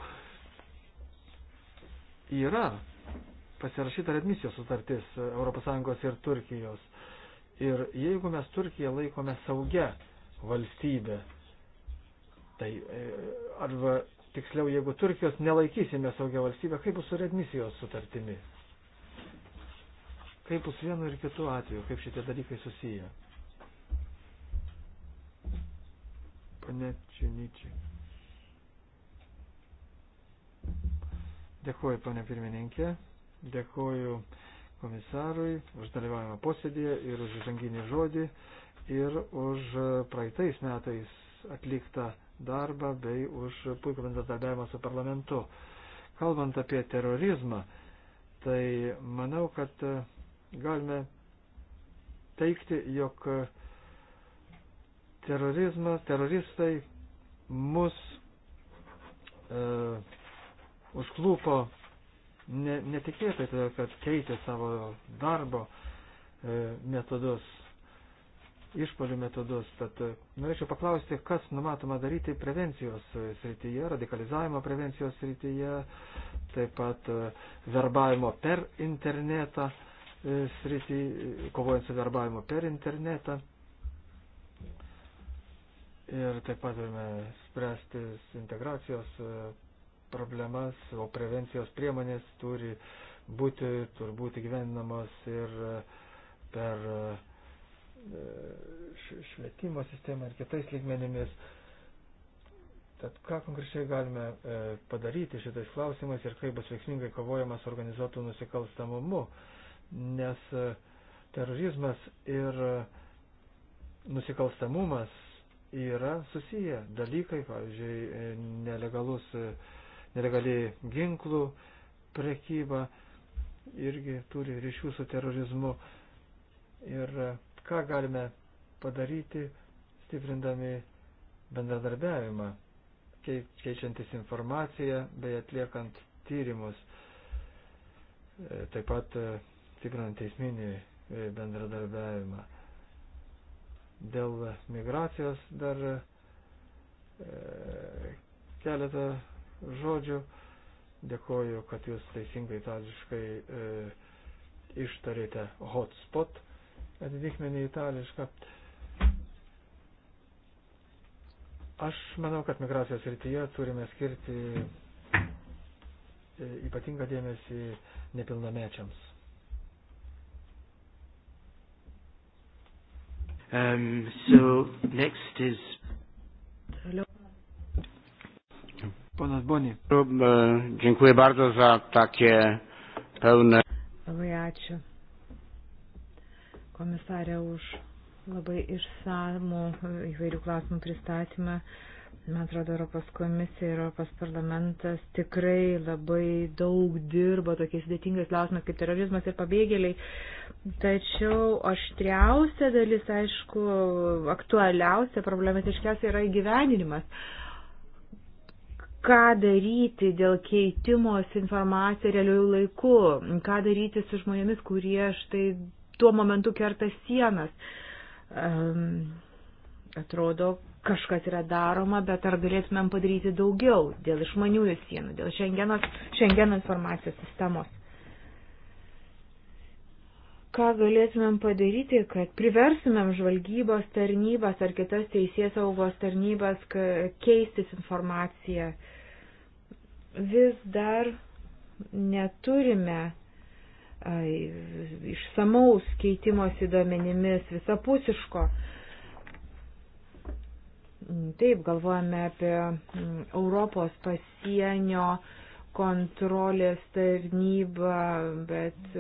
yra pasirašyta redmisijos sutartis ES ir Turkijos. Ir jeigu mes Turkiją laikome saugia valstybė, tai e, arba tiksliau, jeigu Turkijos nelaikysime saugia valstybė, kaip bus su redmisijos sutartimi? Kaip bus vienu ir kitu atveju, kaip šitie dalykai susiję? Pane Činičiai. Dėkuoju, pane pirmininkė. Dėkoju komisarui už dalyvavimą posėdėje ir už žanginį žodį ir už praeitais metais atliktą darbą bei už puikų bendradarbiavimą su parlamentu. Kalbant apie terorizmą, tai manau, kad galime teikti, jog terorizmas, teroristai mus e, užklupo ne, netikėtai, todėl kad keitė savo darbo e, metodus, išpolių metodus. Tad e, norėčiau paklausti, kas numatoma daryti prevencijos e, srityje, radikalizavimo prevencijos srityje, taip pat e, verbavimo per internetą e, srity, e, kovojant su verbavimu per internetą. Ir taip pat turime spręsti integracijos e, problemas, o prevencijos priemonės turi būti turbūt įgyvendinamos ir e, per e, švietimo sistemą ir kitais lygmenimis. Tad ką konkrečiai galime e, padaryti šitais klausimais ir kaip bus veiksmingai kovojama su organizuotų nusikalstamumu, nes terorizmas ir nusikalstamumas yra susiję dalykai, pavyzdžiui, nelegalus nelegaliai ginklų prekyba irgi turi ryšių su terorizmu. Ir ką galime padaryti, stiprindami bendradarbiavimą, keičiantis informaciją bei atliekant tyrimus, e, taip pat stiprinant e, teisminį e, bendradarbiavimą. Dėl migracijos dar keletą žodžių. Dėkoju, kad jūs teisingai itališkai e, ištarėte hotspot atitikmenį itališką. Aš manau, kad migracijos rytyje turime skirti e, ypatingą dėmesį nepilnamečiams. Um, so next is Ponas Boni. E, dziękuję bardzo za takie pełne. Labai ačiū. Komisarė už labai išsamų įvairių klausimų pristatymą. Man atrodo, Europos komisija ir Europos parlamentas tikrai labai daug dirba tokiais sudėtingais klausimais kaip terorizmas ir pabėgėliai. Tačiau aštriausia dalis, aišku, aktualiausia, problematiškiausia yra įgyveninimas ką daryti dėl keitimos informacija realiųjų laikų, ką daryti su žmonėmis, kurie štai tuo momentu kerta sienas. Um, atrodo, kažkas yra daroma, bet ar galėtumėm padaryti daugiau dėl išmaniųjų sienų, dėl šiandienos, šiandienos informacijos sistemos. Ką galėtumėm padaryti, kad priversumėm žvalgybos tarnybas ar kitas teisės saugos tarnybas keistis informaciją? Uh, vis dar neturime išsamaus keitimosi duomenimis visapusiško. Taip, galvojame apie mm, Europos pasienio kontrolės tarnybą, bet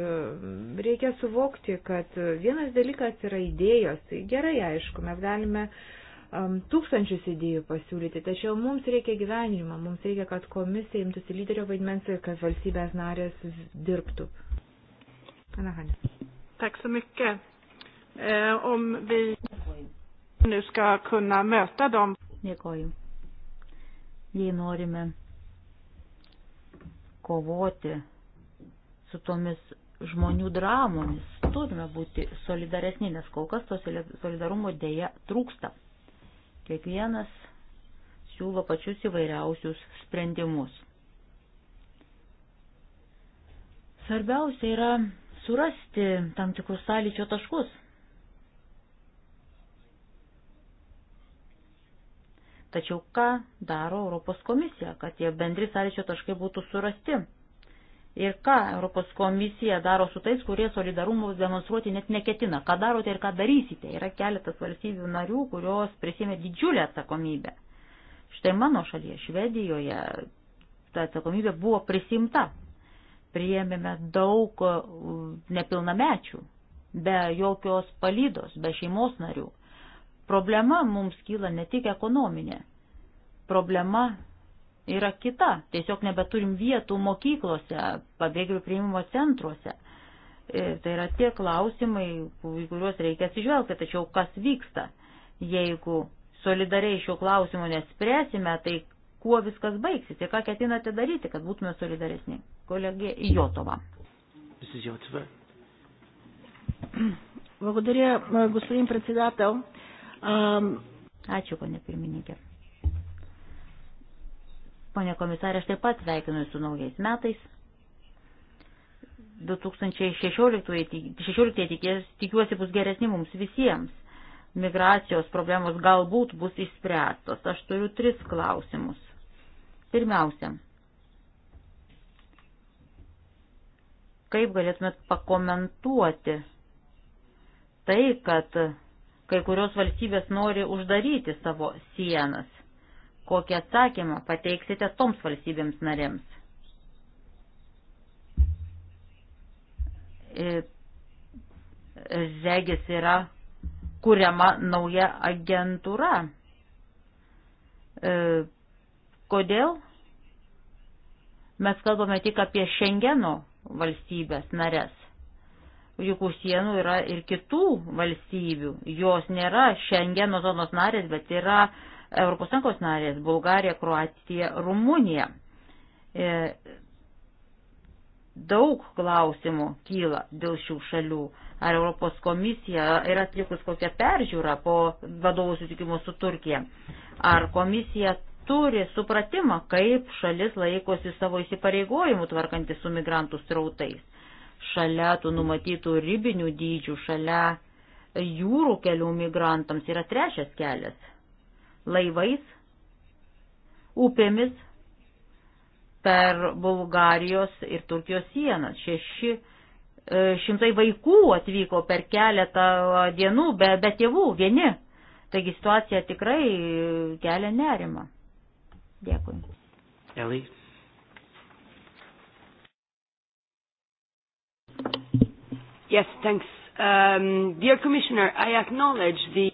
reikia suvokti, kad vienas dalykas yra idėjos. Tai gerai, aišku, mes galime uh, um, tūkstančius idėjų pasiūlyti, tačiau mums reikia gyvenimo, mums reikia, kad komisija imtųsi lyderio vaidmens ir kad valstybės narės dirbtų. Anahanė. Tack så mycket. Eh, om vi nu ska kunna möta dem. Dėkoju. Jei norime kovoti su tomis žmonių dramomis, turime būti solidaresni, nes kol kas to solidarumo dėja trūksta. Kiekvienas siūlo pačius įvairiausius sprendimus. Svarbiausia yra surasti tam tikrus sąlyčio taškus. Tačiau ką daro Europos komisija, kad tie bendri sąlyčio taškai būtų surasti? ir ką Europos komisija daro su tais, kurie solidarumus demonstruoti net neketina, ką darote ir ką darysite. Yra keletas valstybių narių, kurios prisėmė didžiulę atsakomybę. Štai mano šalyje, Švedijoje, ta atsakomybė buvo prisimta. Priėmėme daug mm, nepilnamečių, be jokios palydos, be šeimos narių. Problema mums kyla ne tik ekonominė. Problema yra kita. Tiesiog nebeturim vietų mokyklose, pabėgėlių priimimo centruose. Ir e, tai yra tie klausimai, į kuriuos reikia atsižvelgti, tačiau kas vyksta. Jeigu solidariai šio klausimo nespręsime, tai kuo viskas baigsis ir ką ketinate daryti, kad būtume solidaresni. Kolegė Jotova. Благодаря, господин председател. Ačiū, ponė pirmininkė. Pone komisarė, aš taip pat sveikinu su naujais metais. 2016 tikės, tikiuosi bus geresni mums visiems. Migracijos problemos galbūt bus išspręstos. Aš turiu tris klausimus. Pirmiausia, kaip galėtumėt pakomentuoti tai, kad kai kurios valstybės nori uždaryti savo sienas kokį atsakymą pateiksite toms valstybėms narėms. E, regis yra kuriama nauja agentūra. E, kodėl? Mes kalbame tik apie Šengeno valstybės narės. Juk už sienų yra ir kitų valstybių. Jos nėra Šengeno zonos narės, bet yra uh, ES narės - Bulgarija, Kroatija, Rumunija. E, daug klausimų kyla dėl šių šalių. Ar Europos komisija yra atlikus kokią peržiūrą po vadovų sutikimo su Turkija? Ar komisija turi supratimą, kaip šalis laikosi savo įsipareigojimų tvarkantis su migrantų strautais? Šalia tų numatytų ribinių dydžių, šalia jūrų kelių migrantams yra trečias kelias laivais, upėmis per Bulgarijos ir Turkijos sieną. Šeši e, šimtai vaikų atvyko per keletą dienų be, be tėvų vieni. Taigi situacija tikrai kelia nerimą. Dėkui. Eli. Yes, thanks. Um, dear Commissioner, I acknowledge the.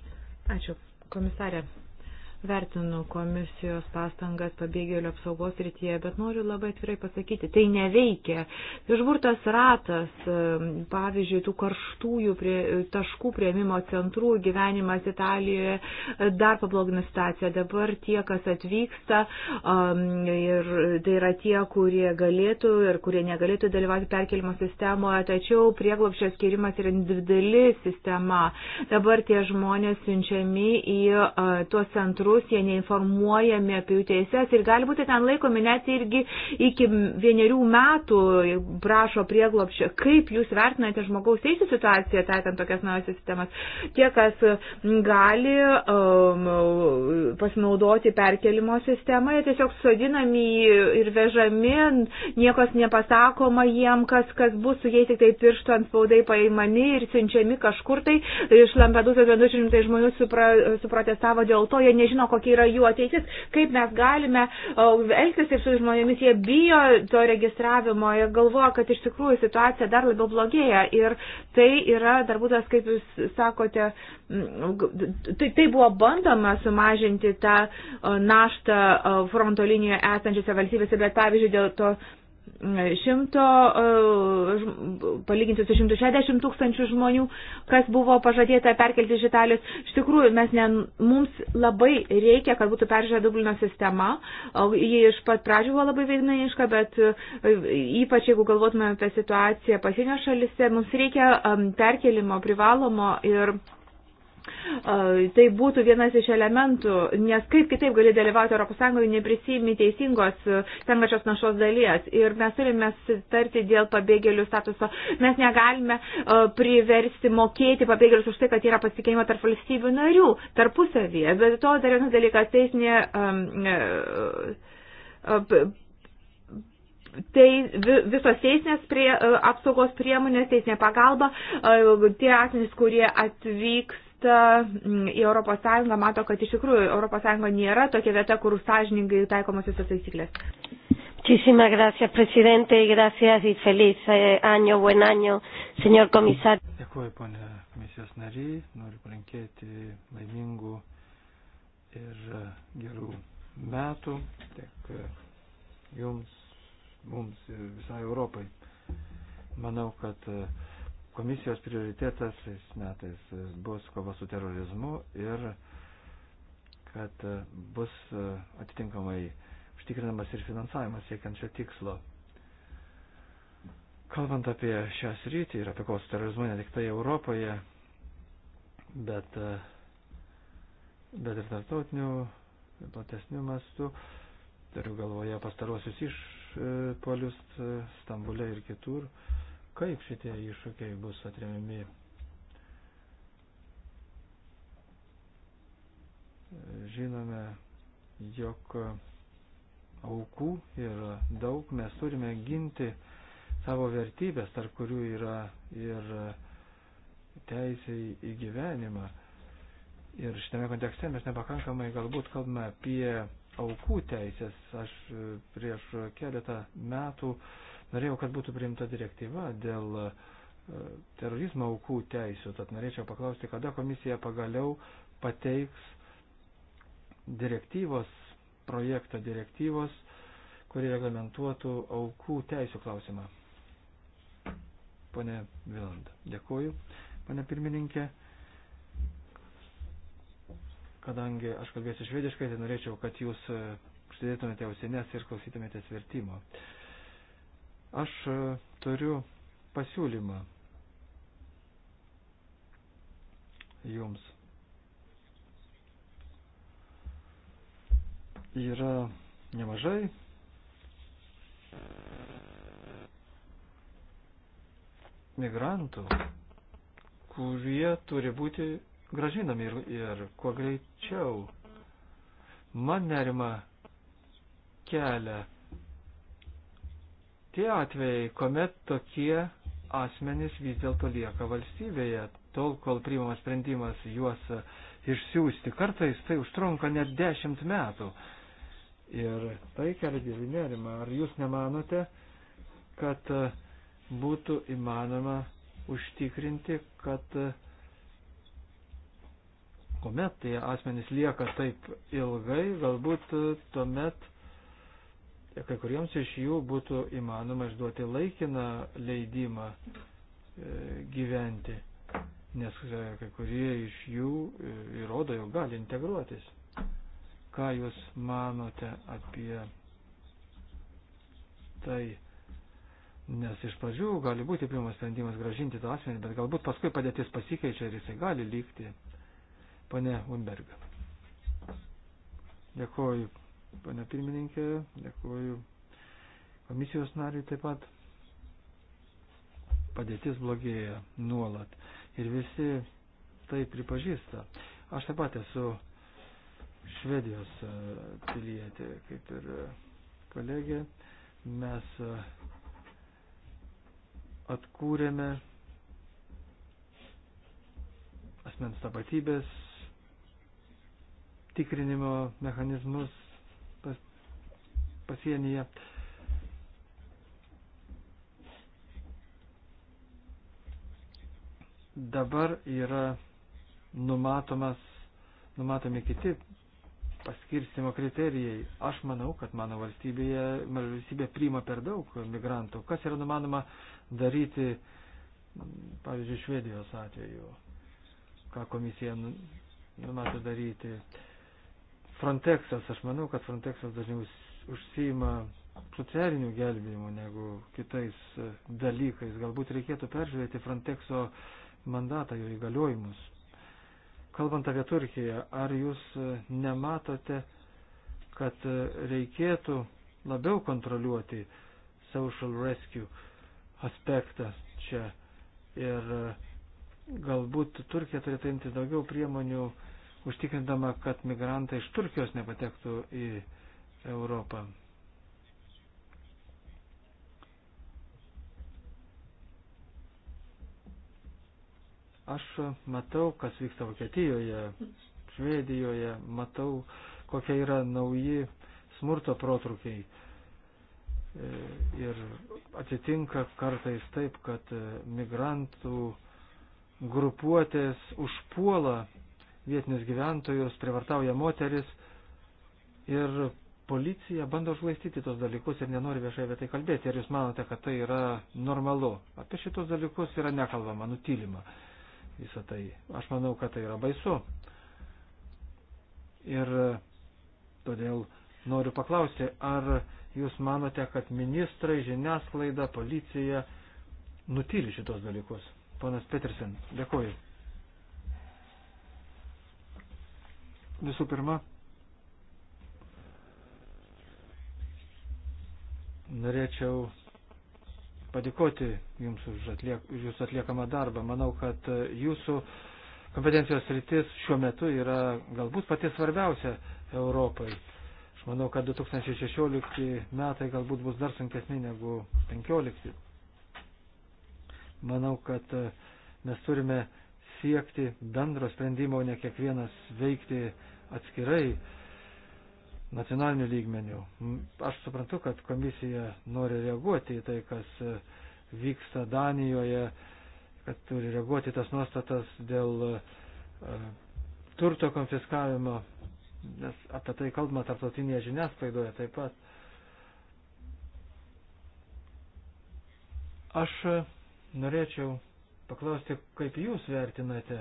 Ačiū, komisarė. Vertinu komisijos pastangas pabėgėlių apsaugos rytyje, bet noriu labai atvirai pasakyti, tai neveikia. Išburtas ratas, pavyzdžiui, tų karštųjų prie, taškų prieimimo centrų gyvenimas Italijoje e, dar pablogina situaciją. Dabar tie, kas atvyksta, um, ir tai yra tie, kurie galėtų ir kurie negalėtų dalyvauti perkelimo sistemoje, tačiau prieglopščio skirimas yra individuali sistema. Dabar tie žmonės siunčiami į uh, tuos centrus vaikus, jie neinformuojami apie jų teises ir gali būti ten laikomi net irgi iki vienerių metų prašo prieglopščio. Kaip jūs vertinate žmogaus teisų situaciją, taikant tokias naujas sistemas? Tie, kas gali um, pasinaudoti perkelimo sistemą, jie tiesiog sodinami ir vežami, niekas nepasakoma jiem, kas, kas bus su jais, tik tai pirštų ant spaudai paimami ir siunčiami kažkur tai. Iš Lampedusos 200 žmonių supra, suprotestavo dėl to, jie nežino, nežino, kokia yra jų ateitis, kaip mes galime elgtis ir su žmonėmis. Jie bijo to registravimo ir galvoja, kad iš tikrųjų situacija dar labiau blogėja. Ir tai yra dar būdas, kaip jūs sakote, tai, tai buvo bandoma sumažinti tą naštą fronto linijoje esančiose valstybėse, bet pavyzdžiui, dėl to 100, e, palyginti su 160 tūkstančių žmonių, kas buvo pažadėta perkelti iš Italijos. Iš tikrųjų, mes ne, mums labai reikia, kad būtų peržiūrė Dublino sistema. Ji iš pat pradžių buvo labai veidmainiška, bet e, ypač jeigu galvotume apie situaciją pasienio šalise, mums reikia e, perkelimo privalomo ir Tai būtų vienas iš elementų, nes kaip kitaip gali dalyvauti ES, neprisimi teisingos tenkačios našos dalies. Ir mes turime sutarti dėl pabėgėlių statuso. Mes negalime priversti mokėti pabėgėlius už tai, kad yra pasikeimo tarp valstybių narių, tarpusavyje. Bet to dar vienas dalykas, teisinė. Um, um, tai visos teisinės prie, apsaugos priemonės, teisinė pagalba, tie asmenys, kurie atvyks vyksta mm, į ES, mato, kad iš tikrųjų ES nėra tokia vieta, kur sąžiningai taikomos visos taisyklės. Muchísimas gracias, presidente. Gracias y feliz eh, año, buen año, señor comisario. Dėkuoju, ponė komisijos nariai. Noriu palinkėti laimingų ir e, gerų metų tiek e, jums, mums ir visai Europai. Manau, kad uh, Komisijos prioritetas šiais metais bus kova su terorizmu ir kad bus atitinkamai užtikrinamas ir finansavimas siekiant šio tikslo. Kalbant apie šią sritį ir apie kovą su terorizmu ne tik tai Europoje, bet, bet ir tarptautinių, platesnių mastų, turiu galvoje pastarosius išpolius Stambulė ir kitur. E, kaip šitie iššūkiai bus atremiami. Žinome, jog aukų yra daug, mes turime ginti savo vertybės, tarp kurių yra ir teisiai į gyvenimą. Ir šitame kontekste mes nepakankamai galbūt kalbame apie aukų teisės. Aš prieš keletą metų uh, Norėjau, kad būtų priimta direktyva dėl e, terorizmo aukų teisų, tad norėčiau paklausti, kada komisija pagaliau pateiks direktyvos projektą direktyvos, kuri reglamentuotų aukų teisų klausimą. Pone Viland, dėkuoju, pane pirmininkė. Kadangi aš kalbėsiu švediškai, tai norėčiau, kad jūs e, užsidėtumėte ausinės ir klausytumėte svertimo. Uh, Aš e, turiu pasiūlymą jums. Yra nemažai migrantų, kurie turi būti gražinami ir, ir kuo greičiau. Man nerima kelia tie atvejai, kuomet tokie asmenys vis dėlto lieka valstybėje, tol kol priimamas sprendimas juos išsiųsti. Kartais tai užtrunka net dešimt metų. Ir tai kelia didelį nerimą. Ar jūs nemanote, kad e, būtų įmanoma užtikrinti, kad e, kuomet tie asmenys lieka taip ilgai, galbūt e, tuomet kai kuriems iš jų būtų įmanoma išduoti laikiną leidimą e, gyventi, nes e, kai kurie iš jų e, įrodo, jau gali integruotis. Ką jūs manote apie tai? Nes iš pradžių gali būti priimamas sprendimas gražinti tą asmenį, bet galbūt paskui padėtis pasikeičia ir jisai gali lygti. Pane Umberga. Dėkuoju, pane pirmininkė, dėkuoju komisijos nariui taip pat. Padėtis blogėja nuolat ir visi tai pripažįsta. Aš taip pat esu Švedijos e, pilietė, kaip ir e, kolegė. Mes e, atkūrėme asmens tapatybės tikrinimo mechanizmus pasienyje. Dabar yra numatomas, numatomi kiti paskirstimo kriterijai. Aš manau, kad mano valstybėje, mano valstybė priima per daug migrantų. Kas yra numanoma daryti, pavyzdžiui, Švedijos atveju? Ką komisija nu, numato daryti? Frontexas, aš manau, kad Frontexas dažniausiai užsima socialiniu gelbėjimu negu kitais e, dalykais. Galbūt reikėtų peržiūrėti Frontexo mandatą, jo įgaliojimus. Kalbant apie Turkiją, ar jūs e, nematote, kad e, reikėtų labiau kontroliuoti social rescue aspektą čia ir galbūt Turkija turėtų imtis daugiau priemonių, užtikrindama, kad migrantai iš Turkijos nepatektų į Europą. Aš matau, kas vyksta Vokietijoje, Švedijoje, matau, kokie yra nauji smurto protrukiai. E, ir atsitinka kartais taip, kad migrantų grupuotės užpuola vietinius gyventojus, privartauja moteris ir policija bando žlaistyti tos dalykus ir nenori viešai apie tai kalbėti. Ar jūs manote, kad tai yra normalu? Apie šitos dalykus yra nekalbama, nutylima visą tai. Aš manau, kad tai yra baisu. Ir todėl noriu paklausti, ar jūs manote, kad ministrai, žiniasklaida, policija nutyli šitos dalykus? Ponas Petersen, dėkuoju. Visų pirma, Norėčiau padėkoti Jums už, atliek, už Jūsų atliekamą darbą. Manau, kad e, Jūsų kompetencijos rytis šiuo metu yra galbūt pati svarbiausia Europai. Aš manau, kad 2016 metai galbūt bus dar sunkesni negu 2015. Manau, kad e, mes turime siekti bendro sprendimo, ne kiekvienas veikti atskirai nacionalinių lygmenių. Aš suprantu, kad komisija nori reaguoti į tai, kas e, vyksta Danijoje, kad turi reaguoti tas nuostatas dėl e, turto konfiskavimo, nes apie tai kalbama tarptautinėje žiniasklaidoje taip pat. Aš e, norėčiau paklausti, kaip jūs vertinate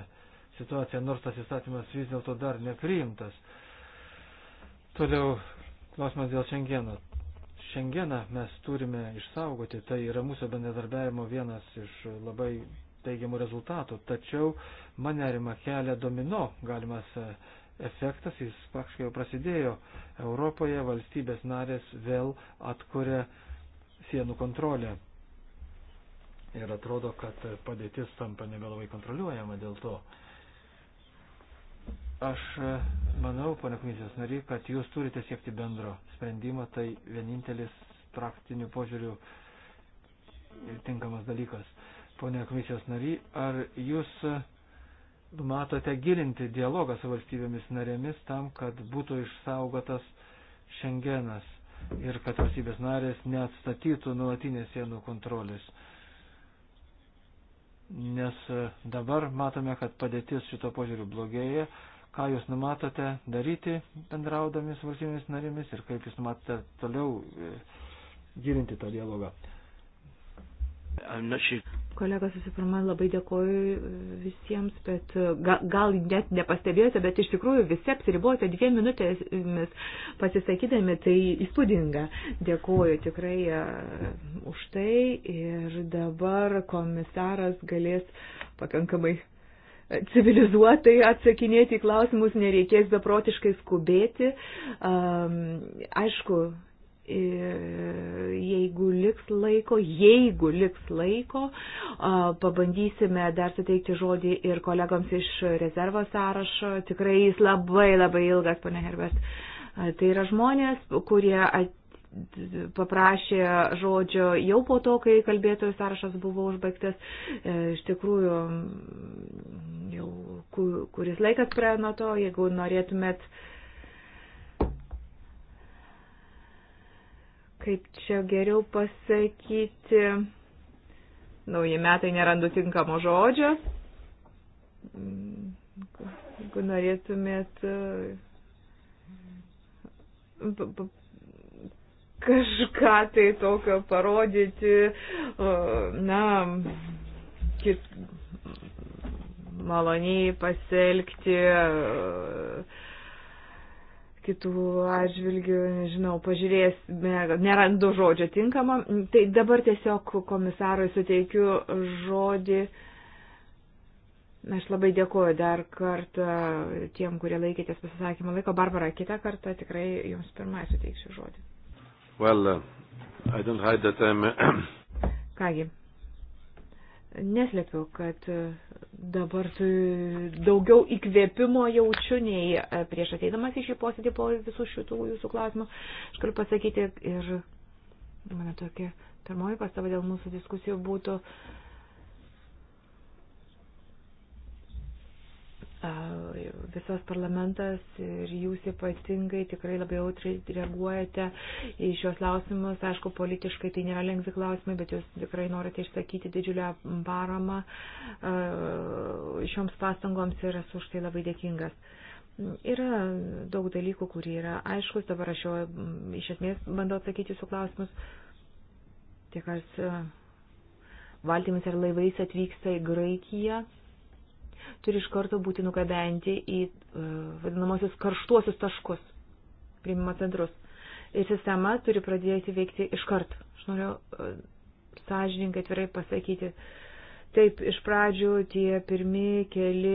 situaciją, nors tas įstatymas vis dėlto dar nepriimtas. Toliau klausimas dėl šiandieno. Šiandieną mes turime išsaugoti, tai yra mūsų bendradarbiavimo vienas iš labai teigiamų rezultatų, tačiau man nerima kelia domino galimas e, efektas, jis praktiškai jau prasidėjo. Europoje valstybės narės vėl atkuria sienų kontrolę. Ir atrodo, kad padėtis tampa nebelabai kontroliuojama dėl to. Uh, Aš e, manau, pana komisijos nariai, kad jūs turite siekti bendro sprendimo, tai vienintelis praktinių požiūrių tinkamas dalykas. Pone komisijos nariai, ar jūs e, matote gilinti dialogą su valstybėmis narėmis tam, kad būtų išsaugotas šengenas ir kad valstybės narės neatstatytų nuolatinės sienų kontrolės? Nes e, dabar matome, kad padėtis šito požiūriu blogėja ką jūs numatote daryti bendraudami su valstybėmis narėmis ir kaip jūs numatote toliau e, gilinti tą dialogą. Kolegos, visų pirma, labai dėkoju e, visiems, bet e, gal, gal net nepastebėjote, bet iš tikrųjų visi apsiribuojate dviem minutėmis pasisakydami, tai įspūdinga. Dėkoju tikrai už tai ir dabar komisaras galės pakankamai civilizuotai atsakinėti į klausimus, nereikės beprotiškai skubėti. Aišku, jeigu liks laiko, jeigu liks laiko, pabandysime dar suteikti žodį ir kolegoms iš rezervo sąrašo. Tikrai jis labai labai ilgas, pane Herbert. Tai yra žmonės, kurie paprašė žodžio jau po to, kai kalbėtojų sąrašas buvo užbaigtas. E, iš tikrųjų, jau kuris laikas praėjo nuo to, jeigu norėtumėt. Kaip čia geriau pasakyti, nauji metai nerandu tinkamo žodžio. Jeigu norėtumėt e, kažką tai tokio parodyti, na, kit, maloniai pasielgti kitų atžvilgių, nežinau, pažiūrėsime, nerandu žodžio tinkamą. Tai dabar tiesiog komisarui suteikiu žodį. Aš labai dėkuoju dar kartą tiem, kurie laikėtės pasisakymą laiko. Barbara, kitą kartą tikrai jums pirmai suteiksiu žodį. Well, uh, I don't hide that I'm... Uh, Kągi, neslėpiu, kad uh, dabar daugiau įkvėpimo jaučiu nei uh, prieš ateidamas į šį posėdį po visų šitų jūsų klausimų. Aš galiu pasakyti ir mano tokia pirmoji pastaba dėl mūsų diskusijų būtų. Uh, visas parlamentas ir jūs ypatingai tikrai labai jautriai reaguojate į šios klausimus. Aišku, politiškai tai nėra lengvi klausimai, bet jūs tikrai norite išsakyti didžiulę paramą šioms pastangoms ir esu už tai labai dėkingas. Yra daug dalykų, kurie yra aiškus, dabar aš jau iš esmės bandau atsakyti jūsų klausimus. Tie, kas valtimis ar laivais atvyksta į Graikiją, turi iš karto būti nugabenti į e, vadinamosius karštuosius taškus, priimimo centrus. Ir sistema turi pradėti veikti iš karto. Aš noriu e, sąžininkai atvirai pasakyti, uh, Taip, iš pradžių tie pirmi keli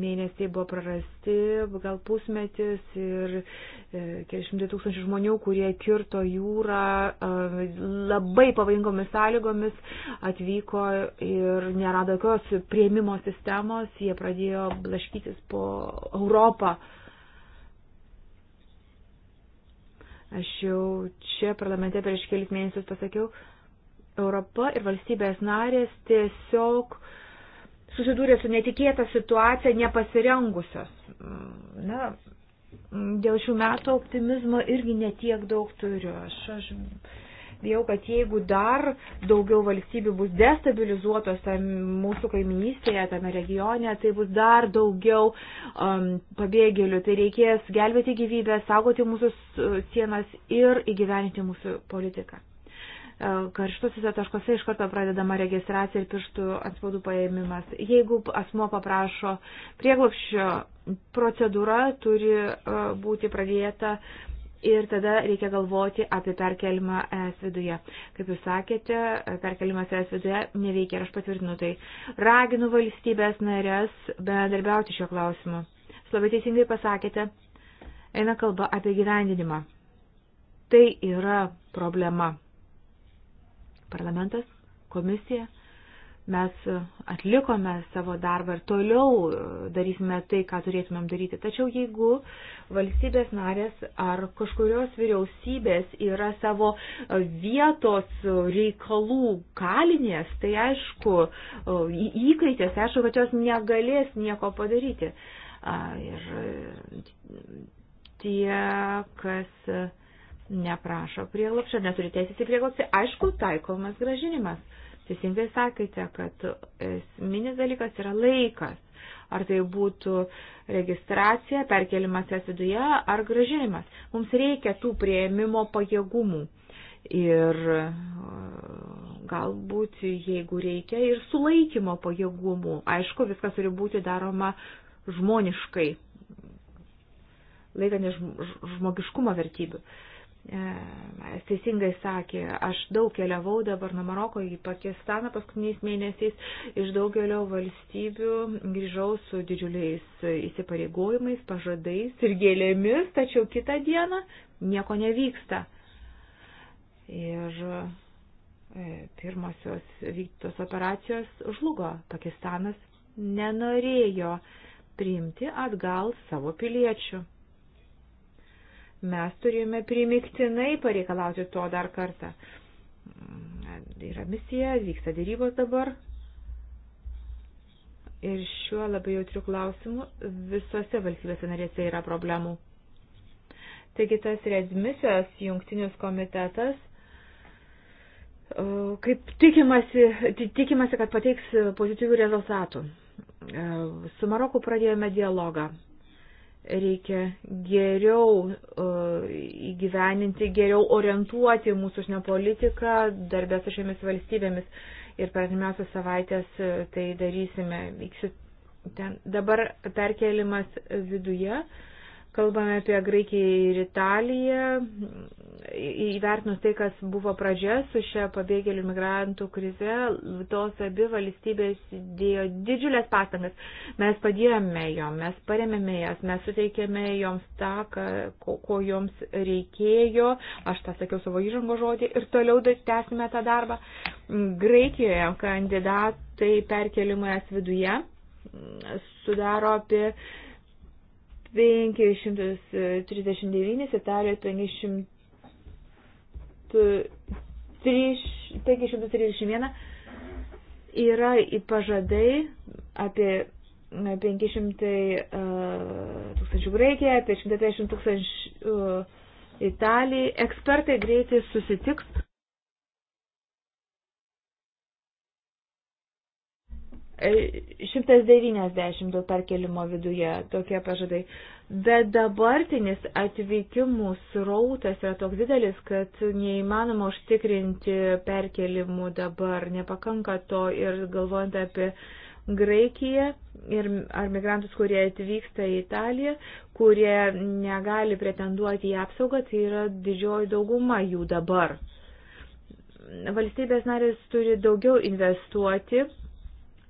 mėnesiai buvo prarasti, gal pusmetis ir e, kelišimtai tūkstančių žmonių, kurie kirto jūrą e, labai pavojingomis sąlygomis, atvyko ir nerado jokios prieimimo sistemos, jie pradėjo blaškytis po Europą. Aš jau čia parlamente prieš kelis mėnesius pasakiau, Europa ir valstybės narės tiesiog susidūrė su netikėta situacija, nepasirengusios. Na, dėl šių metų optimizmo irgi netiek daug turiu. Aš, aš bijau, kad jeigu dar daugiau valstybių bus destabilizuotos tam mūsų kaiminystėje, tame regione, tai bus dar daugiau um, pabėgėlių, tai reikės gelbėti gyvybę, saugoti mūsų sienas ir įgyveninti mūsų politiką. E, karštusiuose taškuose iš karto pradedama registracija ir pirštų atspaudų paėmimas. Jeigu asmo paprašo prieglopščio, procedūra turi e, būti pradėta ir tada reikia galvoti apie perkelimą ES viduje. Kaip jūs sakėte, perkelimas ES viduje neveikia ir aš patvirtinu tai. Raginu valstybės narės bendarbiauti šio klausimu. Jūs labai teisingai pasakėte, eina kalba apie gyvendinimą. Tai yra problema parlamentas, komisija. Mes atlikome savo darbą ir toliau darysime tai, ką turėtumėm daryti. Tačiau jeigu valstybės narės ar kažkurios vyriausybės yra savo vietos reikalų kalinės, tai aišku, įkaitės, aišku, kad jos negalės nieko padaryti. Ir tie, kas neprašo prieglopščio, neturi teisės į prieglopšį, aišku, taikomas gražinimas. Teisingai sakėte, kad esminis dalykas yra laikas. Ar tai būtų registracija, perkelimas es viduje, ar gražinimas. Mums reikia tų prieimimo pajėgumų. Ir e, galbūt, jeigu reikia, ir sulaikymo pajėgumų. Aišku, viskas turi būti daroma žmoniškai, laikant žmogiškumo vertybių. Uh, E, jis teisingai sakė, aš daug keliavau dabar nuo Maroko į Pakistaną paskutiniais mėnesiais, iš daugelio valstybių grįžau su didžiuliais įsipareigojimais, pažadais ir gėlėmis, tačiau kitą dieną nieko nevyksta. Ir e, pirmosios vykdytos operacijos žlugo. Pakistanas nenorėjo priimti atgal savo piliečių mes turėjome primiktinai pareikalauti to dar kartą. Tai yra misija, vyksta dėrybos dabar. Ir šiuo labai jautriu klausimu visose valstybėse narėse yra problemų. Taigi tas redmisijos jungtinis komitetas, kaip tikimasi, tikimasi, kad pateiks pozityvių rezultatų. E, su Maroku pradėjome dialogą reikia geriau uh, įgyveninti, geriau orientuoti mūsų užsienio politiką darbę su šiomis valstybėmis. Ir per artimiausias savaitės e, tai darysime. Vyksiu ten. Dabar perkelimas viduje. Uh, Kalbame apie Graikiją ir Italiją. Įvertinus tai, kas buvo pradžia su šia pabėgėlių migrantų krize, tos abi valstybės dėjo didžiulės pastangas. Mes padėjome jom, mes paremėme jas, mes suteikėme joms tą, ko, ko joms reikėjo. Aš tą sakiau savo įžango žodį ir toliau tęsime tą darbą. Graikijoje kandidatai perkelimai es viduje sudaro apie 539, Italijoje 531 yra pažadai apie 500 tūkstančių Graikiją, apie 150 tūkstančių Italiją. Ekspertai greitai susitiks. 190 e, perkelimo viduje tokie pažadai. Bet dabartinis atvykimų srautas yra toks didelis, kad neįmanoma užtikrinti perkelimų dabar. Nepakanka to ir galvojant apie Graikiją ir ar migrantus, kurie atvyksta į Italiją, kurie negali pretenduoti į apsaugą, tai yra didžioji dauguma jų dabar. Valstybės narės turi daugiau investuoti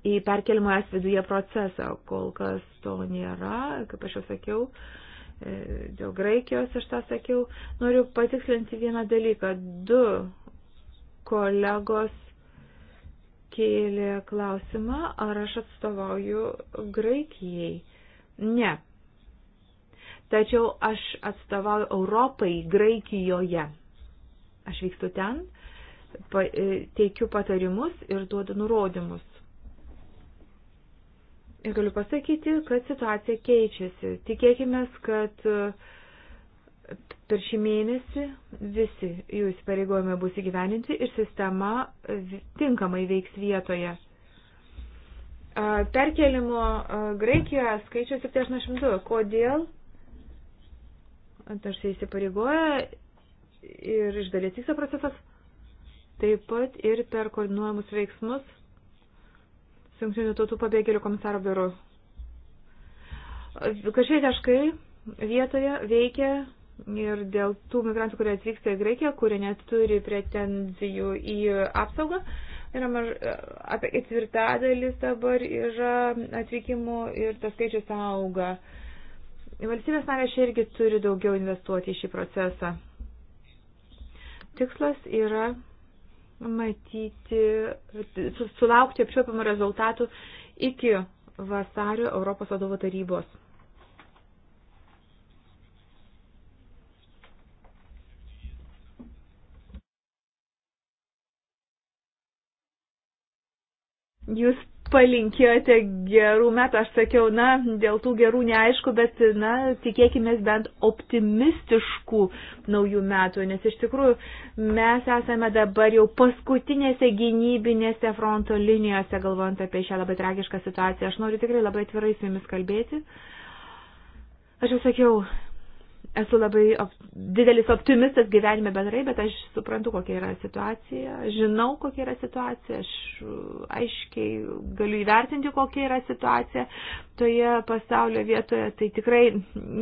į perkelimo es viduje procesą. Kol kas to nėra, kaip aš jau sakiau, e, dėl Graikijos aš tą sakiau. Noriu patikslinti vieną dalyką. Du kolegos kėlė klausimą, ar aš atstovauju Graikijai. Ne. Tačiau aš atstovauju Europai Graikijoje. Aš vykstu ten, e, teikiu patarimus ir duodu nurodymus. Ir galiu pasakyti, kad situacija keičiasi. Tikėkime, kad e, per šį mėnesį visi jų įsipareigojimai bus įgyveninti ir sistema tinkamai veiks vietoje. E, perkelimo e, Graikijoje skaičius 72. Kodėl? Tarsi įsipareigoja ir iš dalies vyksta procesas. Taip pat ir per koordinuojamus veiksmus Junktinių tautų pabėgėlių komisaro biuru. Kažkiek taškai vietoje veikia ir dėl tų migrantų, kurie atvyksta į Graikiją, kurie neturi pretenzijų į apsaugą, yra maž, apie ketvirtadalis dabar yra atvykimų ir tas skaičius auga. Valstybės narės irgi turi daugiau investuoti į šį procesą. Tikslas yra matyti, sulaukti apčiuopiamų rezultatų iki vasario Europos vadovo tarybos. Jūs palinkėjote gerų metų. Aš sakiau, na, dėl tų gerų neaišku, bet, na, tikėkime bent optimistiškų naujų metų, nes iš tikrųjų mes esame dabar jau paskutinėse gynybinėse fronto linijose, galvojant apie šią labai tragišką situaciją. Aš noriu tikrai labai atvirai su jumis kalbėti. Aš jau sakiau, esu labai op didelis optimistas gyvenime bendrai, bet aš suprantu, kokia yra situacija, žinau, kokia yra situacija, aš uh, aiškiai galiu įvertinti, kokia yra situacija toje pasaulio vietoje, tai tikrai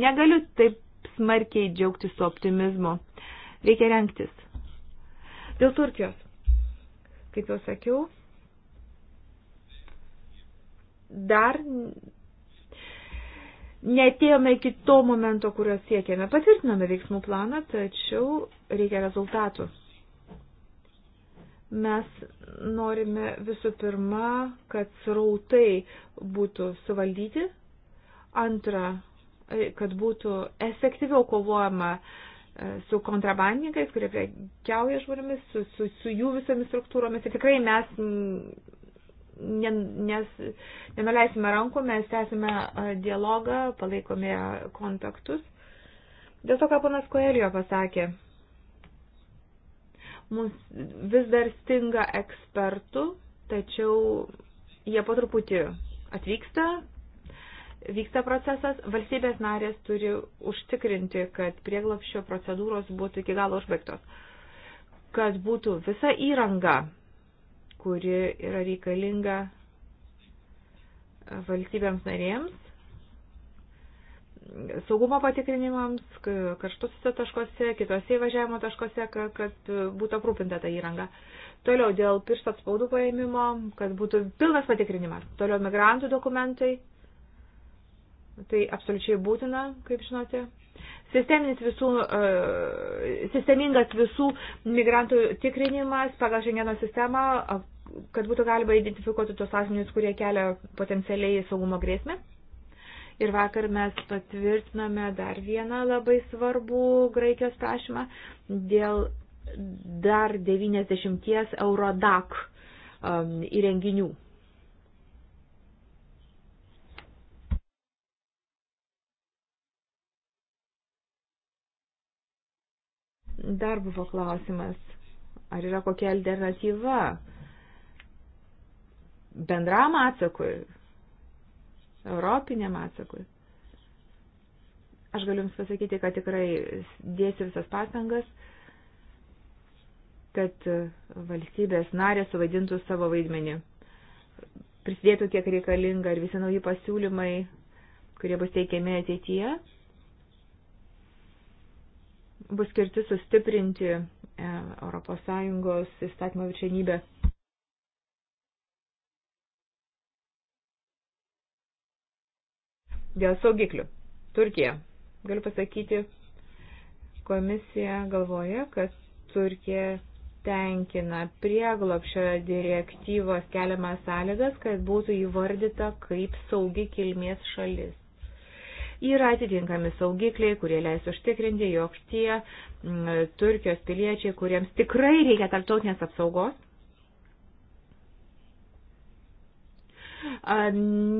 negaliu taip smarkiai džiaugtis su optimizmu. Reikia renktis. Dėl Turkijos, kaip jau sakiau, dar netėjome iki to momento, kurio siekėme. Patvirtiname veiksmų planą, tačiau reikia rezultatų. Mes norime visų pirma, kad srautai būtų suvaldyti, antra, kad būtų efektyviau kovojama e, su kontrabandininkais, kurie prekiauja žmonėmis, su, su, su jų visomis struktūromis. Ir tai tikrai mes nes nenuleisime rankų, mes tęsime dialogą, palaikome kontaktus. Dėl to, ką panas Koelio pasakė, mums vis dar stinga ekspertų, tačiau jie po truputį atvyksta, vyksta procesas, valstybės narės turi užtikrinti, kad prieglapščio procedūros būtų iki galo užbaigtos, kad būtų visa įranga kuri yra reikalinga e, valstybėms narėms, saugumo patikrinimams, karštuose taškose, kitose įvažiavimo taškose, kad būtų aprūpinta ta įranga. Toliau dėl piršto atspaudų paėmimo, kad būtų pilnas patikrinimas. Toliau migrantų dokumentai. Tai absoliučiai būtina, kaip žinote. Sisteminis visų, e, sistemingas visų migrantų tikrinimas pagal žengeno sistemą kad būtų galima identifikuoti tos asmenys, kurie kelia potencialiai saugumo grėsmę. Ir vakar mes patvirtiname dar vieną labai svarbų Graikijos prašymą dėl dar 90 Eurodac um, įrenginių. Dar buvo klausimas, ar yra kokia alternatyva bendram atsakui, europiniam atsakui. Aš galiu Jums pasakyti, kad tikrai dėsiu visas pastangas, kad valstybės narė suvaidintų savo vaidmenį, prisidėtų kiek reikalinga ir visi nauji pasiūlymai, kurie bus teikiami ateityje, bus skirti sustiprinti ES įstatymo viršenybę Dėl saugiklių. Turkija. Galiu pasakyti, komisija galvoja, kad Turkija tenkina prieglopšio direktyvos keliamas sąlygas, kad būtų įvardyta kaip saugi kilmės šalis. Yra atitinkami saugikliai, kurie leis užtikrinti, jog tie m, mm, Turkijos piliečiai, kuriems tikrai reikia tarptautinės apsaugos,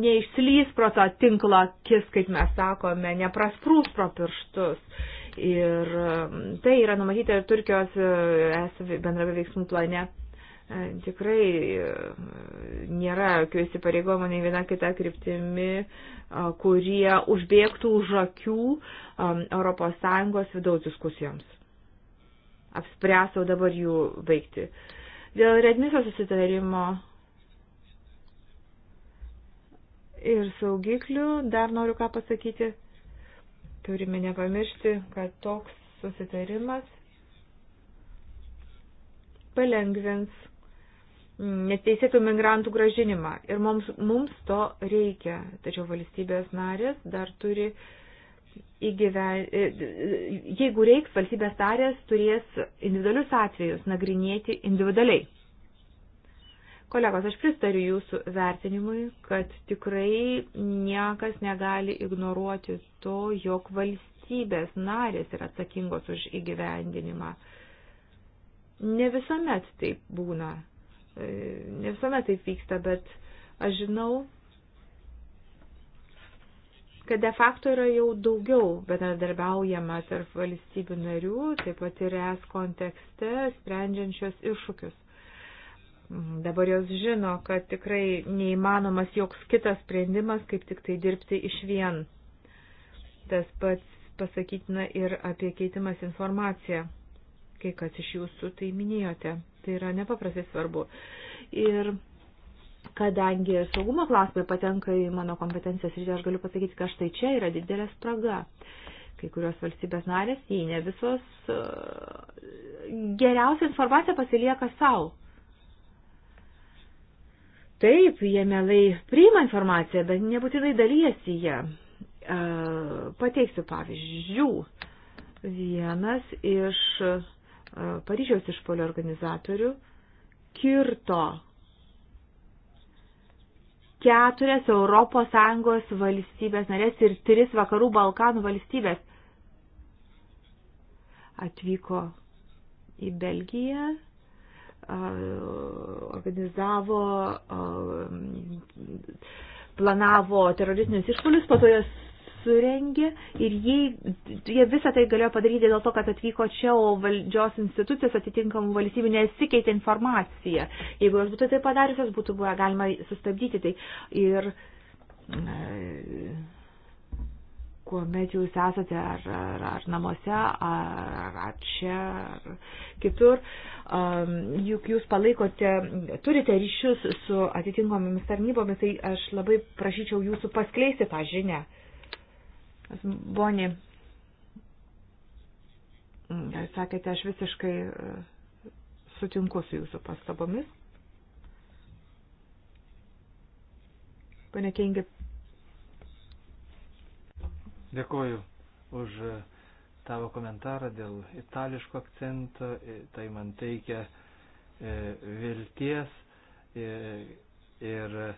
neišslys pro tą tinklą akis, kaip mes sakome, neprasprūs pro pirštus. Ir tai yra numatyta ir Turkijos e, bendrave veiksmų plane. E, tikrai e, nėra jokių įsipareigojimų nei viena kita kryptimi, kurie užbėgtų už akių ES vidaus diskusijoms. Apspręsau dabar jų veikti. Dėl redmisio susitarimo ir saugiklių. Dar noriu ką pasakyti. Turime nepamiršti, kad toks susitarimas palengvins neteisėtų migrantų gražinimą. Ir mums, mums to reikia. Tačiau valstybės narės dar turi įgyventi, e, e, jeigu reiks, valstybės narės turės individualius atvejus nagrinėti individualiai. Kolegos, aš pristariu jūsų vertinimui, kad tikrai niekas negali ignoruoti to, jog valstybės narės yra atsakingos už įgyvendinimą. Ne visuomet taip būna, e, ne visuomet taip vyksta, bet aš žinau, kad de facto yra jau daugiau bendradarbiaujama tarp valstybių narių, taip pat ir es kontekste, sprendžiančios iššūkius. Mm, dabar jos žino, kad tikrai neįmanomas joks kitas sprendimas, kaip tik tai dirbti iš vien. Tas pats pasakytina ir apie keitimas informaciją. Kai kas iš jūsų tai minėjote. Tai yra nepaprastai svarbu. Ir kadangi saugumo klausimai patenka į mano kompetencijos rytį, aš galiu pasakyti, kad štai čia yra didelė spraga. Kai kurios valstybės narės, jei ne visos, e, geriausia informacija pasilieka savo Taip, jie mielai priima informaciją, bet nebūtinai dalyjasi ją. Pateiksiu pavyzdžių. Vienas iš Paryžiaus išpolio organizatorių kirto keturias ES valstybės narės ir tris vakarų Balkanų valstybės. Atvyko į Belgiją organizavo, planavo teroristinius išpolius, po to jos surengė ir jie, jie visą tai galėjo padaryti dėl to, kad atvyko čia, o valdžios institucijos atitinkamų valstybių nesikeitė informacija. Jeigu jos būtų tai padariusios, būtų buvę galima sustabdyti tai. Ir, e, kuomet jūs esate ar, ar, ar namuose, ar, ar čia, ar kitur, um, juk jūs palaikote, turite ryšius su atitinkomomis tarnybomis, tai aš labai prašyčiau jūsų paskleisti tą žinę. Boni, sakėte, aš visiškai uh, sutinku su jūsų pastabomis. Pane Kengi Dėkoju už e, tavo komentarą dėl itališko akcento. Tai man teikia e, vilties ir e,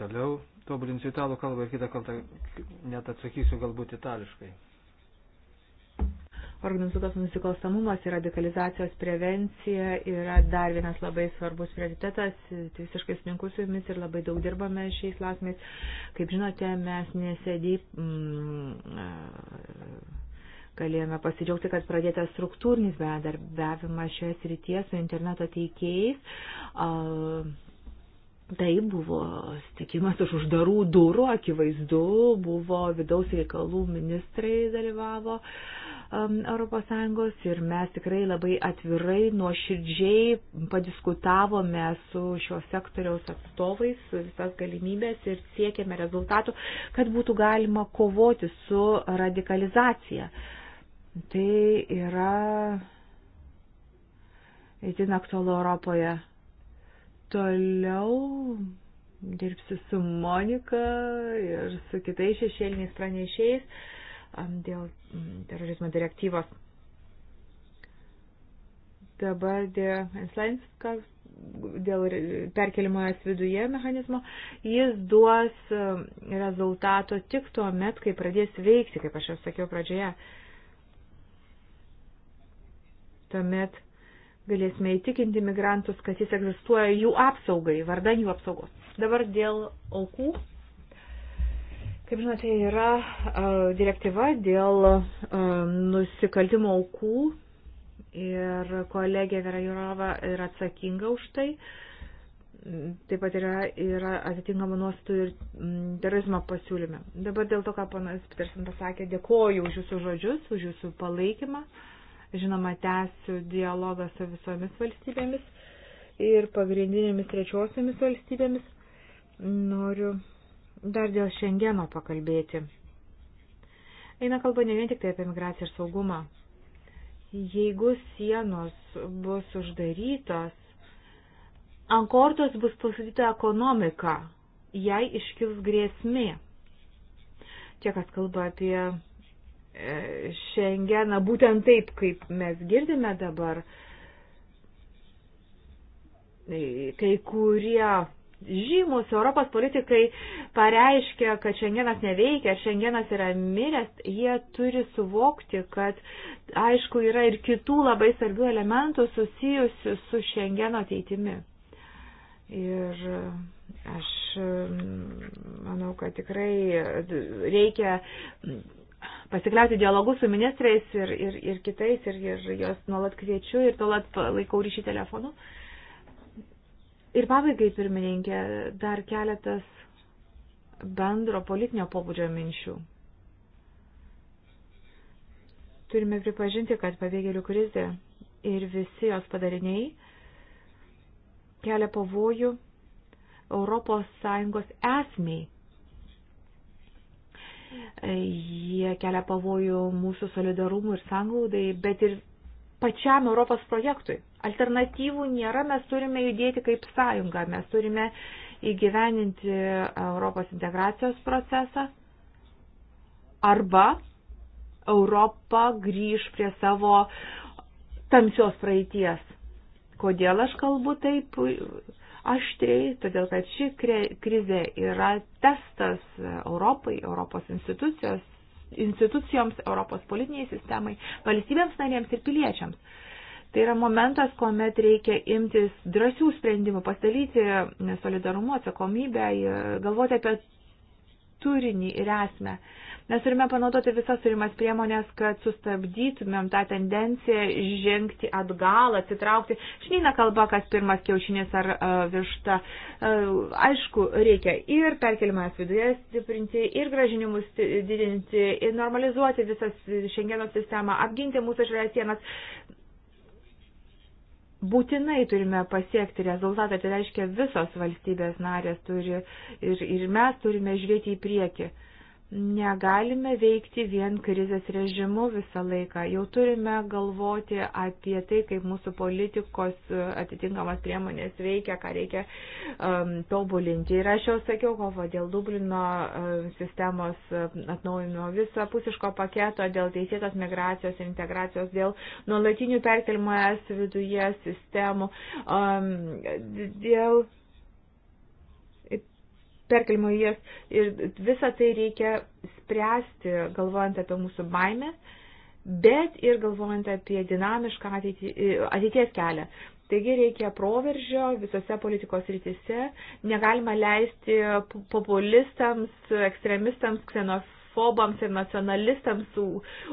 toliau tobulinsiu italų kalbą ir kitą kartą net atsakysiu galbūt itališkai. Organizuotas nusikalstamumas ir radikalizacijos prevencija yra dar vienas labai svarbus prioritetas. Visiškai sutinku su jumis ir labai daug dirbame šiais klausimais. Kaip žinote, mes nesėdėjai. Mm, galėjome pasidžiaugti, kad pradėtas struktūrinis bendarbiavimas šioje srityje su interneto teikėjais. Tai buvo stikimas už uždarų durų, akivaizdu, buvo vidaus reikalų ministrai dalyvavo. Uh, Um, ES ir mes tikrai labai atvirai, nuoširdžiai padiskutavome su šio sektoriaus atstovais visas galimybės ir siekėme rezultatų, kad būtų galima kovoti su radikalizacija. Tai yra itin aktualu Europoje. Toliau dirbsiu su Monika ir su kitais šešėliniais pranešėjais dėl mm, terorizmo direktyvos. Dabar dėl Enslenskos dėl perkelimojas viduje mechanizmo, jis duos mm, rezultato tik tuo met, kai pradės veikti, kaip aš jau sakiau pradžioje. Tuomet galėsime įtikinti migrantus, kad jis egzistuoja jų apsaugai, vardan jų apsaugos. Dabar dėl aukų Kaip žinote, yra uh, direktyva dėl uh, nusikaltimo aukų ir kolegė Vera Jurova yra atsakinga už tai. Taip pat yra, yra atitinkama nuostų ir terorizmo pasiūlyme. Dabar dėl to, ką panas Peterson pasakė, dėkoju už jūsų žodžius, už jūsų palaikymą. Žinoma, tęsiu dialogą su visomis valstybėmis ir pagrindinėmis trečiosiamis valstybėmis. Noriu dar dėl šiandieno pakalbėti. Eina kalba ne vien tik tai apie migraciją ir saugumą. Jeigu sienos bus uždarytos, ant kortos bus pasakyta ekonomika, jai iškils grėsmė. Tie, kas kalba apie e, šiandieną, būtent taip, kaip mes girdime dabar, e, kai kurie žymus Europos politikai pareiškia, kad šiandienas neveikia, šiandienas yra miręs, jie turi suvokti, kad aišku yra ir kitų labai svarbių elementų susijusių su šiandieno ateitimi. Ir aš mm, manau, kad tikrai reikia pasikliauti dialogu su ministrais ir, ir, ir kitais, ir, ir jos nuolat kviečiu ir nuolat laikau ryšį telefonu. Uh, Ir pabaigai, pirmininkė, dar keletas bendro politinio pobūdžio minčių. Turime pripažinti, kad pabėgėlių krizė ir visi jos padariniai kelia pavojų ES esmiai. Jie kelia pavojų mūsų solidarumui ir sanglaudai, bet ir pačiam Europos projektui. Alternatyvų nėra, mes turime judėti kaip sąjunga, mes turime įgyveninti Europos integracijos procesą arba Europa grįž prie savo tamsios praeities. Kodėl aš kalbu taip aštriai? Todėl, kad ši krizė yra testas Europai, Europos institucijos institucijoms, Europos politiniai sistemai, valstybėms narėms ir piliečiams. Tai yra momentas, kuomet reikia imtis drąsių sprendimų, pasidalyti solidarumo atsakomybę, galvoti apie turinį ir esmę. Mes turime panaudoti visas turimas priemonės, kad sustabdytumėm tą tendenciją žengti atgal, atsitraukti. Šnyna kalba, kas pirmas kiaušinis ar uh, višta. Uh, aišku, reikia ir perkelimas viduje stiprinti, ir gražinimus didinti, ir normalizuoti visą šengeno sistemą, apginti mūsų išorės sienas būtinai turime pasiekti rezultatą, tai reiškia visos valstybės narės turi ir, ir mes turime žiūrėti į priekį. Uh, negalime veikti vien krizės režimu visą laiką. Jau turime galvoti apie tai, kaip mūsų politikos e, atitinkamas priemonės veikia, ką reikia um, tobulinti. Ir aš jau sakiau, kovo dėl Dublino um, sistemos um, atnaujinimo visapusiško paketo, dėl teisėtos migracijos ir integracijos, dėl nuolatinių perkelimo es viduje sistemų, um, dėl perkelimo į jas. Ir visą tai reikia spręsti, galvojant apie mūsų baimės, bet ir galvojant apie dinamišką ateitį, ateities kelią. Taigi reikia proveržio visose politikos rytise, negalima leisti populistams, ekstremistams, ksenofobams ir nacionalistams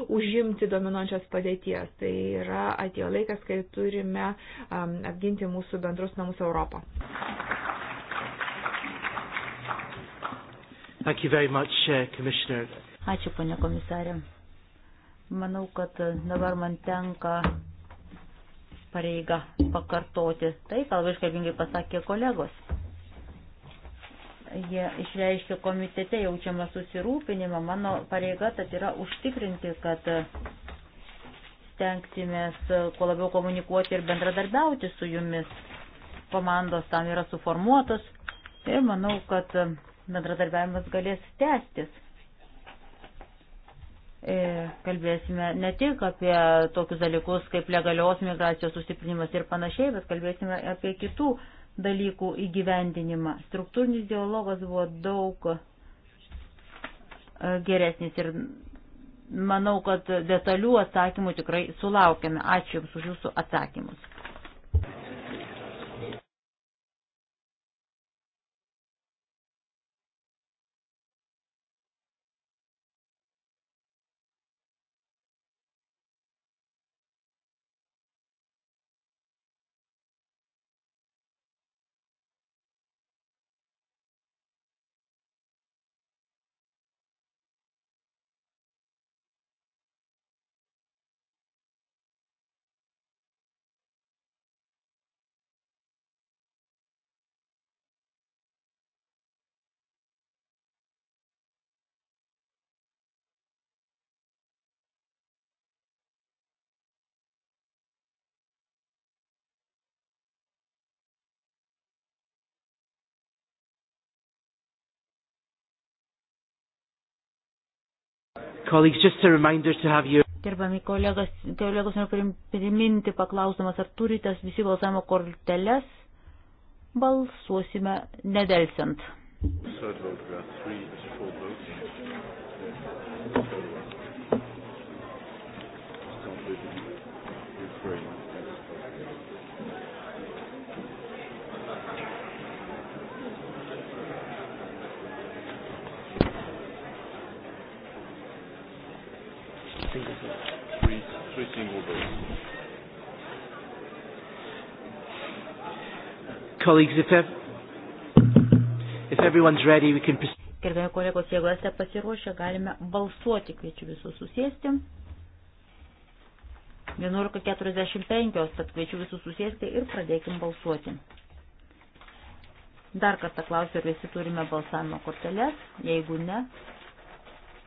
užimti dominuojančios padėties. Tai yra atėjo laikas, kai turime um, apginti mūsų bendrus namus Europą. Thank you very much, uh, Commissioner. Ačiū, ponė komisarė. Manau, kad dabar man tenka pareiga pakartoti tai, ką labai iškalbingai pasakė kolegos. Jie išreiškė komitete jaučiamą susirūpinimą. Mano pareiga tad yra užtikrinti, kad stengsimės kuo labiau komunikuoti ir bendradarbiauti su jumis. Komandos tam yra suformuotos ir manau, kad bendradarbiavimas galės tęstis. E, kalbėsime ne tik apie tokius dalykus kaip legalios migracijos sustiprinimas ir panašiai, bet kalbėsime apie kitų dalykų įgyvendinimą. Struktūrinis dialogas buvo daug e, geresnis ir manau, kad detalių atsakymų tikrai sulaukėme. Ačiū Jums už Jūsų atsakymus. colleagues, just a reminder to have your... Gerbami kolegas, kolegos, noriu priminti, paklausdamas, ar turite visi balsavimo korteles, balsuosime nedelsiant. Third vote, we are three, four votes. every single day. Colleagues, if, ev if everyone's ready, we can proceed. Gerbėjai kolegos, jeigu esate pasiruošę, galime balsuoti, kviečiu visus susėsti. 11.45, tad kviečiu visus susėsti ir pradėkim balsuoti. Dar kartą klausiu, ar visi turime balsavimo korteles. Jeigu ne,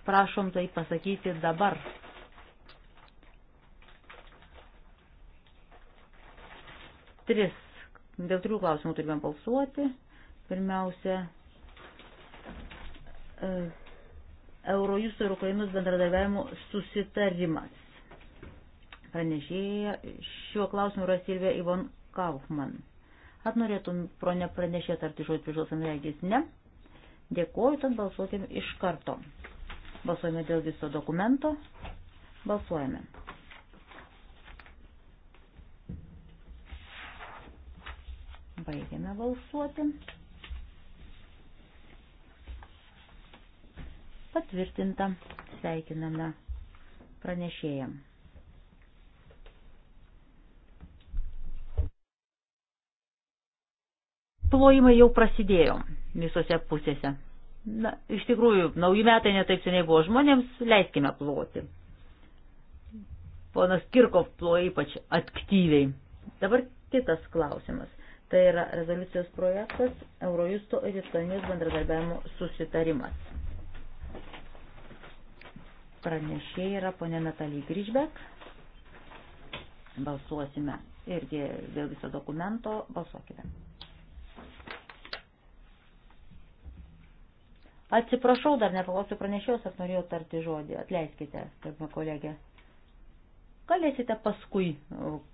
prašom tai pasakyti dabar. Tris. Dėl trijų klausimų turime balsuoti. Pirmiausia, e, Eurojusto ir Ukrainos bendradarbiavimo susitarimas. Pranešėja šiuo klausimu yra Silvija Ivon Kaufman. Ar norėtum pranešė tarti žodį prieš žodį, regis ne? Dėkuoju, tad balsuokim iš karto. Balsuojame dėl viso dokumento. Balsuojame. Baigiame balsuoti. Patvirtinta. Sveikiname pranešėjam. Plojimai jau prasidėjo visose pusėse. Na, iš tikrųjų, nauji metai netaip seniai buvo žmonėms, leiskime ploti. Ponas Kirkov ploja ypač aktyviai. Dabar kitas klausimas. Tai yra rezoliucijos projektas Eurojusto ir Ispanijos bendradarbiavimo susitarimas. Pranešė yra ponė Natalija Grįžbek. Balsuosime irgi dėl viso dokumento. Balsuokite. Atsiprašau, dar nepaklausiu pranešėjos, ar norėjau tarti žodį. Atleiskite, taip, kolegė. Galėsite paskui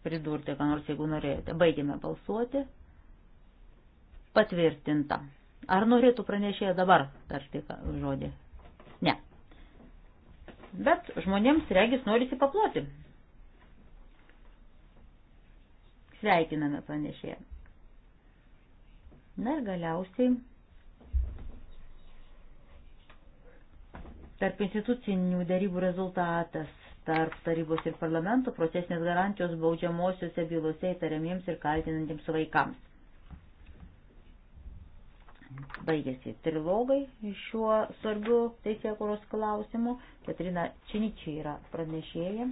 pridurti, ką nors, jeigu norėjote. Baigėme balsuoti patvirtinta. Ar norėtų pranešėja dabar tarti žodį? Ne. Bet žmonėms regis norisi paploti. Sveikiname pranešėją. Na ir galiausiai tarp institucinių darybų rezultatas tarp tarybos ir parlamento procesinės garantijos baudžiamosiuose bylose įtariamiems ir kaltinantiems vaikams baigėsi trilogai šiuo svarbiu teisėkuros klausimu. Katrina Činičiai yra pranešėja.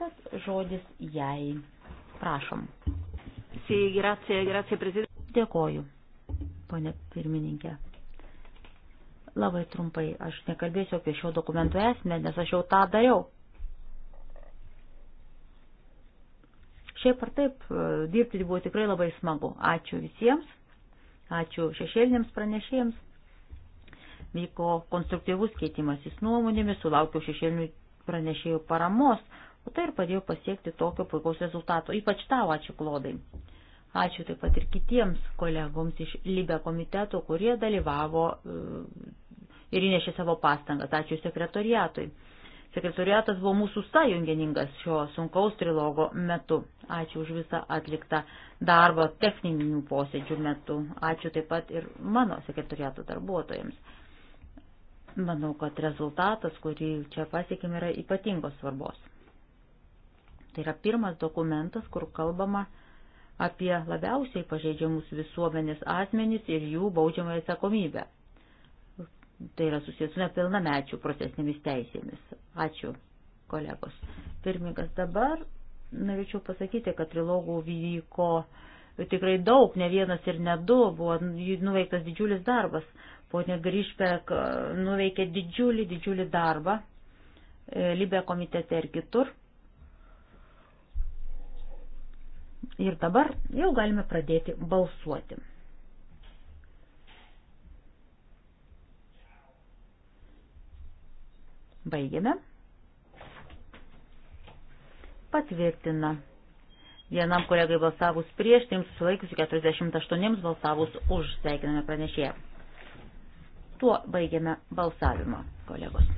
Tad žodis jai. Prašom. Sì, grazie, grazie Presidente. Dėkoju, ponė pirmininkė. Labai trumpai, aš nekalbėsiu apie šio dokumento esmę, nes aš jau tą dariau. Šiaip ar taip, dirbti buvo tikrai labai smagu. Ačiū visiems. Ačiū šešėlinėms pranešėjams. Vyko konstruktyvus keitimasis nuomonėmis, sulaukiau šešėlinių pranešėjų paramos, o tai ir padėjo pasiekti tokio puikaus rezultato. Ypač tau ačiū, Klodai. Ačiū taip pat ir kitiems kolegoms iš Libe komiteto, kurie dalyvavo e, ir įnešė savo pastangas. Ačiū sekretoriatui. Sekretoriatas buvo mūsų sąjungininkas šio sunkaus trilogo metu. Ačiū už visą atliktą darbą techninių posėdžių metu. Ačiū taip pat ir mano sekretoriato darbuotojams. Manau, kad rezultatas, kurį čia pasiekime, yra ypatingos svarbos. Tai yra pirmas dokumentas, kur kalbama apie labiausiai pažeidžiamus visuomenės asmenys ir jų baudžiamąją atsakomybę tai yra susijęs su nepilnamečių procesinėmis teisėmis. Ačiū, kolegos. Pirmininkas dabar norėčiau pasakyti, kad trilogų vyko tikrai daug, ne vienas ir ne du, buvo nuveiktas didžiulis darbas. Ponė Grįžpek e, nuveikė didžiulį, didžiulį darbą e, Libė komitete ir kitur. Ir dabar jau galime pradėti balsuoti. Baigiame. Patvirtina. Vienam kolegai balsavus prieš, tiems susilaikiusi 48 balsavus už. Sveikiname pranešėją. Tuo baigiame balsavimą, kolegos.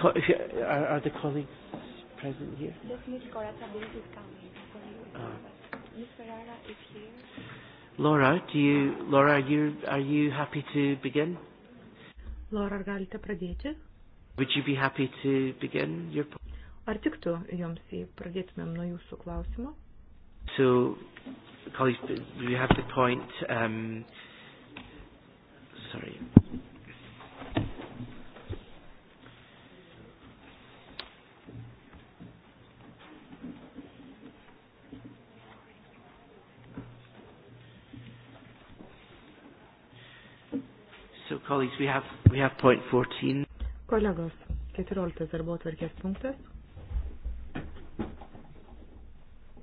co- if you, are, are the colleagues present here? Yes, Ms. Corazza Bilt is coming. Uh. Ah. Ms. Ferrara is here. Laura, do you, Laura, are you, are you happy to begin? Laura, ar galite pradėti? Would you be happy to begin your... Ar tiktų jums, jei pradėtumėm nuo jūsų klausimo? So, colleagues, we have the point um, Colleagues, we have, we have point 14. Kolegos, 14 darbo tvarkės punktas.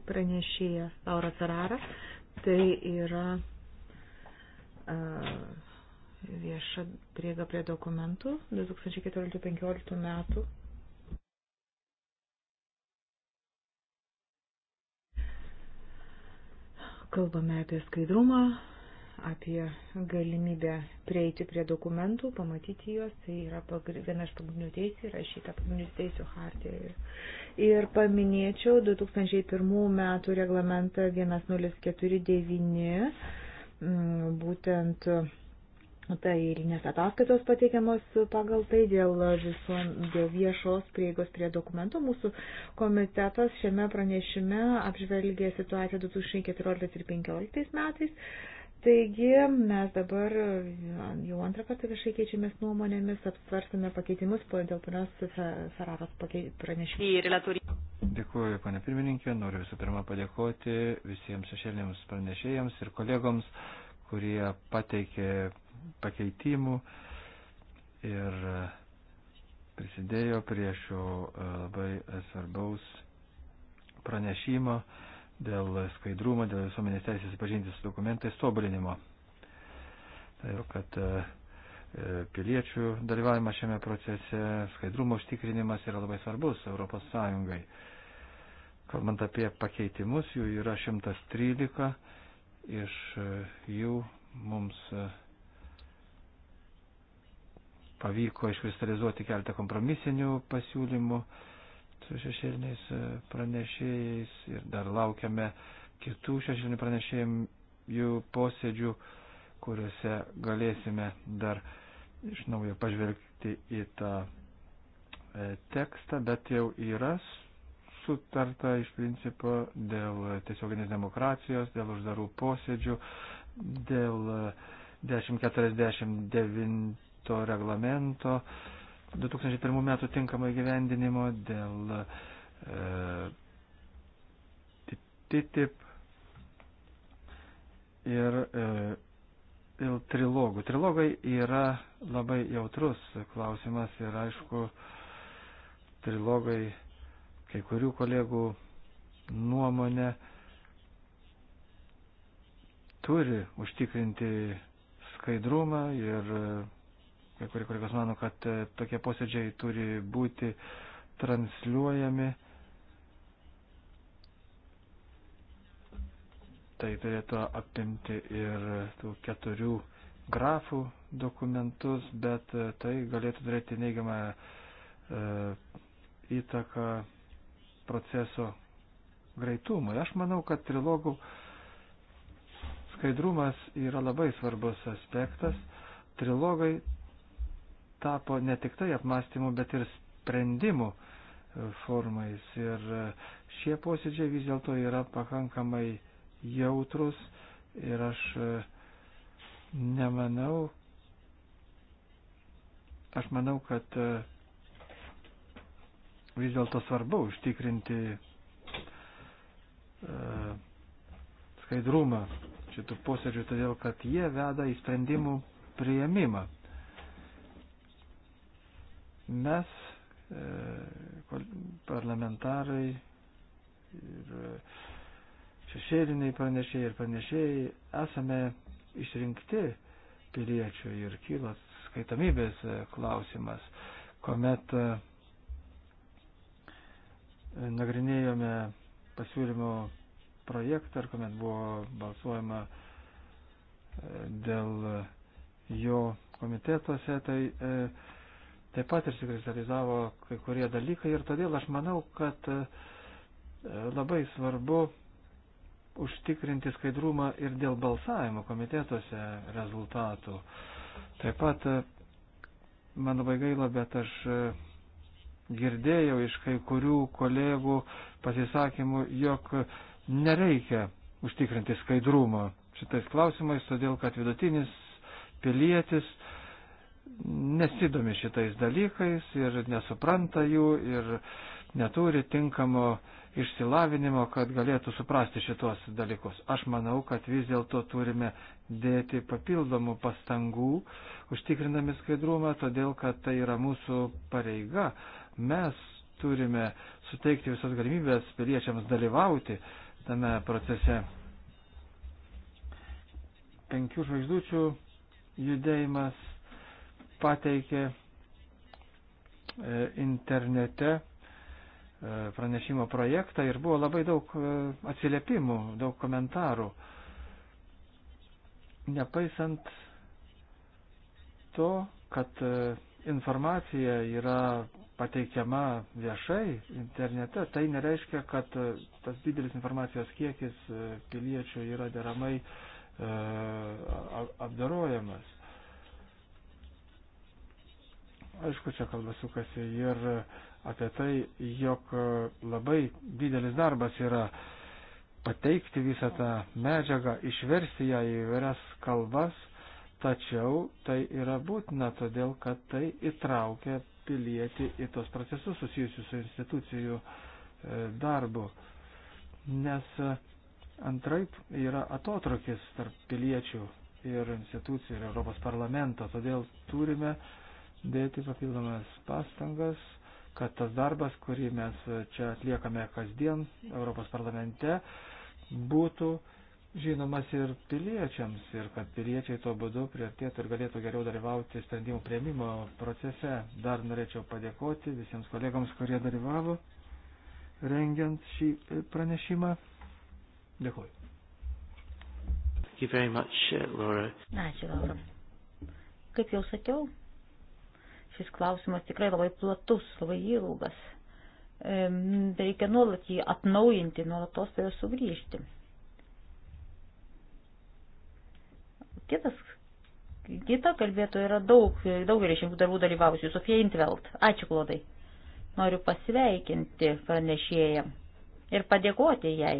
Pranešėjas Laura Ferrara. Tai yra uh, vieša prieiga prie dokumentų 2014-2015 metų. Kalbame apie skaidrumą, apie galimybę prieiti prie dokumentų, pamatyti juos, tai yra viena iš pagrindinių teisų, įrašyta pagrindinių teisų hartijoje. Ir paminėčiau 2001 metų reglamentą 1049, mm, būtent Tai eilinės ataskaitos pateikiamos pagal tai dėl, viso, dėl viešos prieigos prie dokumentų. Mūsų komitetas šiame pranešime apžvelgė situaciją 2014 ir 2015 metais. Taigi mes dabar jau antrą kartą viešai keičiamės nuomonėmis, apsvarstame pakeitimus po dėl ponios Sararos pranešimų. Dėkuoju, pane pirmininkė, noriu visų pirma padėkoti visiems šešėlėms pranešėjams ir kolegoms, kurie pateikė pakeitimų ir e, prisidėjo prie šio e, labai svarbaus pranešimo. Uh, dėl skaidrumo, dėl visuomenės teisės pažinti su dokumentais tobulinimo. Tai jau, kad e, e, piliečių dalyvavimas šiame procese, skaidrumo užtikrinimas yra labai svarbus Europos Sąjungai. Kalbant apie pakeitimus, jų yra 113, iš e, jų mums pavyko iškristalizuoti keletą kompromisinių pasiūlymų su šešėliniais e, pranešėjais ir dar laukiame kitų šešėlinių pranešėjų posėdžių, kuriuose galėsime dar iš naujo pažvelgti į tą e, tekstą, bet jau yra sutarta iš principo dėl tiesioginės demokracijos, dėl uždarų posėdžių, dėl 1049 e, reglamento. 2001 metų tinkamą gyvendinimo, dėl e, TTIP ir e, dėl trilogų. Trilogai yra labai jautrus klausimas ir aišku, trilogai kai kurių kolegų nuomonė turi užtikrinti skaidrumą ir kai kurie kolegos mano, kad e, tokie posėdžiai turi būti transliuojami. Tai turėtų apimti ir tų keturių grafų dokumentus, bet e, tai galėtų turėti neigiamą e, įtaką proceso greitumui. Aš manau, kad trilogų skaidrumas yra labai svarbus aspektas. Trilogai tapo ne tik tai apmąstymų, bet ir sprendimų e, formais. Ir e, šie posėdžiai vis dėlto yra pakankamai jautrus ir aš e, nemanau, aš manau, kad vis dėlto svarbu užtikrinti skaidrumą šitų posėdžių, todėl kad jie veda į sprendimų prieimimą. Mes, e, parlamentarai ir e, šešėliniai pranešėjai ir pranešėjai, esame išrinkti piliečių ir kylos skaitomybės e, klausimas, kuomet nagrinėjome pasiūlymo projektą ir kuomet buvo balsuojama dėl jo komitetuose, tai e, taip pat išsikristalizavo kai kurie dalykai ir todėl aš manau, kad e, labai svarbu užtikrinti skaidrumą ir dėl balsavimo komitetuose rezultatų. Taip pat e, man labai gaila, bet aš e, girdėjau iš kai kurių kolegų pasisakymų, jog nereikia užtikrinti skaidrumo šitais klausimais, todėl kad vidutinis pilietis nesidomi šitais dalykais ir nesupranta jų ir neturi tinkamo išsilavinimo, kad galėtų suprasti šitos dalykus. Aš manau, kad vis dėlto turime dėti papildomų pastangų, užtikrinami skaidrumą, todėl kad tai yra mūsų pareiga. Mes turime suteikti visas galimybės piliečiams dalyvauti tame procese. Penkių žvaigždučių judėjimas pateikė e, internete e, pranešimo projektą ir buvo labai daug e, atsiliepimų, daug komentarų. Nepaisant to, kad informacija yra pateikiama viešai internete, tai nereiškia, kad tas didelis informacijos kiekis piliečių yra deramai e, apdarojamas. Aišku, čia kalba sukasi ir apie tai, jog labai didelis darbas yra pateikti visą tą medžiagą, išversti ją į vairias kalbas, tačiau tai yra būtina, todėl kad tai įtraukia pilietį į tos procesus susijusius su institucijų e, darbu. Nes e, antraip yra atotrukis tarp piliečių ir institucijų ir Europos parlamento, todėl turime uh, dėti papildomas pastangas, kad tas darbas, kurį mes čia atliekame kasdien Europos parlamente, būtų žinomas ir piliečiams ir kad piliečiai tuo būdu priartėtų ir galėtų geriau dalyvauti sprendimų prieimimo procese. Dar norėčiau padėkoti visiems kolegams, kurie dalyvavo rengiant šį pranešimą. Dėkuoju. Much, uh, Laura. Ačiū, Laura. Kaip jau sakiau, Šis klausimas tikrai labai platus, labai ilgas. Reikia nuolat jį atnaujinti, nuolatos prie jo sugrįžti. Kitas, kita kalbėtoja yra daug, daugelį šimtų darbų dalyvavusių. Sofija Intveld. Ačiū, Klodai. Noriu pasveikinti pranešėją ir padėkoti jai.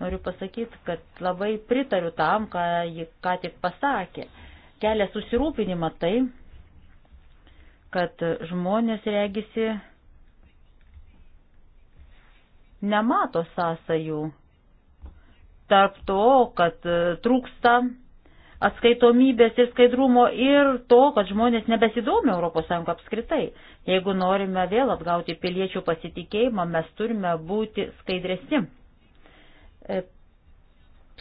Noriu pasakyti, kad labai pritariu tam, ką ji ką tik pasakė. Kelia susirūpinimą tai, kad žmonės regisi nemato sąsajų tarp to, kad e, trūksta atskaitomybės ir skaidrumo ir to, kad žmonės nebesidomi ES apskritai. Jeigu norime vėl atgauti piliečių pasitikėjimą, mes turime būti skaidresni. E,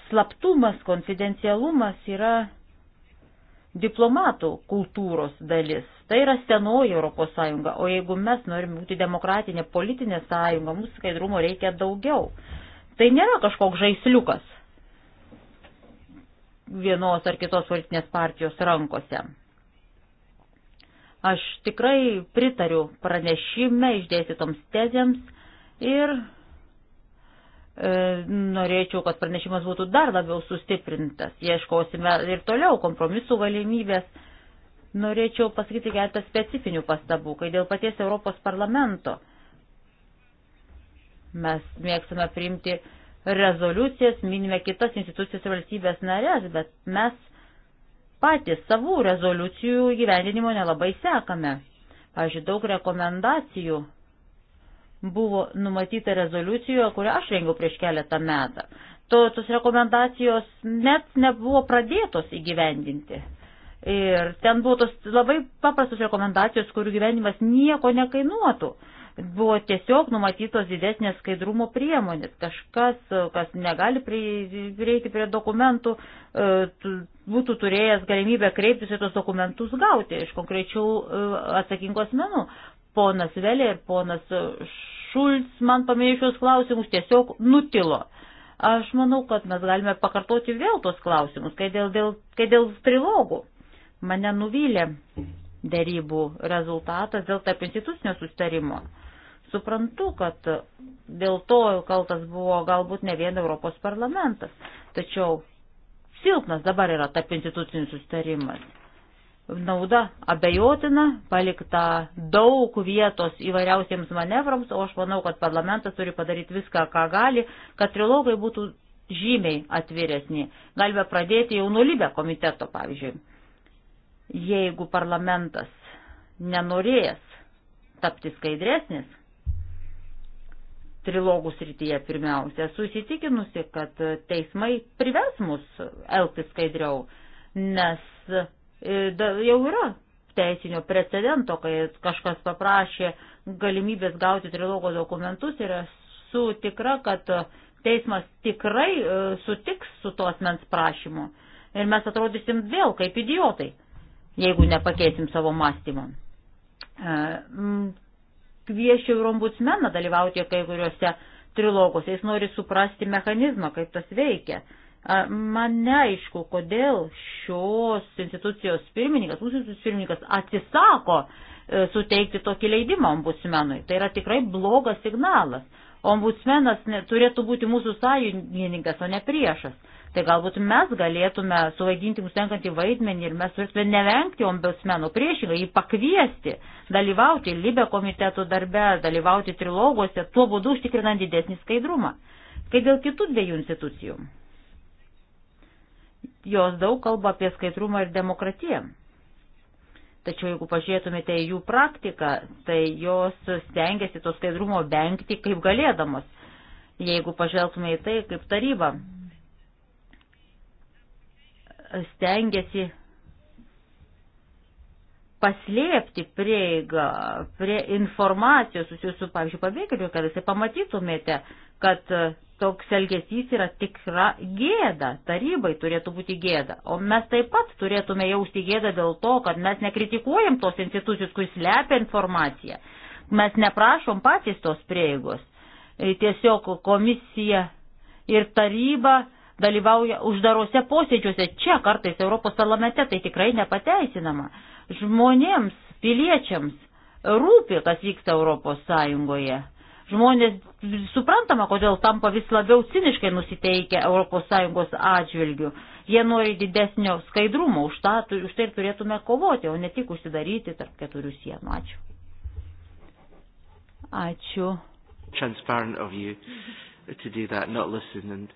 slaptumas, konfidencialumas yra diplomatų kultūros dalis. Tai yra senoji ES, o jeigu mes norim būti demokratinė politinė sąjunga, mums skaidrumo reikia daugiau. Tai nėra kažkoks žaisliukas vienos ar kitos politinės partijos rankose. Aš tikrai pritariu pranešime išdėstytoms tezėms ir E, norėčiau, kad pranešimas būtų dar labiau sustiprintas. Ieškosime ir toliau kompromisų galimybės. Norėčiau pasakyti keletą specifinių pastabų, kai dėl paties Europos parlamento mes mėgstame priimti rezoliucijas, minime kitas institucijas ir valstybės narės, bet mes patys savų rezoliucijų gyvendinimo nelabai sekame. Pavyzdžiui, daug rekomendacijų buvo numatyta rezoliucijoje, kurią aš rengiau prieš keletą metą. To, tos rekomendacijos net nebuvo pradėtos įgyvendinti. Ir ten buvo tos labai paprastos rekomendacijos, kurių gyvenimas nieko nekainuotų. Buvo tiesiog numatytos didesnės skaidrumo priemonės. Kažkas, kas negali prieiti prie dokumentų, e, būtų turėjęs galimybę kreiptis ir tos dokumentus gauti iš konkrečių e, atsakingos menų ponas Velė ir ponas Šulc man paminėjo šios klausimus, tiesiog nutilo. Aš manau, kad mes galime pakartoti vėl tos klausimus, kai dėl, dėl, kai dėl trilogų mane nuvylė dėrybų rezultatas dėl tarp institucinio sustarimo. Suprantu, kad dėl to kaltas buvo galbūt ne vien Europos parlamentas, tačiau silpnas dabar yra tarp institucinis sustarimas nauda abejotina, palikta daug vietos įvairiausiems manevrams, o aš manau, kad parlamentas turi padaryti viską, ką gali, kad trilogai būtų žymiai atviresni. Galime pradėti jau nulibę komiteto, pavyzdžiui. Jeigu parlamentas nenorėjęs tapti skaidresnis, trilogų srityje pirmiausia, susitikinusi, kad teismai prives mus elgtis skaidriau, nes E, jau yra teisinio precedento, kai kažkas paprašė galimybės gauti trilogo dokumentus ir esu tikra, kad teismas tikrai e, sutiks su to asmens prašymu. Ir mes atrodysim vėl kaip idiotai, jeigu nepakeisim savo mąstymą. E, Kviešiu ir ombudsmeną dalyvauti kai kuriuose trilogose, jis nori suprasti mechanizmą, kaip tas veikia. Man neaišku, kodėl šios institucijos pirmininkas, mūsų institucijos pirmininkas atsisako e, suteikti tokį leidimą ombudsmenui. Tai yra tikrai blogas signalas. Ombudsmenas turėtų būti mūsų sąjungininkas, o ne priešas. Tai galbūt mes galėtume suvaidinti mums tenkantį vaidmenį ir mes turėtume nevengti ombudsmeno priešingai, jį pakviesti, dalyvauti Libe komiteto darbe, dalyvauti triloguose, tuo būdu užtikrinant didesnį skaidrumą. Kai dėl kitų dviejų institucijų. Jos daug kalba apie skaidrumą ir demokratiją. Tačiau jeigu pažiūrėtumėte į jų praktiką, tai jos stengiasi to skaidrumo vengti kaip galėdamos. Jeigu pažvelgtume į tai, kaip taryba stengiasi paslėpti prieigą prie informacijos susijusių, pavyzdžiui, pabėgėlių, kad jūs pamatytumėte, kad toks elgesys yra tikra gėda, tarybai turėtų būti gėda, o mes taip pat turėtume jausti gėdą dėl to, kad mes nekritikuojam tos institucijos, kuris lepia informaciją, mes neprašom patys tos prieigos, e, tiesiog komisija ir taryba dalyvauja uždarose posėdžiuose, čia kartais Europos parlamente tai tikrai nepateisinama. Žmonėms, piliečiams rūpi, kas vyksta Europos Sąjungoje Žmonės suprantama, kodėl tampa vis labiau ciniškai nusiteikę ES atžvilgių. Jie nori didesnio skaidrumo, už, tą, už tai turėtume kovoti, o ne tik užsidaryti tarp keturių sienų. Ačiū. Ačiū. That, and...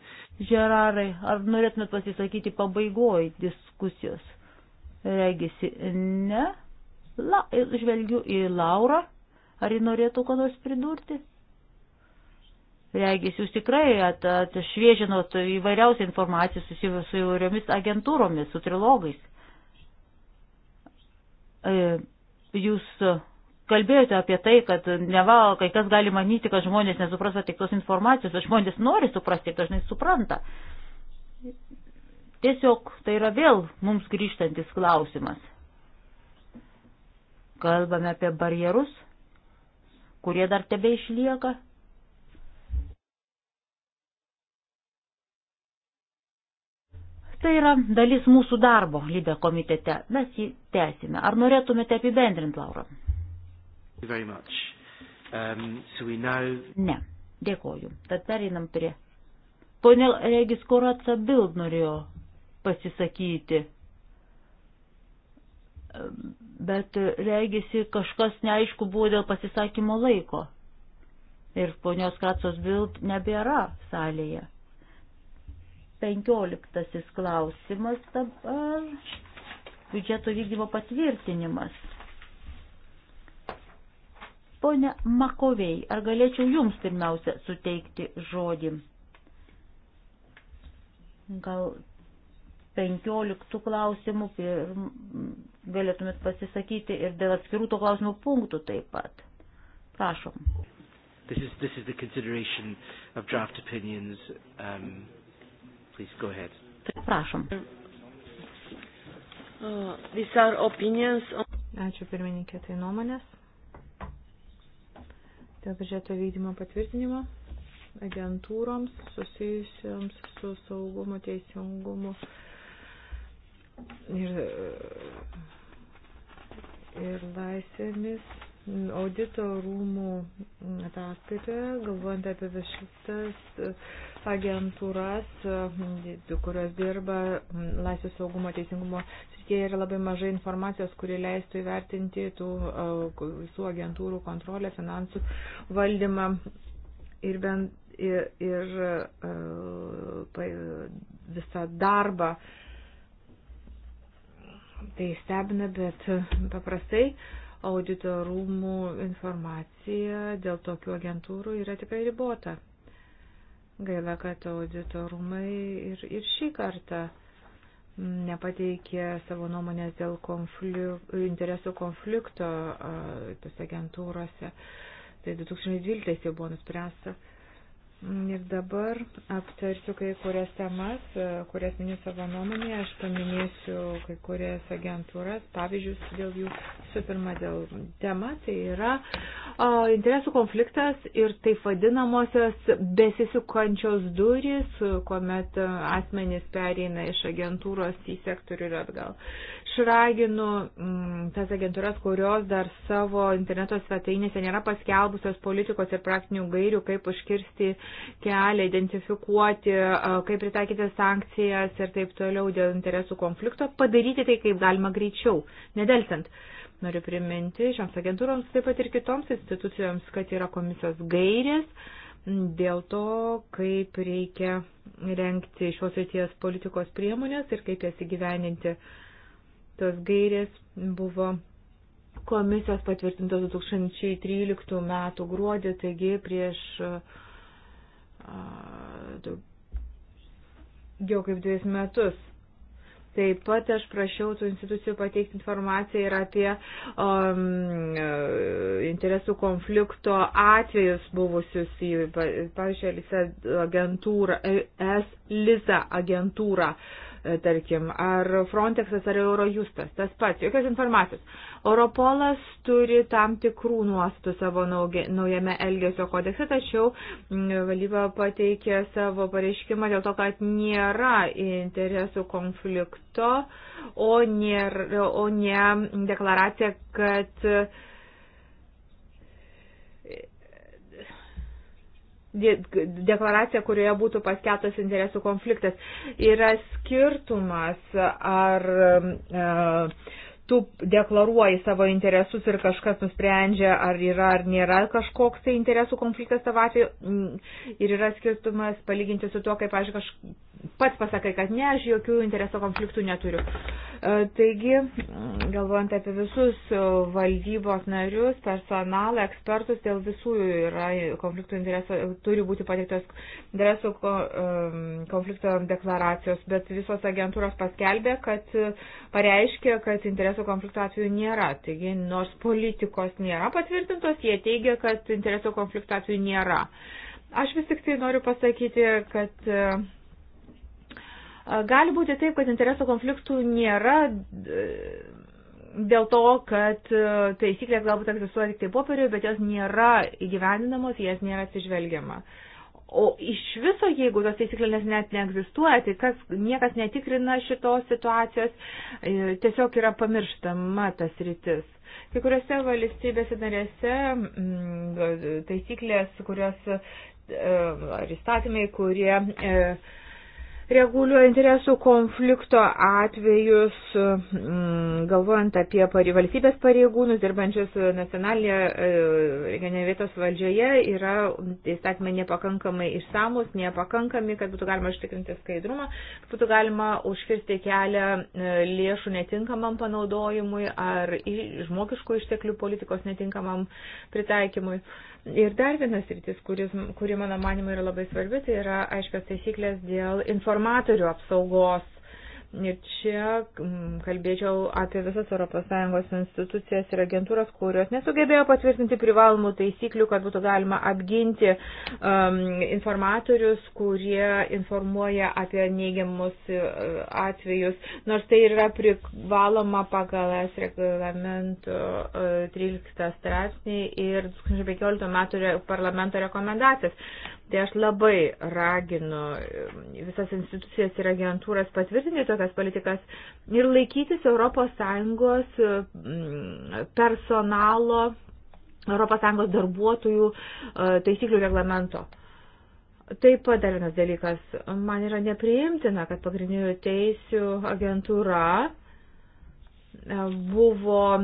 Žerarai, ar norėtumėt pasisakyti pabaigoj diskusijos? Regisi, ne? La, žvelgiu į Laurą. Ar ji norėtų ką nors pridurti? Regis, jūs tikrai atšviežinot įvairiausią informaciją susijusią su įvairiomis agentūromis, su trilogais. E, jūs kalbėjote apie tai, kad neva kai kas gali manyti, kad žmonės nesupras tik tos informacijos, bet žmonės nori suprasti, dažnai supranta. Tiesiog tai yra vėl mums grįžtantis klausimas. Kalbame apie barjerus, kurie dar tebe išlieka Tai yra dalis mūsų darbo lydė komitete. Mes jį tęsime. Ar norėtumėte apibendrinti, Laura? Um, so now... Ne, dėkoju. Tad pereinam prie. Pone Regis Koratsa Bild norėjo pasisakyti. Um, bet regisi kažkas neaišku buvo dėl pasisakymo laiko. Ir ponios Kratsos Bild nebėra salėje. Penkioliktasis klausimas dabar. Biudžeto vykdymo patvirtinimas. Pone Makovei, ar galėčiau Jums pirmiausia suteikti žodį? Gal penkioliktų klausimų galėtumėt pasisakyti ir dėl atskirų to klausimų punktų taip pat. Prašom. This is, this is the consideration of draft opinions. Um, Please go ahead. Tai prašom. Visar uh, opinijas. Ačiū pirmininkė, tai nuomonės. Dėl biudžeto vykdymo patvirtinimo agentūroms susijusiams su saugumu, teisingumu ir, ir laisvėmis audito rūmų ataskaitoje, galvojant apie visas agentūras, kurios dirba laisvės saugumo teisingumo srityje, yra labai mažai informacijos, kuri leistų įvertinti tų e, visų agentūrų kontrolę, finansų valdymą ir, bent, ir, ir e, visą darbą. Tai stebina, bet paprastai uh, auditorumų informacija dėl tokių agentūrų yra tikrai ribota. Gaila, kad auditorumai ir, ir šį kartą nepateikė savo nuomonės dėl konflik, interesų konflikto tose agentūrose. Tai 2012 jau buvo nuspręsta. Ir dabar aptarsiu kai kurias temas, e, kurias miniu savo nuomonėje, aš paminėsiu kai kurias agentūras, pavyzdžius dėl jų, visų pirma, dėl tema, tai yra o, interesų konfliktas ir taip vadinamosios besisukančios durys, kuomet e, asmenys pereina iš agentūros į sektorių ir atgal. Aš raginu mm, tas agentūras, kurios dar savo interneto svetainėse nėra paskelbusios politikos ir praktinių gairių, kaip užkirsti kelią, identifikuoti, e, kaip pritaikyti sankcijas ir taip toliau dėl interesų konflikto, padaryti tai kaip galima greičiau, nedelsant. Noriu priminti šioms agentūroms, taip pat ir kitoms institucijoms, kad yra komisijos gairės dėl to, kaip reikia renkti šios ryties politikos priemonės ir kaip jas įgyveninti. Uh, Tos gairės buvo komisijos patvirtintos 2013 metų gruodį, taigi prieš daugiau kaip dvies metus. Taip pat aš prašiau tų institucijų pateikti informaciją ir apie um, e, interesų konflikto atvejus buvusius į, pavyzdžiui, LISA agentūrą, e S. LISA agentūrą. Uh, E, tarkim, ar Frontexas, ar Eurojustas, tas pats, jokios informacijos. Europolas turi tam tikrų nuostų savo naujame Elgesio kodekse, tačiau valyba pateikė savo pareiškimą dėl to, kad nėra interesų konflikto, o, nėra, o ne deklaracija, kad deklaracija, kurioje būtų paskeltas interesų konfliktas. Yra skirtumas, ar e, tu deklaruoji savo interesus ir kažkas nusprendžia, ar yra ar nėra kažkoks tai interesų konfliktas tavo atveju. Mm, ir yra skirtumas palyginti su tuo, kaip, pažiūrėjau, kaž... pats pasakai, kad ne, aš jokių interesų konfliktų neturiu. E, taigi, mm, galvojant apie visus e, valdybos narius, personalą, ekspertus, dėl visų yra konfliktų interesų, turi būti pateiktos interesų e, konflikto deklaracijos, bet visos agentūros paskelbė, kad pareiškė, kad interesų interesų konflikto atveju nėra. Taigi, nors politikos nėra patvirtintos, jie teigia, kad interesų konflikto atveju nėra. Aš vis tik tai noriu pasakyti, kad e, gali būti taip, kad interesų konfliktų nėra e, dėl to, kad e, taisyklės galbūt egzistuoja tik tai popieriuje, bet jos nėra įgyvendinamos, jas nėra atsižvelgiama. Uh, O iš viso, jeigu tos taisyklės net neegzistuoja, tai kas, niekas netikrina šitos situacijos, e, tiesiog yra pamirštama tas rytis. Kai kuriuose valstybėse narėse mm, taisyklės, kurios e, ar įstatymai, kurie e, reguliuoja interesų konflikto atvejus, mm, galvojant apie valstybės pareigūnus, dirbančius nacionalinėje e, regioninėje vietos valdžioje, yra įstatymai nepakankamai išsamus, nepakankami, kad būtų galima ištikrinti skaidrumą, būtų galima užkirsti kelią e, lėšų netinkamam panaudojimui ar žmogiškų išteklių politikos netinkamam pritaikymui. Uh, Ir dar vienas rytis, kuris, kuri mano manimo yra labai svarbi, tai yra aiškios taisyklės dėl informatorių apsaugos Ir čia mm, kalbėčiau apie visas ES institucijas ir agentūras, kurios nesugebėjo patvirtinti privalomų taisyklių, kad būtų galima apginti um, informatorius, kurie informuoja apie neigiamus e, atvejus, nors tai yra privaloma pagal es reglamentų 13 e, straipsnį ir 2015 metų parlamento rekomendacijas. Tai aš labai raginu visas institucijas ir agentūras patvirtinti tokias politikas ir laikytis ES personalo, ES darbuotojų e, taisyklių reglamento. Taip pat dar vienas dalykas, man yra nepriimtina, kad pagrindinių teisių agentūra buvo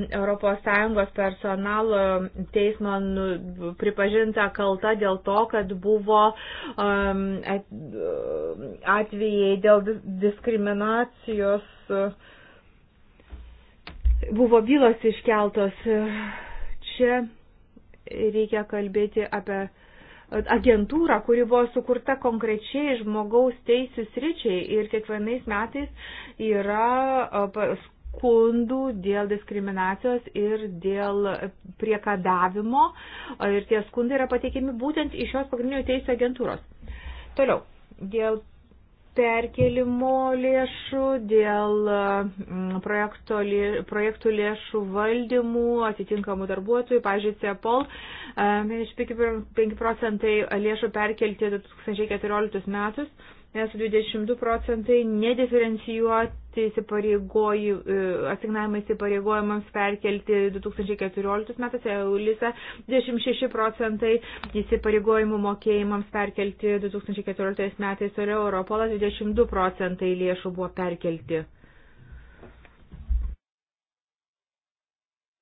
ES personalo teismo nu, pripažinta kalta dėl to, kad buvo um, atvejai dėl diskriminacijos, buvo bylos iškeltos. Čia reikia kalbėti apie agentūrą, kuri buvo sukurta konkrečiai žmogaus teisų sričiai ir kiekvienais metais yra skundų dėl diskriminacijos ir dėl priekabavimo ir tie skundai yra pateikiami būtent iš šios pagrindinių teisų agentūros. Toliau, dėl perkelimo lėšų, dėl mm, projekto, projektų lėšų valdymų, atitinkamų darbuotojų, pažiūrėjau, CEPOL, 5 e, procentai lėšų perkelti 2014 metus nes 22 procentai nediferencijuoti e, asignavimai įsipareigojimams perkelti 2014 metais, EULISA 26 procentai įsipareigojimų mokėjimams perkelti 2014 metais, toliau Europolas 22 procentai lėšų buvo perkelti.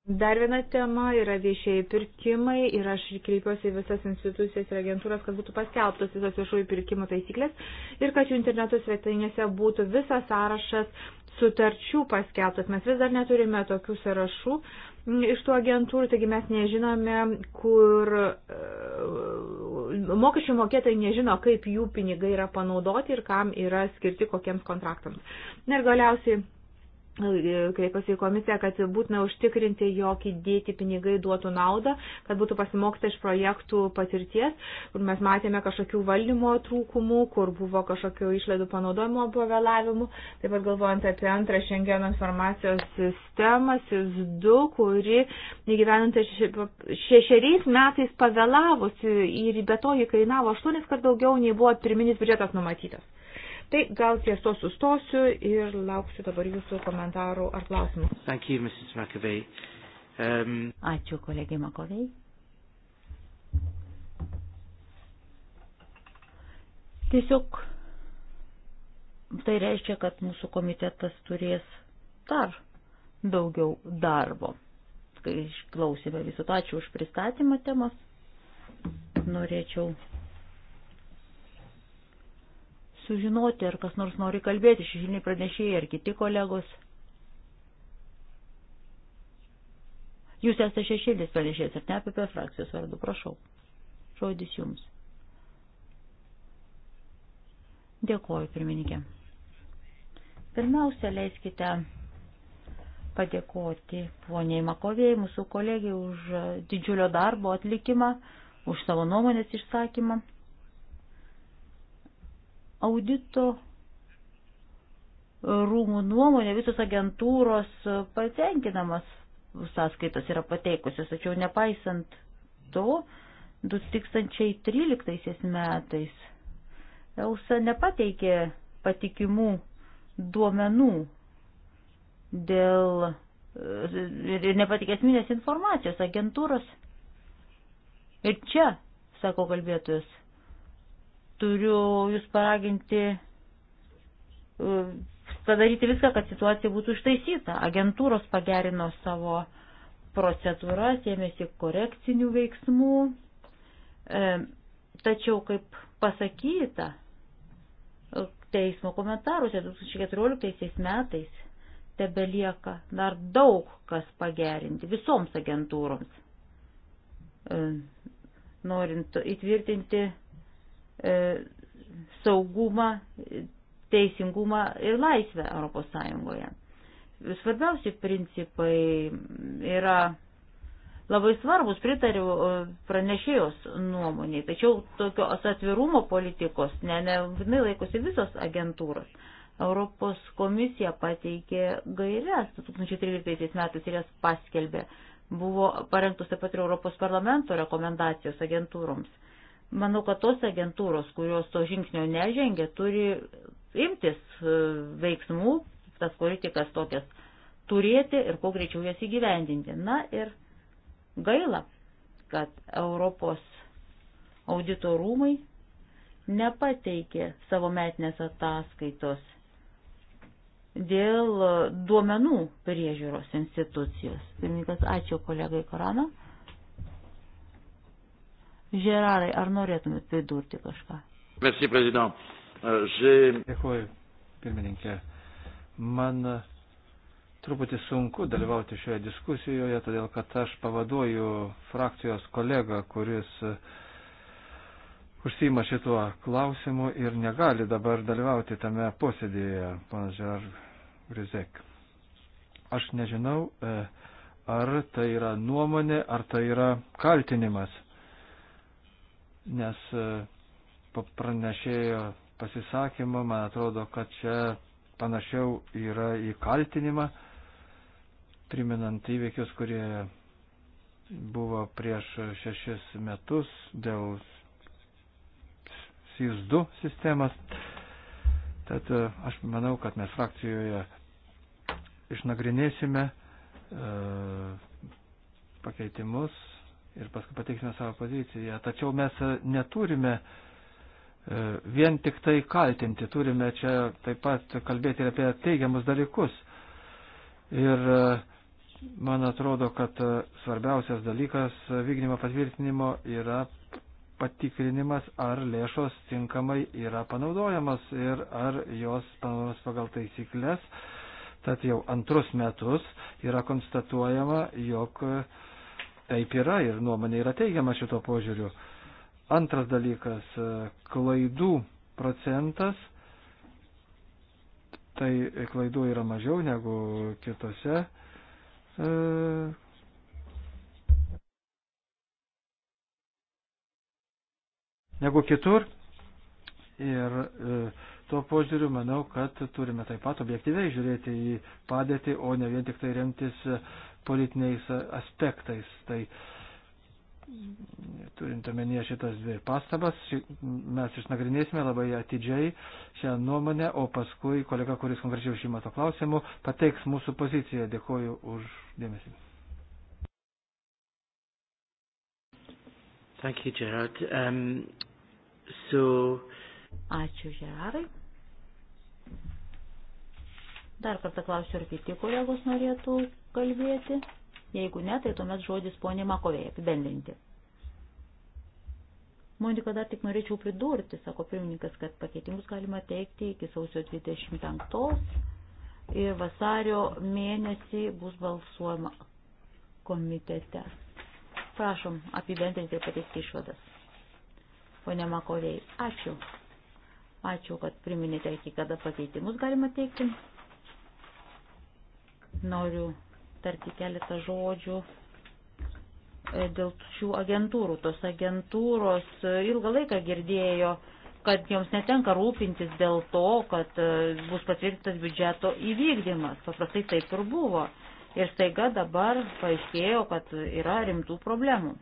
Dar viena tema yra viešieji pirkimai ir aš kreipiuosi visas institucijas ir agentūras, kad būtų paskelbtos visos viešųjų pirkimų taisyklės ir kad jų interneto svetainėse būtų visas sąrašas sutarčių paskelbtas. Mes vis dar neturime tokių sąrašų iš tų agentūrų, taigi mes nežinome, kur e, mokesčių mokėtojai nežino, kaip jų pinigai yra panaudoti ir kam yra skirti kokiems kontraktams. Na ir galiausiai kreipiasi į komisiją, kad būtina užtikrinti, jog įdėti pinigai duotų naudą, kad būtų pasimokta iš projektų patirties, kur mes matėme kažkokių valdymo trūkumų, kur buvo kažkokių išlaidų panaudojimo pavėlavimų. Taip pat galvojant apie antrą šiandieną informacijos sistemą, SIS2, kuri įgyveninta šešeriais metais pavėlavusi ir be to jį kainavo aštuonis kart daugiau nei buvo pirminis biudžetas numatytas. Tai gal ties to sustosiu ir lauksiu dabar jūsų komentarų ar klausimų. Thank you, Mrs. McAvey. Um... Ačiū, kolegė Makovei. Tiesiog tai reiškia, kad mūsų komitetas turės dar daugiau darbo. Kai išklausime visų, ačiū už pristatymą temas. Norėčiau sužinoti, ar kas nors nori kalbėti, šešiniai pranešėjai ar kiti kolegos. Jūs esate šešėlis pranešėjas, ar ne apie, apie frakcijos vardu, prašau. Žodis jums. Dėkuoju, pirmininkė. Pirmiausia, leiskite padėkoti poniai Makovėjai, mūsų kolegijai, už didžiulio darbo atlikimą, už savo nuomonės išsakymą. Audito rūmų nuomonė visos agentūros patenkinamas sąskaitas yra pateikusios, tačiau nepaisant to, 2013 metais EUSA nepateikė patikimų duomenų dėl ir nepatikė esminės informacijos agentūros. Ir čia, sako kalbėtojas, Turiu jūs paraginti e, padaryti viską, kad situacija būtų ištaisyta. Agentūros pagerino savo procedūras, ėmėsi korekcinių veiksmų. E, tačiau, kaip pasakyta e, teismo komentaruose 2014 metais, tebe lieka dar daug kas pagerinti visoms agentūroms, e, norint įtvirtinti E, saugumą, teisingumą ir laisvę Europos Sąjungoje. Svarbiausi principai yra labai svarbus, pritariu e, pranešėjos nuomoniai, tačiau tokios atvirumo politikos nebūtinai ne, laikosi visos agentūros. Europos komisija pateikė gairias 2013 metais ir jas paskelbė. Buvo parengtos taip pat ir Europos parlamento rekomendacijos agentūroms. Manau, kad tos agentūros, kurios to žingsnio nežengia, turi imtis e, veiksmų, tas politikas tokias turėti ir kuo greičiau jas įgyvendinti. Na ir gaila, kad Europos audito rūmai nepateikė savo metinės ataskaitos dėl duomenų priežiūros institucijos. Pirmininkas, ačiū kolegai Korano. Žerarai, ar norėtumėt pridurti kažką? Merci, prezident. Euh, j'ai... Dėkuoju, pirmininkė. Man truputį sunku dalyvauti šioje diskusijoje, todėl kad aš pavaduoju frakcijos kolegą, kuris e, užsima šituo klausimu ir negali dabar dalyvauti tame posėdėje, panas Žerar Grizek. Aš nežinau, e, ar tai yra nuomonė, ar tai yra kaltinimas nes e, po pranešėjo pasisakymo man atrodo, kad čia panašiau yra į kaltinimą, priminant įvykius, kurie buvo prieš šešis metus dėl SIS-2 sistemas. Tad e, aš manau, kad mes frakcijoje išnagrinėsime e, pakeitimus ir paskui pateiksime savo poziciją. Tačiau mes e, neturime e, vien tik tai kaltinti, turime čia taip pat kalbėti ir apie teigiamus dalykus. Ir e, man atrodo, kad svarbiausias dalykas vykdymo patvirtinimo yra patikrinimas, ar lėšos tinkamai yra panaudojamas ir ar jos panaudojamas pagal taisyklės. Tad jau antrus metus yra konstatuojama, jog uh, taip yra ir nuomonė yra teigiama šito požiūriu. Antras dalykas e, - klaidų procentas. Tai klaidų yra mažiau negu kitose. E, negu kitur. Ir e, tuo požiūriu manau, kad turime taip pat objektyviai žiūrėti į padėtį, o ne vien tik tai remtis e, politiniais aspektais. Tai turint omenyje šitas dvi pastabas, ši, mes išnagrinėsime labai atidžiai šią nuomonę, o paskui kolega, kuris konkrečiai užima to klausimu, pateiks mūsų poziciją. Dėkuoju už dėmesį. Thank you, Gerard. Um, so... Ačiū, Žerarai. Dar kartą klausiu, ar kiti kolegos norėtų kalbėti? Jeigu ne, tai tuomet žodis ponė Makovėje apibendrinti. Monika, dar tik norėčiau pridurti, sako pirmininkas, kad pakeitimus galima teikti iki sausio 25 ir vasario mėnesį bus balsuojama komitete. Prašom apibendrinti ir pateikti išvadas. Pone Makovėjai, ačiū. Ačiū, kad priminėte, iki kada pakeitimus galima teikti. Noriu tarti keletą žodžių e, dėl šių agentūrų. Tos agentūros e, ilgą laiką girdėjo, kad joms netenka rūpintis dėl to, kad e, bus patvirtintas biudžeto įvykdymas. Paprastai taip ir buvo. Ir staiga dabar paaiškėjo, kad yra rimtų problemų.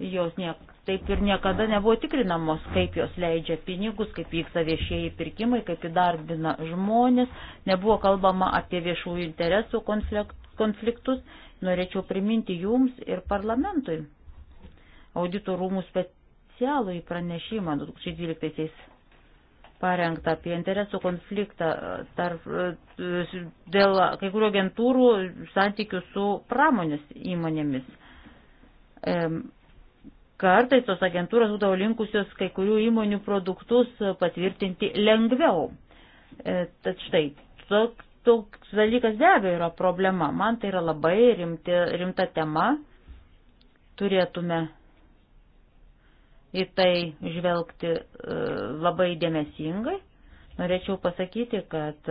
Jos niek, taip ir niekada nebuvo tikrinamos, kaip jos leidžia pinigus, kaip vyksta viešieji pirkimai, kaip įdarbina žmonės. Nebuvo kalbama apie viešųjų interesų konflikt, konfliktus, norėčiau priminti jums ir parlamentui audito rūmų specialų į pranešimą 2012 parengtą apie interesų konfliktą tarp, dėl kai kurių agentūrų santykių su pramonės įmonėmis. Kartais tos agentūros būdavo linkusios kai kurių įmonių produktus patvirtinti lengviau. E, tad štai, tok, toks dalykas be abejo yra problema. Man tai yra labai rimti, rimta tema. Turėtume į tai žvelgti e, labai dėmesingai. Norėčiau pasakyti, kad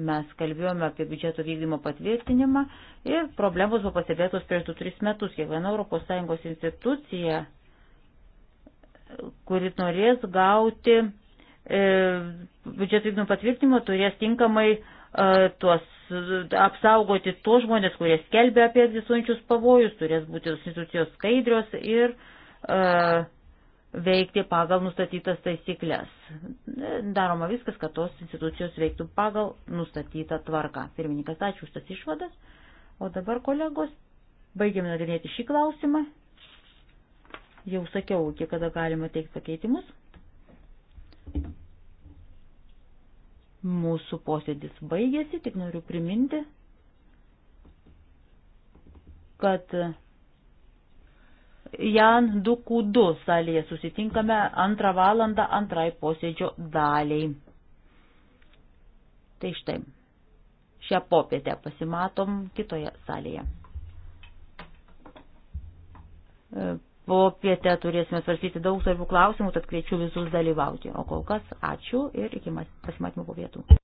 mes kalbėjome apie biudžeto vykdymo patvirtinimą ir problemos buvo pastebėtos prieš 2-3 metus. Kiekviena ES institucija, kuri norės gauti e, biudžeto vykdymo patvirtinimą, turės tinkamai tuos, apsaugoti tuos žmonės, kurie skelbia apie egzistuojančius pavojus, turės būti institucijos skaidrios ir uh, veikti pagal nustatytas taisyklės. Daroma viskas, kad tos institucijos veiktų pagal nustatytą tvarką. Pirmininkas, ačiū už tas išvadas. O dabar, kolegos, baigiame nagrinėti šį klausimą. Jau sakiau, kiek kada galima teikti pakeitimus. Mūsų posėdis baigėsi, tik noriu priminti, kad Jan 2Q2 salėje susitinkame antrą valandą antrai posėdžio daliai. Tai štai, šią popietę pasimatom kitoje salėje popietę turėsime svarstyti daug svarbių klausimų, tad kviečiu visus dalyvauti. O kol kas ačiū ir iki pasimatymų po pietų.